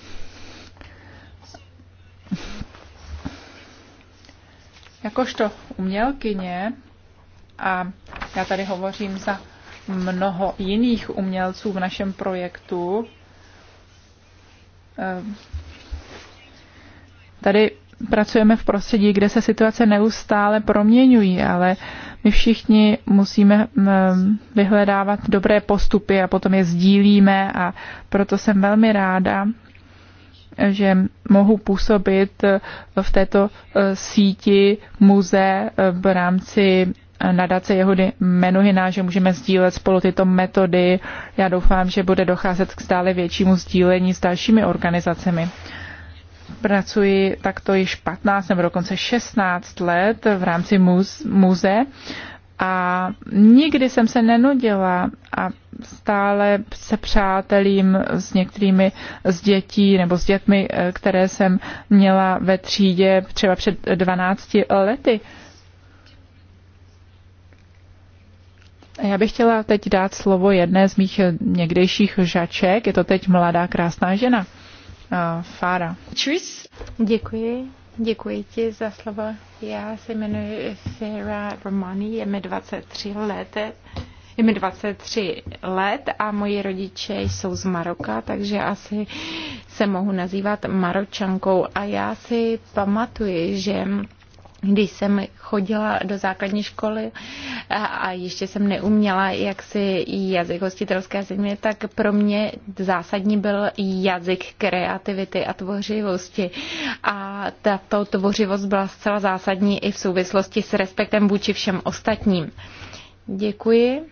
Jakožto umělkyně, a já tady hovořím za mnoho jiných umělců v našem projektu, eh, tady pracujeme v prostředí, kde se situace neustále proměňují, ale my všichni musíme mm, vyhledávat dobré postupy a potom je sdílíme a proto jsem velmi ráda, že mohu působit v této eh, síti muze eh, v rámci eh, nadace Jehudy Menuhina, že můžeme sdílet spolu tyto metody. Já doufám, že bude docházet k stále většímu sdílení s dalšími organizacemi. Pracuji takto již 15 nebo dokonce 16 let v rámci muze a nikdy jsem se nenudila a stále se přátelím s některými z dětí nebo s dětmi, eh, které jsem měla ve třídě třeba před 12 lety. Já bych chtěla teď dát slovo jedné z mých eh, někdejších žaček. Je to teď mladá krásná žena. Eh, Fára. Čus. Děkuji. Děkuji ti za slovo. Já se jmenuji Sarah Romani, je mi 23 let. Je mi 23 let a moji rodiče jsou z Maroka, takže asi se mohu nazývat Maročankou. A já si pamatuji, že když jsem chodila do základní školy a, a ještě jsem neuměla jak si jazyk hostitelské země, tak pro mě zásadní byl jazyk kreativity a tvořivosti. A tato tvořivost byla zcela zásadní i v souvislosti s respektem vůči všem ostatním. Děkuji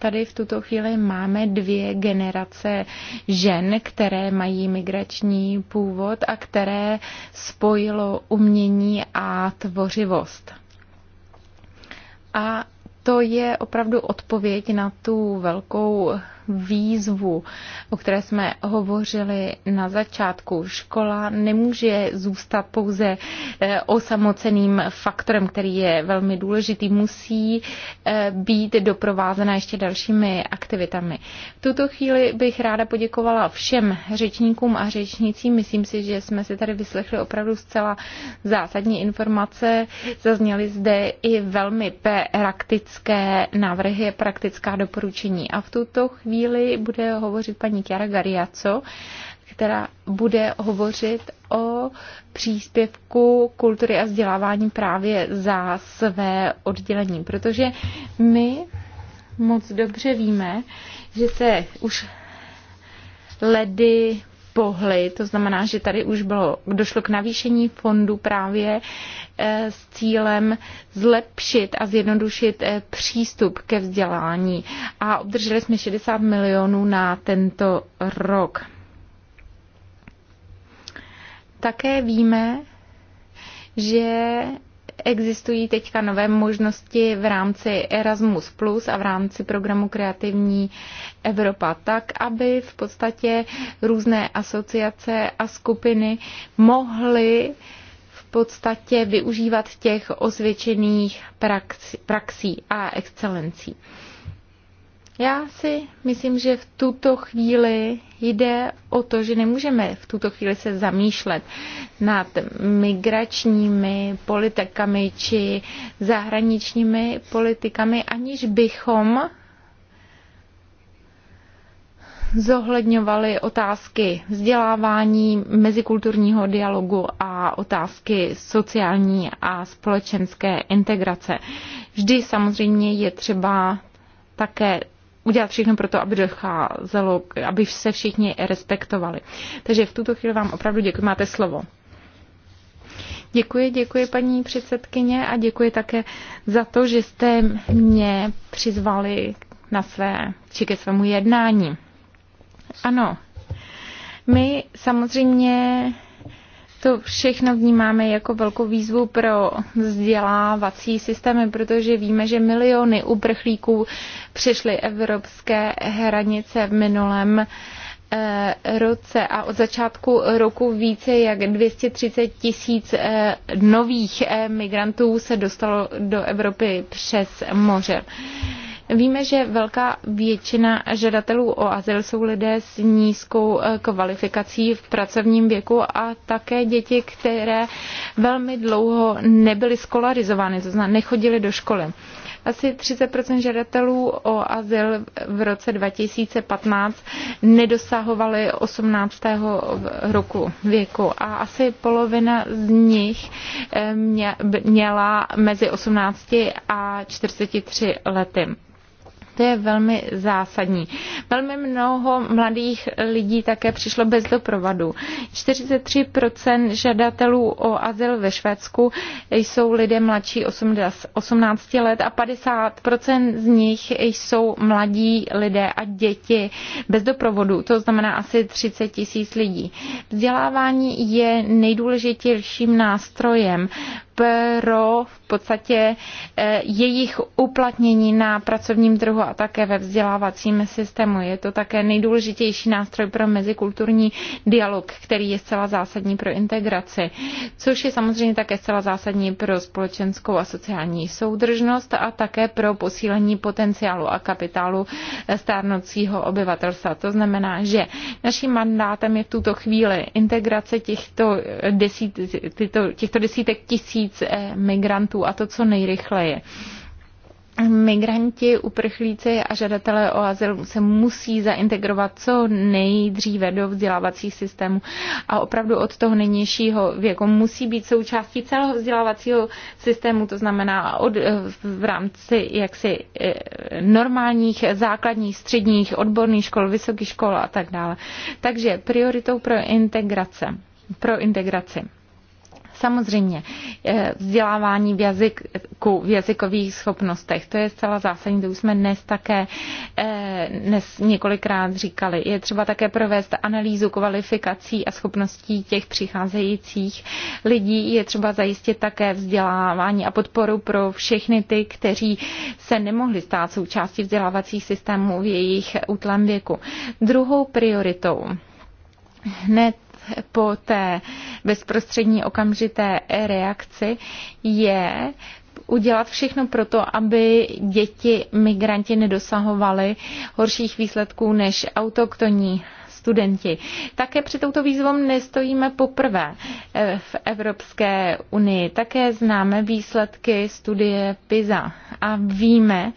tady v tuto chvíli máme dvě generace žen, které mají migrační původ a které spojilo umění a tvořivost. A to je opravdu odpověď na tu velkou výzvu, o které jsme hovořili na začátku. Škola nemůže zůstat pouze eh, osamoceným faktorem, který je velmi důležitý. Musí eh, být doprovázena ještě dalšími aktivitami. V tuto chvíli bych ráda poděkovala všem řečníkům a řečnicím. Myslím si, že jsme si tady vyslechli opravdu zcela zásadní informace. Zazněly zde i velmi praktické návrhy, praktická doporučení. A v tuto chvíli chvíli bude hovořit paní Chiara Gariaco, která bude hovořit o příspěvku kultury a vzdělávání právě za své oddělení, protože my moc dobře víme, že se už ledy pohly. To znamená, že tady už bylo, došlo k navýšení fondu právě eh, s cílem zlepšit a zjednodušit eh, přístup ke vzdělání. A obdrželi jsme 60 milionů na tento rok. Také víme, že existují teďka nové možnosti v rámci Erasmus Plus a v rámci programu Kreativní Evropa, tak aby v podstatě různé asociace a skupiny mohly v podstatě využívat těch osvědčených praxí a excelencí. Já si myslím, že v tuto chvíli jde o to, že nemůžeme v tuto chvíli se zamýšlet nad migračními politikami či zahraničními politikami, aniž bychom zohledňovali otázky vzdělávání, mezikulturního dialogu a otázky sociální a společenské integrace. Vždy samozřejmě je třeba také udělat všechno pro to, aby docházelo, aby se všichni respektovali. Takže v tuto chvíli vám opravdu děkuji, máte slovo. Děkuji, děkuji paní předsedkyně a děkuji také za to, že jste mě přizvali na své, či ke svému jednání. Ano, my samozřejmě to všechno vnímáme jako velkou výzvu pro vzdělávací systémy, protože víme, že miliony uprchlíků přešly evropské hranice v minulém eh, roce a od začátku roku více jak 230 tisíc eh, nových eh, migrantů se dostalo do Evropy přes moře. Víme, že velká většina žadatelů o azyl jsou lidé s nízkou eh, kvalifikací v pracovním věku a také děti, které velmi dlouho nebyly skolarizovány, to znamená nechodily do školy. Asi 30 žadatelů o azyl v roce 2015 nedosahovali 18. roku věku a asi polovina z nich eh, měla mezi 18 a 43 lety to je velmi zásadní. Velmi mnoho mladých lidí také přišlo bez doprovadu. 43% žadatelů o azyl ve Švédsku jsou lidé mladší 18 let a 50% z nich jsou mladí lidé a děti bez doprovodu, to znamená asi 30 tisíc lidí. Vzdělávání je nejdůležitějším nástrojem pro v podstatě eh, jejich uplatnění na pracovním trhu a také ve vzdělávacím systému. Je to také nejdůležitější nástroj pro mezikulturní dialog, který je zcela zásadní pro integraci, což je samozřejmě také zcela zásadní pro společenskou a sociální soudržnost a také pro posílení potenciálu a kapitálu eh, stárnoucího obyvatelstva. To znamená, že naším mandátem je v tuto chvíli integrace těchto, eh, desít, tyto, těchto desítek tisíc nejvíc eh, migrantů a to co nejrychleji migranti, uprchlíci a žadatelé o azyl se musí zaintegrovat co nejdříve do vzdělávacích systémů a opravdu od toho nejnižšího věku musí být součástí celého vzdělávacího systému, to znamená od, eh, v rámci jaksi eh, normálních základních, středních, odborných škol, vysokých škol a tak dále. Takže prioritou pro integrace, pro integraci. Samozřejmě, eh, vzdělávání v, jazyku, v jazykových schopnostech, to je zcela zásadní, to už jsme dnes také eh, dnes několikrát říkali. Je třeba také provést analýzu kvalifikací a schopností těch přicházejících lidí. Je třeba zajistit také vzdělávání a podporu pro všechny ty, kteří se nemohli stát součástí vzdělávacích systémů v jejich útlém věku. Druhou prioritou hned po té bezprostřední okamžité reakci je udělat všechno pro to, aby děti migranti nedosahovaly horších výsledků než autoktonní studenti. Také při touto výzvou nestojíme poprvé eh, v Evropské unii. Také známe výsledky studie PISA a víme,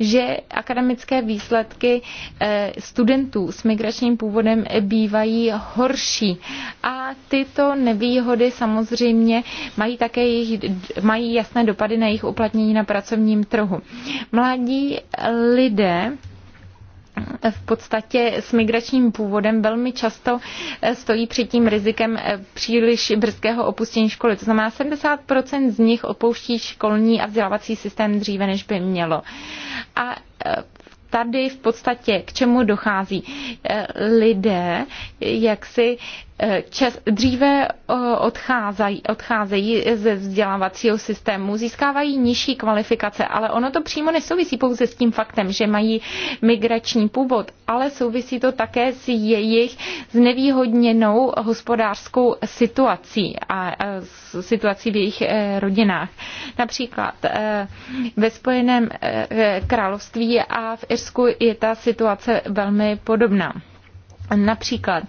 že akademické výsledky eh, studentů s migračním původem bývají horší. A tyto nevýhody samozřejmě mají také jejich, mají jasné dopady na jejich uplatnění na pracovním trhu. Mladí lidé v podstatě s migračním původem velmi často eh, stojí před tím rizikem eh, příliš brzkého opuštění školy. To znamená, 70% z nich opouští školní a vzdělávací systém dříve, než by mělo. A eh, tady v podstatě k čemu dochází? Lidé, jak si Eh, čas, dříve eh, odcházejí, odcházejí ze vzdělávacího systému, získávají nižší kvalifikace, ale ono to přímo nesouvisí pouze s tím faktem, že mají migrační původ, ale souvisí to také s jejich znevýhodněnou hospodářskou situací a eh, situací v jejich rodinách. Například ve Spojeném království a v Irsku je ta situace velmi podobná. Například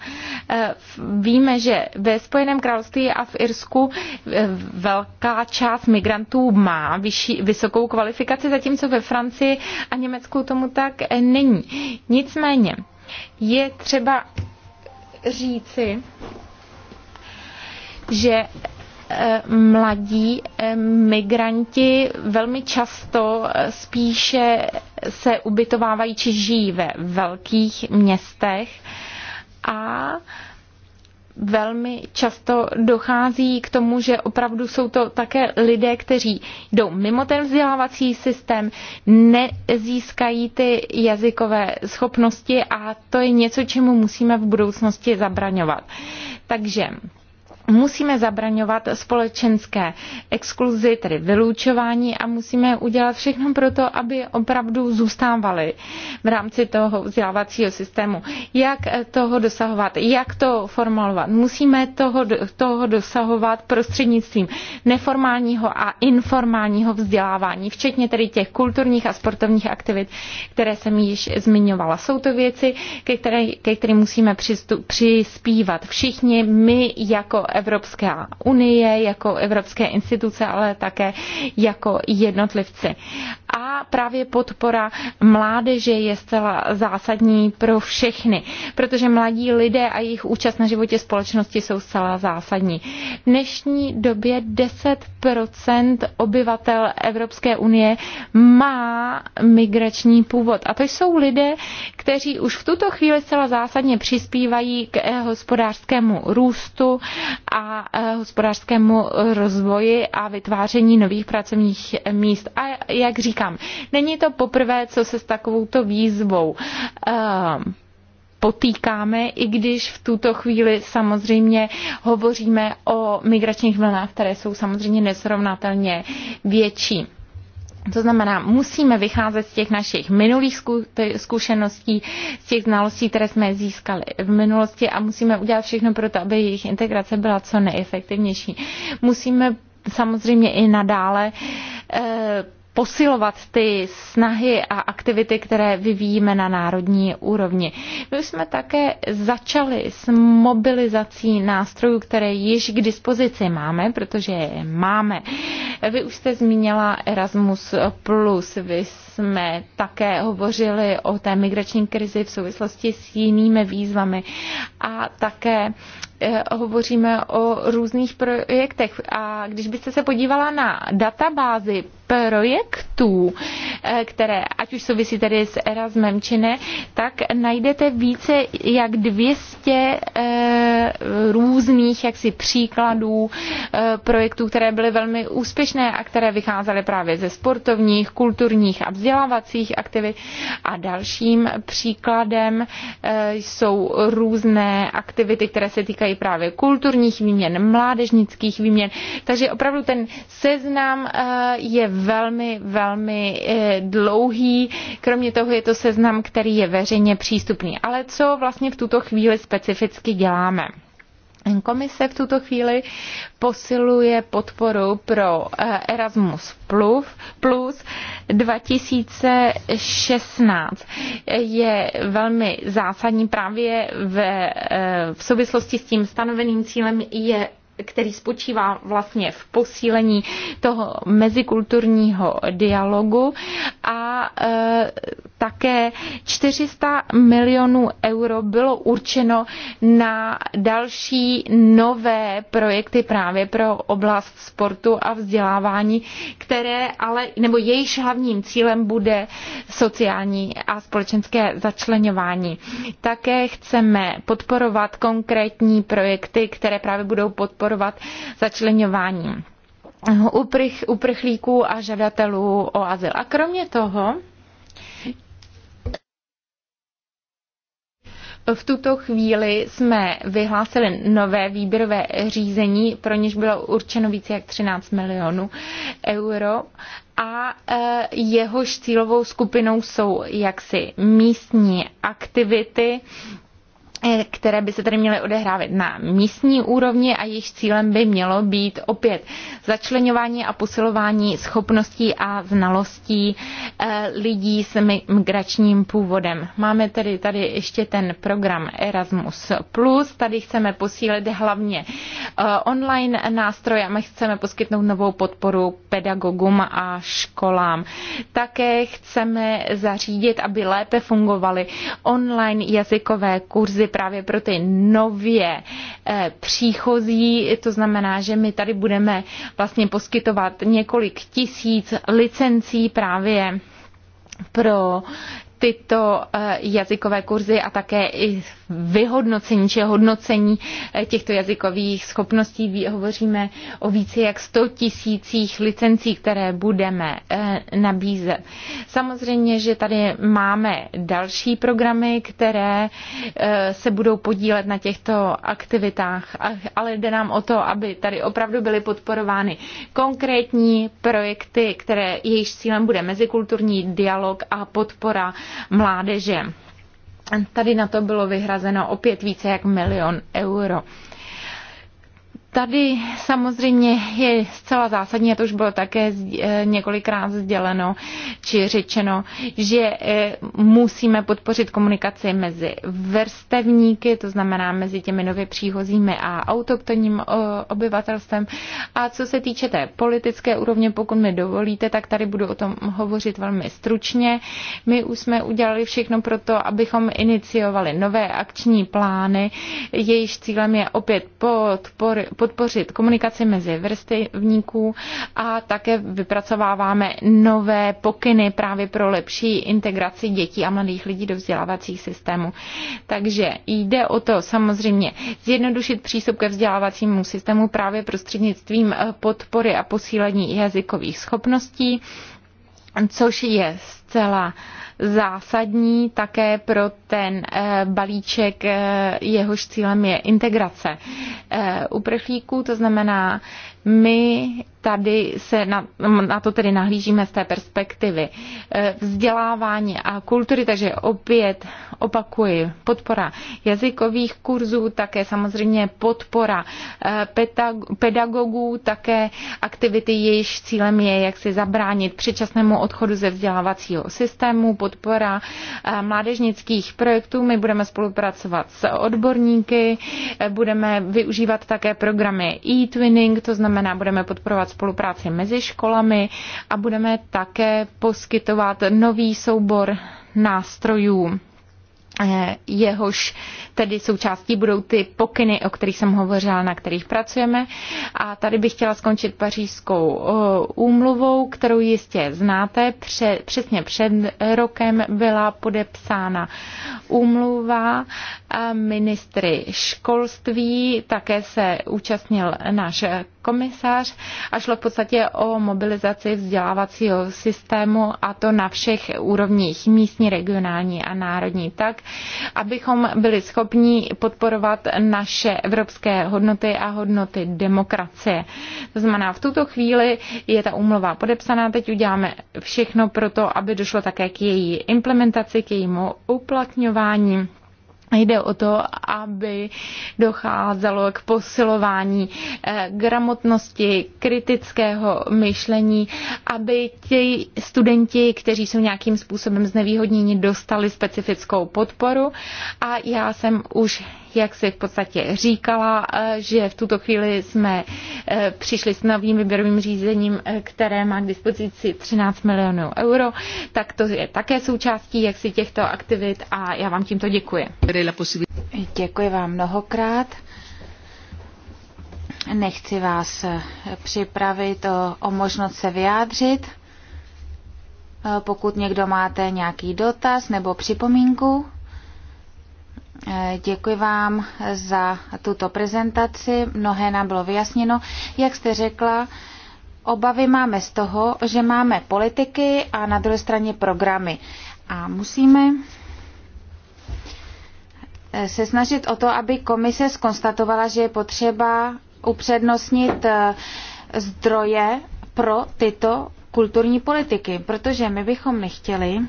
eh, víme, že ve Spojeném království a v Irsku eh, velká část migrantů má vyšší, vysokou kvalifikaci, zatímco ve Francii a Německu tomu tak eh, není. Nicméně je třeba říci, že mladí migranti velmi často spíše se ubytovávají či žijí ve velkých městech a velmi často dochází k tomu, že opravdu jsou to také lidé, kteří jdou mimo ten vzdělávací systém, nezískají ty jazykové schopnosti a to je něco, čemu musíme v budoucnosti zabraňovat. Takže musíme zabraňovat společenské exkluzi, tedy vyloučování a musíme udělat všechno pro to, aby opravdu zůstávali v rámci toho vzdělávacího systému. Jak toho dosahovat, jak to formulovat? Musíme toho, toho dosahovat prostřednictvím neformálního a informálního vzdělávání, včetně tedy těch kulturních a sportovních aktivit, které jsem již zmiňovala. Jsou to věci, ke, které, ke kterým musíme přistup, přispívat všichni my jako Evropská unie, jako evropské instituce, ale také jako jednotlivci. A právě podpora mládeže je zcela zásadní pro všechny, protože mladí lidé a jejich účast na životě společnosti jsou zcela zásadní. V dnešní době 10% obyvatel Evropské unie má migrační původ. A to jsou lidé, kteří už v tuto chvíli zcela zásadně přispívají k hospodářskému růstu a e, hospodářskému rozvoji a vytváření nových pracovních míst. A jak říkám, není to poprvé, co se s takovouto výzvou e, potýkáme, i když v tuto chvíli samozřejmě hovoříme o migračních vlnách, které jsou samozřejmě nesrovnatelně větší. To znamená, musíme vycházet z těch našich minulých zkušeností, z těch znalostí, které jsme získali v minulosti a musíme udělat všechno pro to, aby jejich integrace byla co nejefektivnější. Musíme samozřejmě i nadále eh, posilovat ty snahy a aktivity, které vyvíjíme na národní úrovni. My jsme také začali s mobilizací nástrojů, které již k dispozici máme, protože je máme. Vy už jste zmínila Erasmus+, vy jsme také hovořili o té migrační krizi v souvislosti s jinými výzvami a také eh, hovoříme o různých projektech. A když byste se podívala na databázi projektů, eh, které ať už souvisí tedy s Erasmem či ne, tak najdete více jak 200 eh, různých jaksi příkladů projektů, které byly velmi úspěšné a které vycházely právě ze sportovních, kulturních a vzdělávacích vzdělávacích aktivit. A dalším příkladem eh, jsou různé aktivity, které se týkají právě kulturních výměn, mládežnických výměn. Takže opravdu ten seznam eh, je velmi, velmi eh, dlouhý. Kromě toho je to seznam, který je veřejně přístupný. Ale co vlastně v tuto chvíli specificky děláme? Komise v tuto chvíli posiluje podporu pro eh, Erasmus Plus, 2016. Je velmi zásadní právě v, eh, v souvislosti s tím stanoveným cílem je který spočívá vlastně v posílení toho mezikulturního dialogu a e, také 400 milionů euro bylo určeno na další nové projekty právě pro oblast sportu a vzdělávání, které ale, nebo jejich hlavním cílem bude sociální a společenské začlenování. Také chceme podporovat konkrétní projekty, které právě budou podporovat podporovat začlenování uprch, uprchlíků a žadatelů o azyl. A kromě toho, V tuto chvíli jsme vyhlásili nové výběrové řízení, pro něž bylo určeno více jak 13 milionů euro a e, jehož cílovou skupinou jsou jaksi místní aktivity, Eh, které by se tedy měly odehrávat na místní úrovni a jejich cílem by mělo být opět začlenování a posilování schopností a znalostí eh, lidí s migračním původem. Máme tedy tady ještě ten program Erasmus+, tady chceme posílit hlavně eh, online nástroje a my chceme poskytnout novou podporu pedagogům a školám. Také chceme zařídit, aby lépe fungovaly online jazykové kurzy právě pro ty nově eh, příchozí. To znamená, že my tady budeme vlastně poskytovat několik tisíc licencí právě pro tyto eh, jazykové kurzy a také i vyhodnocení či hodnocení eh, těchto jazykových schopností. Hovoříme o více jak 100 tisících licencí, které budeme eh, nabízet. Samozřejmě, že tady máme další programy, které se budou podílet na těchto aktivitách, ale jde nám o to, aby tady opravdu byly podporovány konkrétní projekty, které jejich cílem bude mezikulturní dialog a podpora mládeže. Tady na to bylo vyhrazeno opět více jak milion euro. Tady samozřejmě je zcela zásadní, a to už bylo také eh, několikrát sděleno či řečeno, že eh, musíme podpořit komunikaci mezi vrstevníky, to znamená mezi těmi nově příchozími a autoktonním eh, obyvatelstvem. A co se týče té politické úrovně, pokud mi dovolíte, tak tady budu o tom hovořit velmi stručně. My už jsme udělali všechno pro to, abychom iniciovali nové akční plány. Jejich cílem je opět podpor, podpořit komunikaci mezi vrstevníků a také vypracováváme nové pokyny právě pro lepší integraci dětí a mladých lidí do vzdělávacích systémů. Takže jde o to samozřejmě zjednodušit přístup ke vzdělávacímu systému právě prostřednictvím podpory a posílení jazykových schopností což je zcela zásadní také pro ten eh, balíček, eh, jehož cílem je integrace eh, uprchlíků, to znamená, my tady se na, na to tedy nahlížíme z té perspektivy vzdělávání a kultury, takže opět opakuji, podpora jazykových kurzů, také samozřejmě podpora pedagogů, také aktivity, jejichž cílem je, jak si zabránit předčasnému odchodu ze vzdělávacího vzdělávacího systému, podpora eh, mládežnických projektů. My budeme spolupracovat s odborníky, eh, budeme využívat také programy e-twinning, to znamená, budeme podporovat spolupráci mezi školami a budeme také poskytovat nový soubor nástrojů Eh, jehož tedy součástí budou ty pokyny, o kterých jsem hovořila, na kterých pracujeme. A tady bych chtěla skončit pařížskou eh, úmluvou, kterou jistě znáte. Přesně před rokem byla podepsána úmluva eh, ministry školství, také se účastnil náš komisař a šlo v podstatě o mobilizaci vzdělávacího systému a to na všech úrovních, místní, regionální a národní, tak, abychom byli schopni podporovat naše evropské hodnoty a hodnoty demokracie. To znamená, v tuto chvíli je ta úmluva podepsaná, teď uděláme všechno pro to, aby došlo také k její implementaci, k jejímu uplatňování Jde o to, aby docházelo k posilování eh, gramotnosti, kritického myšlení, aby ti studenti, kteří jsou nějakým způsobem znevýhodněni, dostali specifickou podporu. A já jsem už jak se v podstatě říkala, eh, že v tuto chvíli jsme eh, přišli s novým výběrovým řízením, eh, které má k dispozici 13 milionů euro, tak to je také součástí jak si těchto aktivit a já vám tímto děkuji. Děkuji vám mnohokrát. Nechci vás připravit o, o možnost se vyjádřit. Pokud někdo máte nějaký dotaz nebo připomínku, Eh, děkuji vám za tuto prezentaci. Mnohé nám bylo vyjasněno. Jak jste řekla, obavy máme z toho, že máme politiky a na druhé straně programy. A musíme eh, se snažit o to, aby komise skonstatovala, že je potřeba upřednostnit eh, zdroje pro tyto kulturní politiky, protože my bychom nechtěli,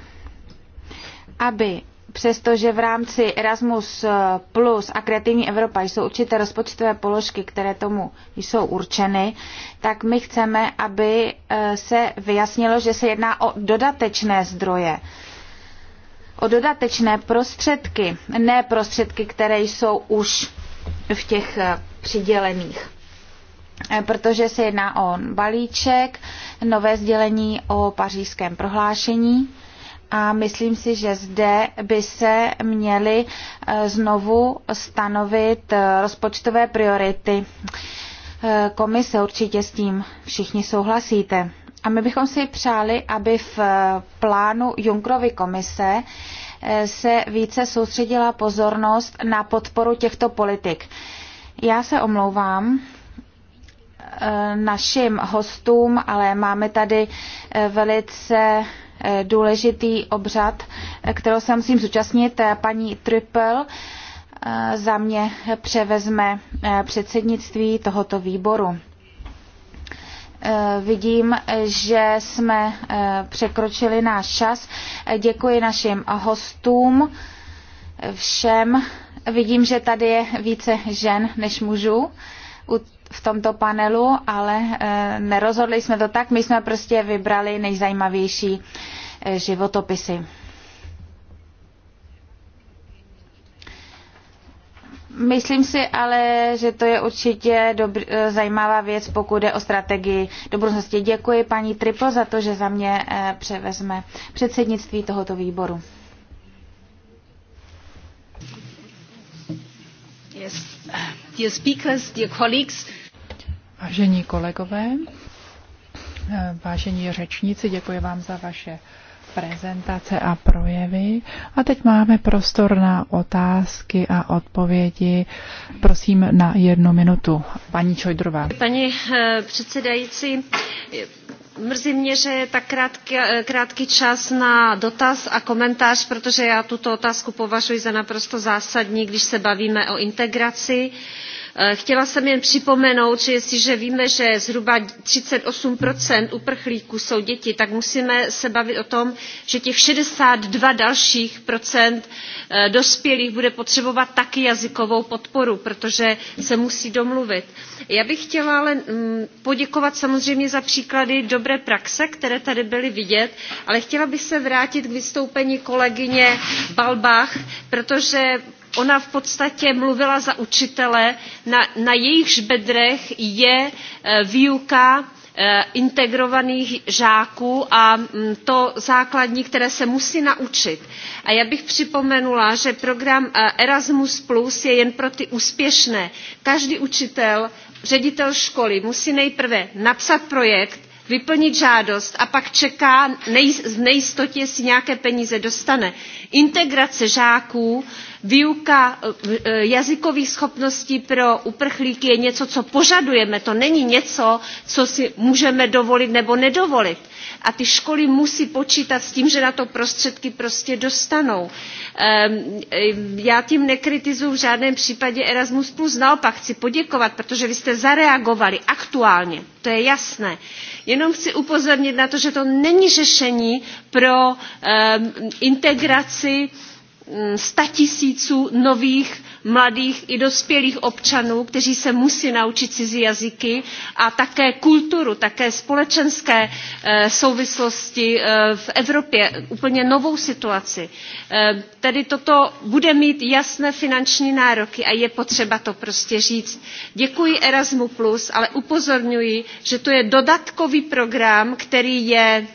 aby přestože v rámci Erasmus eh, Plus a Kreativní Evropa jsou určité rozpočtové položky, které tomu jsou určeny, tak my chceme, aby eh, se vyjasnilo, že se jedná o dodatečné zdroje, o dodatečné prostředky, ne prostředky, které jsou už v těch eh, přidělených protože se jedná o balíček, nové sdělení o pařížském prohlášení a myslím si, že zde by se měly eh, znovu stanovit eh, rozpočtové priority. Eh, komise určitě s tím všichni souhlasíte. A my bychom si přáli, aby v plánu Junkrovy komise se více soustředila pozornost na podporu těchto politik. Já se omlouvám našim hostům, ale máme tady velice Eh, důležitý obřad, eh, kterého se musím zúčastnit. Eh, paní Triple za mě převezme předsednictví tohoto výboru. Vidím, že jsme překročili náš čas. Děkuji našim hostům, všem. Vidím, že tady je více žen než mužů u v tomto panelu, ale eh, nerozhodli jsme to tak, my jsme prostě vybrali nejzajímavější eh, životopisy. Myslím si ale, že to je určitě dobr- eh, zajímavá věc, pokud je o strategii do budoucnosti. Děkuji paní Tripo za to, že za mě převezme předsednictví tohoto výboru. Yes dear speakers, dear colleagues. Vážení kolegové, vážení řečníci, děkuji vám za vaše prezentace a projevy. A teď máme prostor na otázky a odpovědi. Prosím na jednu minutu. Paní Čojdrová. Paní eh, předsedající, mrzí mě, že je tak krátký, eh, krátký čas na dotaz a komentář, protože já tuto otázku považuji za naprosto zásadní, když se bavíme o integraci. Uh, Eh, chtěla jsem jen připomenout že jestliže víme že zhruba thirty eight uprchlíků jsou děti tak musíme se bavit o tom že těch sixty two dalších procent eh, dospělých bude potřebovat taky jazykovou podporu protože se musí domluvit. já bych chtěla ale mm, poděkovat samozřejmě za příklady dobré praxe které tady byly vidět ale chtěla bych se vrátit k vystoupení kolegyně balbách protože ona v podstatě mluvila za učitele, na, na jejichž bedrech je e, výuka e, integrovaných žáků a to základní, které se musí naučit. A já bych připomenula, že program e, Erasmus Plus je jen pro ty úspěšné. Každý učitel, ředitel školy musí nejprve napsat projekt, vyplnit žádost a pak čeká v nejistotě, jestli nějaké peníze dostane. Integrace žáků, výuka eh, eh, jazykových schopností pro uprchlíky je něco, co požadujeme. To není něco, co si můžeme dovolit nebo nedovolit a ty školy musí počítat s tím, že na to prostředky prostě dostanou. Ehm, eh, já tím nekritizuji v žádném případě Erasmus+, naopak chci poděkovat, protože vy jste zareagovali aktuálně, to je jasné Jenom chci upozornit na to, že to není řešení pro um, integraci um, statisíců nových mladých i dospělých občanů, kteří se musí naučit cizí jazyky a také kulturu, také společenské eh, souvislosti eh, v Evropě, úplně novou situaci. Eh, tedy toto bude mít jasné finanční nároky a je potřeba to prostě říct. Děkuji Erasmu+, ale upozorňuji, že to je dodatkový program, který je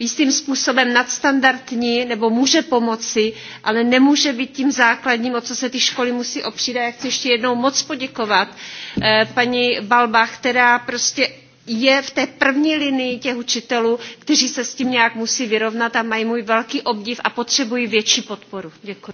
jistým způsobem nadstandardní nebo může pomoci, ale nemůže být tím základním, o co se ty školy musí a Já chci ještě jednou moc poděkovat eh, paní Balbách, která prostě je v té první linii těch učitelů, kteří se s tím nějak musí vyrovnat a mají můj velký obdiv a potřebují větší podporu. Děkuji.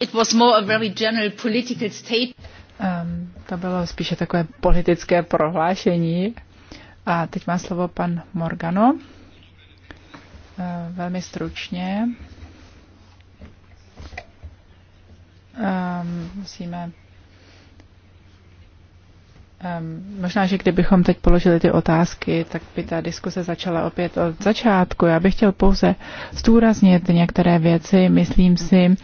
It was more a very general political state. Um, to bylo spíše takové politické prohlášení. A teď má slovo pan Morgano. Uh, Velmi stručně. Um, Musíme Možná, že kdybychom teď položili ty otázky, tak by ta diskuse začala opět od začátku. Já bych chtěl pouze zdůraznit některé věci. Myslím si,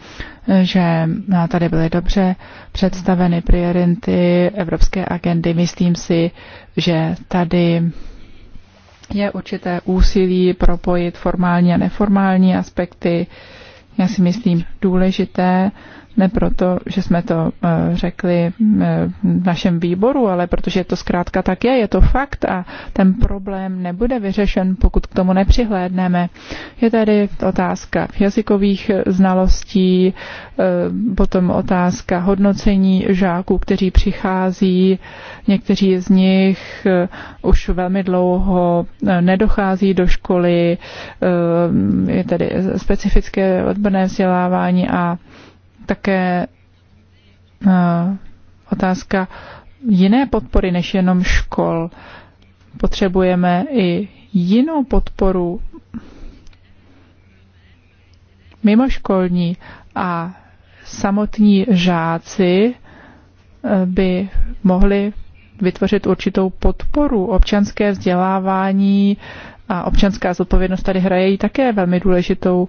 že no, tady byly dobře představeny priority evropské agendy. Myslím si, že tady je určité úsilí propojit formální a neformální aspekty. Já si myslím důležité ne proto, že jsme to eh, řekli eh, v našem výboru, ale protože to zkrátka tak je, je to fakt a ten problém nebude vyřešen, pokud k tomu nepřihlédneme. Je tady otázka jazykových znalostí, eh, potom otázka hodnocení žáků, kteří přichází, někteří z nich už velmi dlouho nedochází do školy, je tady specifické odborné vzdělávání a také eh, otázka jiné podpory než jenom škol. Potřebujeme i jinou podporu mimoškolní a samotní žáci eh, by mohli vytvořit určitou podporu. Občanské vzdělávání a občanská zodpovědnost tady hraje i také velmi důležitou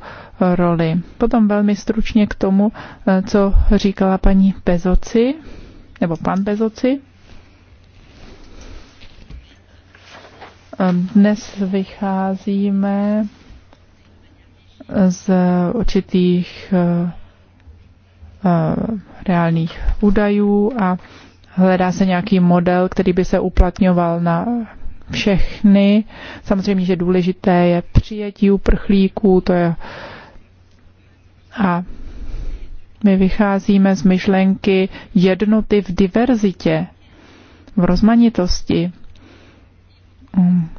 roli. Potom velmi stručně k tomu, co říkala paní Bezoci, nebo pan Bezoci. Ehm, dnes vycházíme z určitých eh, eh, reálných údajů a hledá se nějaký model, který by se uplatňoval na všechny. Samozřejmě, že důležité je přijetí uprchlíků, to je a my vycházíme z myšlenky jednoty v diverzitě, v rozmanitosti. Mm.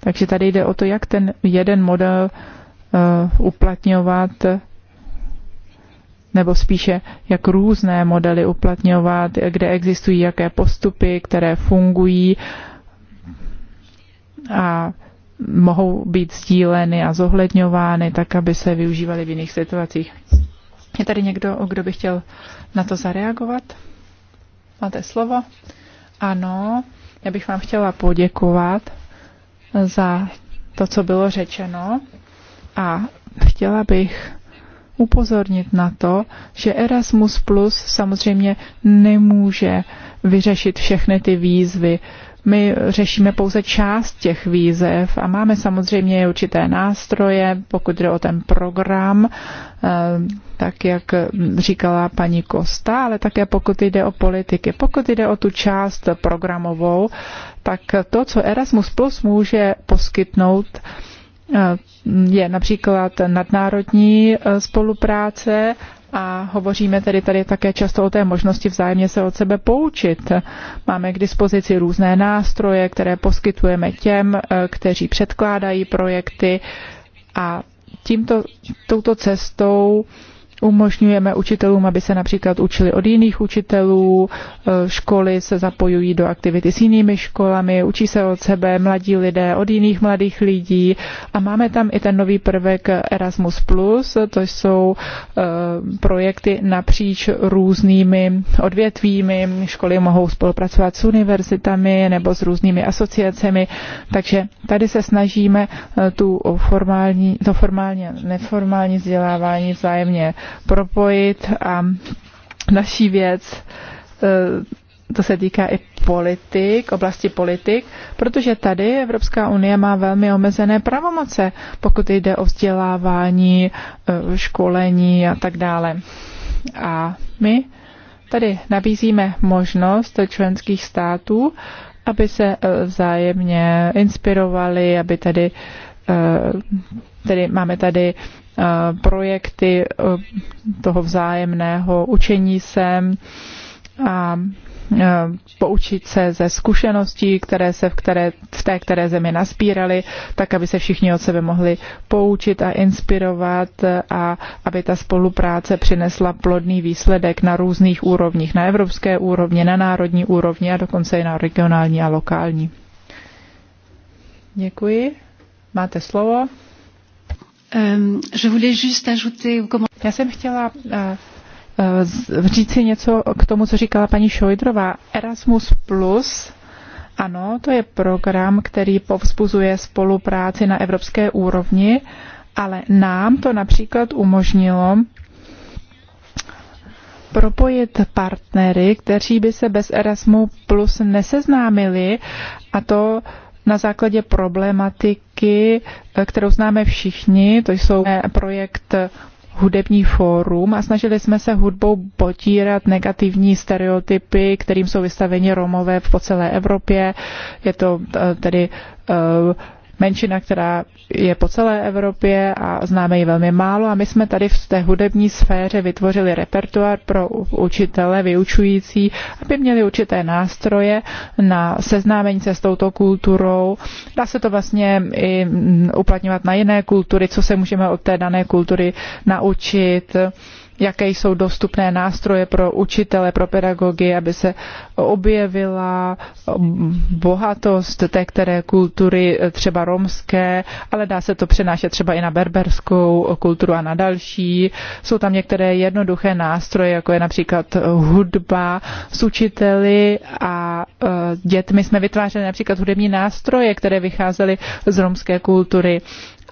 Takže tady jde o to, jak ten jeden model uh, uplatňovat nebo spíše jak různé modely uplatňovat, kde existují jaké postupy, které fungují a mohou být sdíleny a zohledňovány tak, aby se využívaly v jiných situacích. Je tady někdo, kdo by chtěl na to zareagovat? Máte slovo? Ano, já bych vám chtěla poděkovat za to, co bylo řečeno a chtěla bych upozornit na to, že Erasmus Plus samozřejmě nemůže vyřešit všechny ty výzvy. My řešíme pouze část těch výzev a máme samozřejmě určité nástroje, pokud jde o ten program, eh, tak jak říkala paní Kosta, ale také pokud jde o politiky. Pokud jde o tu část programovou, tak to, co Erasmus Plus může poskytnout, je například nadnárodní e, spolupráce a hovoříme tedy tady také často o té možnosti vzájemně se od sebe poučit. Máme k dispozici různé nástroje, které poskytujeme těm, e, kteří předkládají projekty a tímto, touto cestou Umožňujeme učitelům, aby se například učili od jiných učitelů, e, školy se zapojují do aktivity s jinými školami, učí se od sebe mladí lidé, od jiných mladých lidí a máme tam i ten nový prvek Erasmus+, to jsou e, projekty napříč různými odvětvími, školy mohou spolupracovat s univerzitami nebo s různými asociacemi, takže tady se snažíme e, tu formální, to formálně, neformální vzdělávání vzájemně propojit a naší věc, eh, to se týká i politik, oblasti politik, protože tady Evropská unie má velmi omezené pravomoce, pokud jde o vzdělávání, eh, školení a tak dále. A my tady nabízíme možnost členských států, aby se eh, vzájemně inspirovali, aby tady, tady máme tady Eh, projekty eh, toho vzájemného učení se a eh, poučit se ze zkušeností, které se v, které, v té které zemi naspírali, tak aby se všichni od sebe mohli poučit a inspirovat a aby ta spolupráce přinesla plodný výsledek na různých úrovních, na evropské úrovni, na národní úrovni a dokonce i na regionální a lokální. Děkuji. Máte slovo. Ehm, Já jsem chtěla eh, eh, říct si něco k tomu, co říkala paní Šojdrová. Erasmus Plus ano, to je program, který povzbuzuje spolupráci na evropské úrovni, ale nám to například umožnilo propojit partnery, kteří by se bez Erasmu Plus neseznámili a to na základě problematik taky, eh, kterou známe všichni, to jsou eh, projekt hudební fórum a snažili jsme se hudbou potírat negativní stereotypy, kterým jsou vystaveni Romové po celé Evropě. Je to eh, tedy menšina, která je po celé Evropě a známe ji velmi málo. A my jsme tady v té hudební sféře vytvořili repertoár pro učitele, vyučující, aby měli určité nástroje na seznámení se s touto kulturou. Dá se to vlastně i uplatňovat na jiné kultury, co se můžeme od té dané kultury naučit jaké jsou dostupné nástroje pro učitele, pro pedagogy, aby se objevila bohatost té které kultury, třeba romské, ale dá se to přenášet třeba i na berberskou kulturu a na další. Jsou tam některé jednoduché nástroje, jako je například hudba s učiteli a e, dětmi jsme vytvářeli například hudební nástroje, které vycházely z romské kultury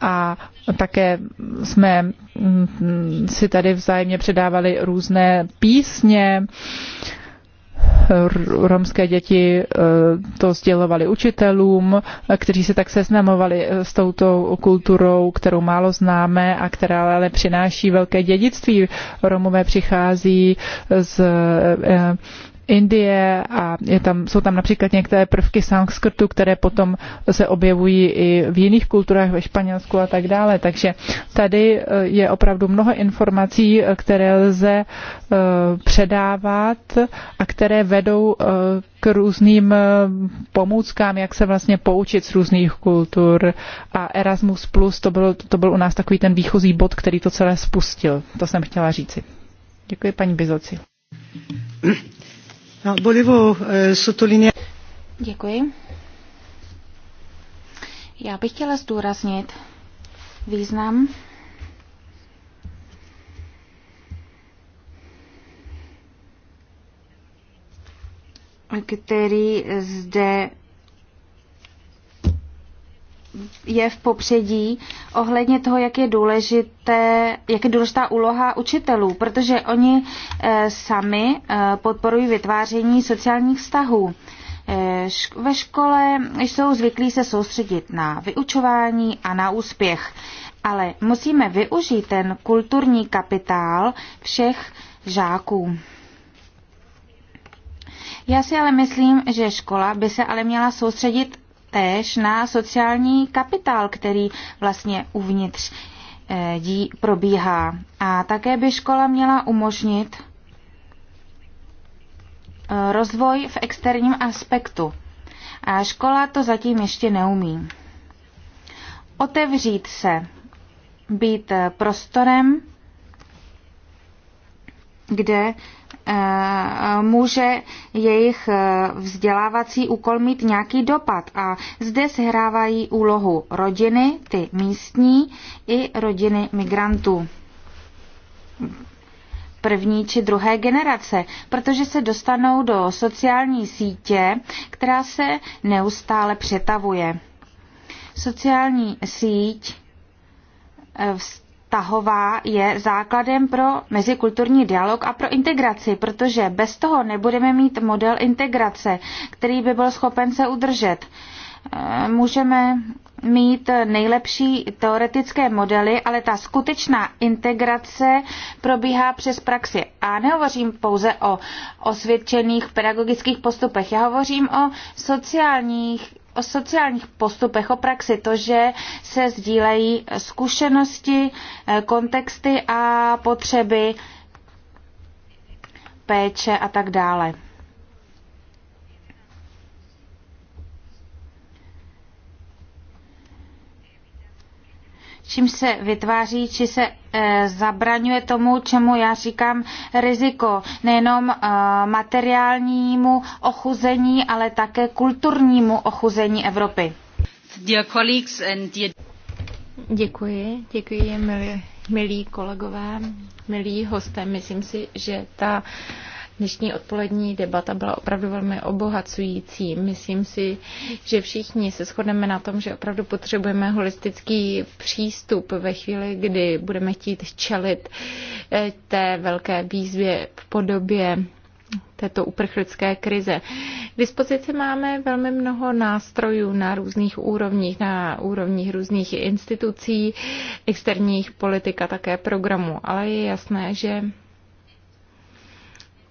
a také jsme mm, si tady vzájemně předávali různé písně. Romské děti e, to sdělovali učitelům, kteří se tak seznamovali e, s touto kulturou, kterou málo známe a která ale přináší velké dědictví. Romové přichází z e, Indie a je tam, jsou tam například některé prvky sanskrtu, které potom se objevují i v jiných kulturách ve Španělsku a tak dále. Takže tady eh, je opravdu mnoho informací, eh, které lze eh, předávat a které vedou k různým pomůckám, jak se vlastně poučit z různých kultur. A Erasmus Plus, to byl, to byl u nás takový ten výchozí bod, který to celé spustil. To jsem chtěla říci. Děkuji paní Bizoci. (coughs) No, eh, Děkuji. Já bych chtěla zdůraznit význam který zde je v popředí ohledně toho, jak je, důležité, jak je důležitá úloha učitelů, protože oni eh, sami eh, podporují vytváření sociálních vztahů. Eh, ve škole jsou zvyklí se soustředit na vyučování a na úspěch, ale musíme využít ten kulturní kapitál všech žáků. Já si ale myslím, že škola by se ale měla soustředit též na sociální kapitál, který vlastně uvnitř eh, dí probíhá. A také by škola měla umožnit eh, rozvoj v externím aspektu. A škola to zatím ještě neumí. Otevřít se, být eh, prostorem, kde Eh, může jejich eh, vzdělávací úkol mít nějaký dopad. A zde sehrávají úlohu rodiny, ty místní i rodiny migrantů první či druhé generace, protože se dostanou do sociální sítě, která se neustále přetavuje. Sociální síť eh, vztahová je základem pro mezikulturní dialog a pro integraci, protože bez toho nebudeme mít model integrace, který by byl schopen se udržet. Eh, můžeme mít nejlepší teoretické modely, ale ta skutečná integrace probíhá přes praxi. A nehovořím pouze o osvědčených pedagogických postupech, já hovořím o sociálních o sociálních postupech, o praxi, to, že se sdílejí zkušenosti, eh, kontexty a potřeby péče a tak dále. čím se vytváří, či se eh, zabraňuje tomu, čemu já říkám riziko, nejenom eh, materiálnímu ochuzení, ale také kulturnímu ochuzení Evropy. Děkuji, děkuji, milí, milí kolegové, milí hosté. Myslím si, že ta Dnešní odpolední debata byla opravdu velmi obohacující. Myslím si, že všichni se shodneme na tom, že opravdu potřebujeme holistický přístup ve chvíli, kdy budeme chtít čelit eh, té velké výzvě v podobě této uprchlické krize. K dispozici máme velmi mnoho nástrojů na různých úrovních, na úrovních různých institucí, externích politik a také programů, ale je jasné, že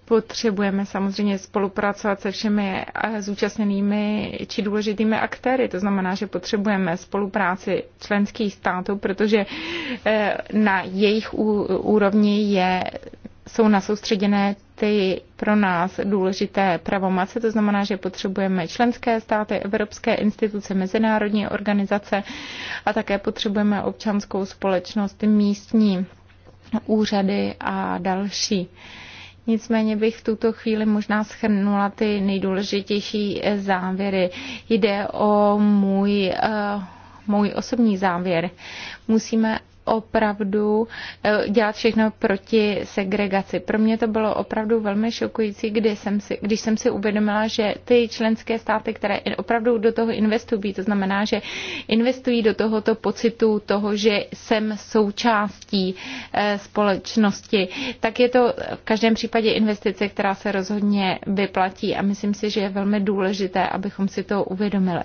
potřebujeme samozřejmě spolupracovat se všemi eh, zúčastněnými či důležitými aktéry. To znamená, že potřebujeme spolupráci členských států, protože eh, na jejich úrovni je, jsou nasoustředěné ty pro nás důležité pravomace, to znamená, že potřebujeme členské státy, evropské instituce, mezinárodní organizace a také potřebujeme občanskou společnost, místní úřady a další. Nicméně bych v tuto chvíli možná schrnula ty nejdůležitější eh, závěry. Jde o můj, eh, můj osobní závěr. Musíme opravdu eh, dělat všechno proti segregaci. Pro mě to bylo opravdu velmi šokující, kdy jsem si, když jsem si uvědomila, že ty členské státy, které opravdu do toho investují, to znamená, že investují do tohoto pocitu toho, že jsem součástí eh, společnosti, tak je to v každém případě investice, která se rozhodně vyplatí a myslím si, že je velmi důležité, abychom si to uvědomili.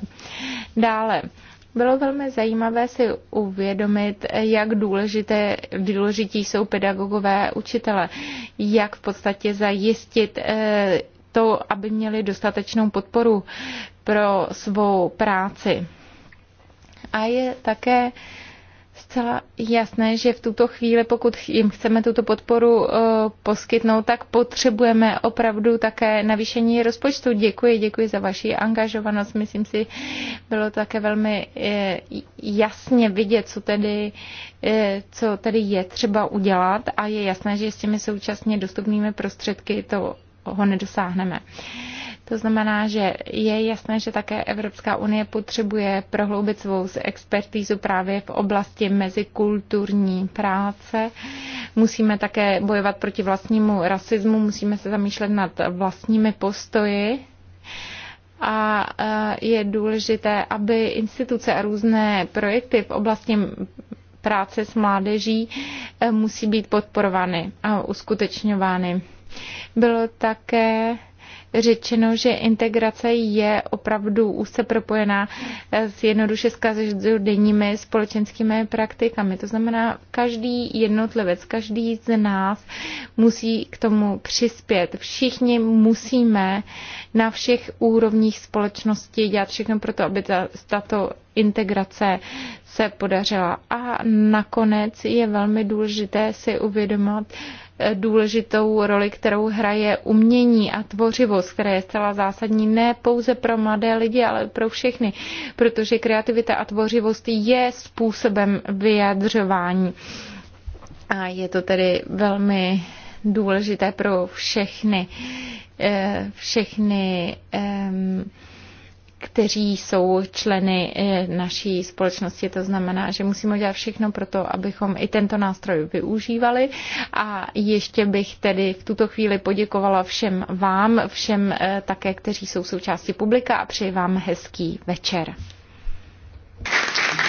Dále, bylo velmi zajímavé si uvědomit, jak důležité, důležití jsou pedagogové učitele, jak v podstatě zajistit eh, to, aby měli dostatečnou podporu pro svou práci. A je také zcela jasné, že v tuto chvíli, pokud jim chceme tuto podporu uh, poskytnout, tak potřebujeme opravdu také navýšení rozpočtu. Děkuji, děkuji za vaši angažovanost. Myslím si, bylo také velmi eh, jasně vidět, co tedy, eh, co tedy je třeba udělat a je jasné, že s těmi současně dostupnými prostředky to ho nedosáhneme. Uh, to znamená, že je jasné, že také Evropská unie potřebuje prohloubit svou expertízu právě v oblasti mezikulturní práce. Musíme také bojovat proti vlastnímu rasismu, musíme se zamýšlet nad vlastními postoji a eh, je důležité, aby instituce a různé projekty v oblasti práce s mládeží eh, musí být podporovány a uskutečňovány. Bylo také řečeno, že integrace je opravdu úzce propojená s jednoduše s každodenními společenskými praktikami. To znamená, každý jednotlivec, každý z nás musí k tomu přispět. Všichni musíme na všech úrovních společnosti dělat všechno pro to, aby tato integrace se podařila. A nakonec je velmi důležité si uvědomit, důležitou roli, kterou hraje umění a tvořivost, které je zcela zásadní ne pouze pro mladé lidi, ale pro všechny, protože kreativita a tvořivost je způsobem vyjadřování. A je to tedy velmi důležité pro všechny, eh, všechny kteří jsou členy eh, naší společnosti. To znamená, že musíme dělat všechno pro to, abychom i tento nástroj využívali. A ještě bych tedy v tuto chvíli poděkovala všem vám, všem eh, také, kteří jsou součástí publika a přeji vám hezký večer. Thank you.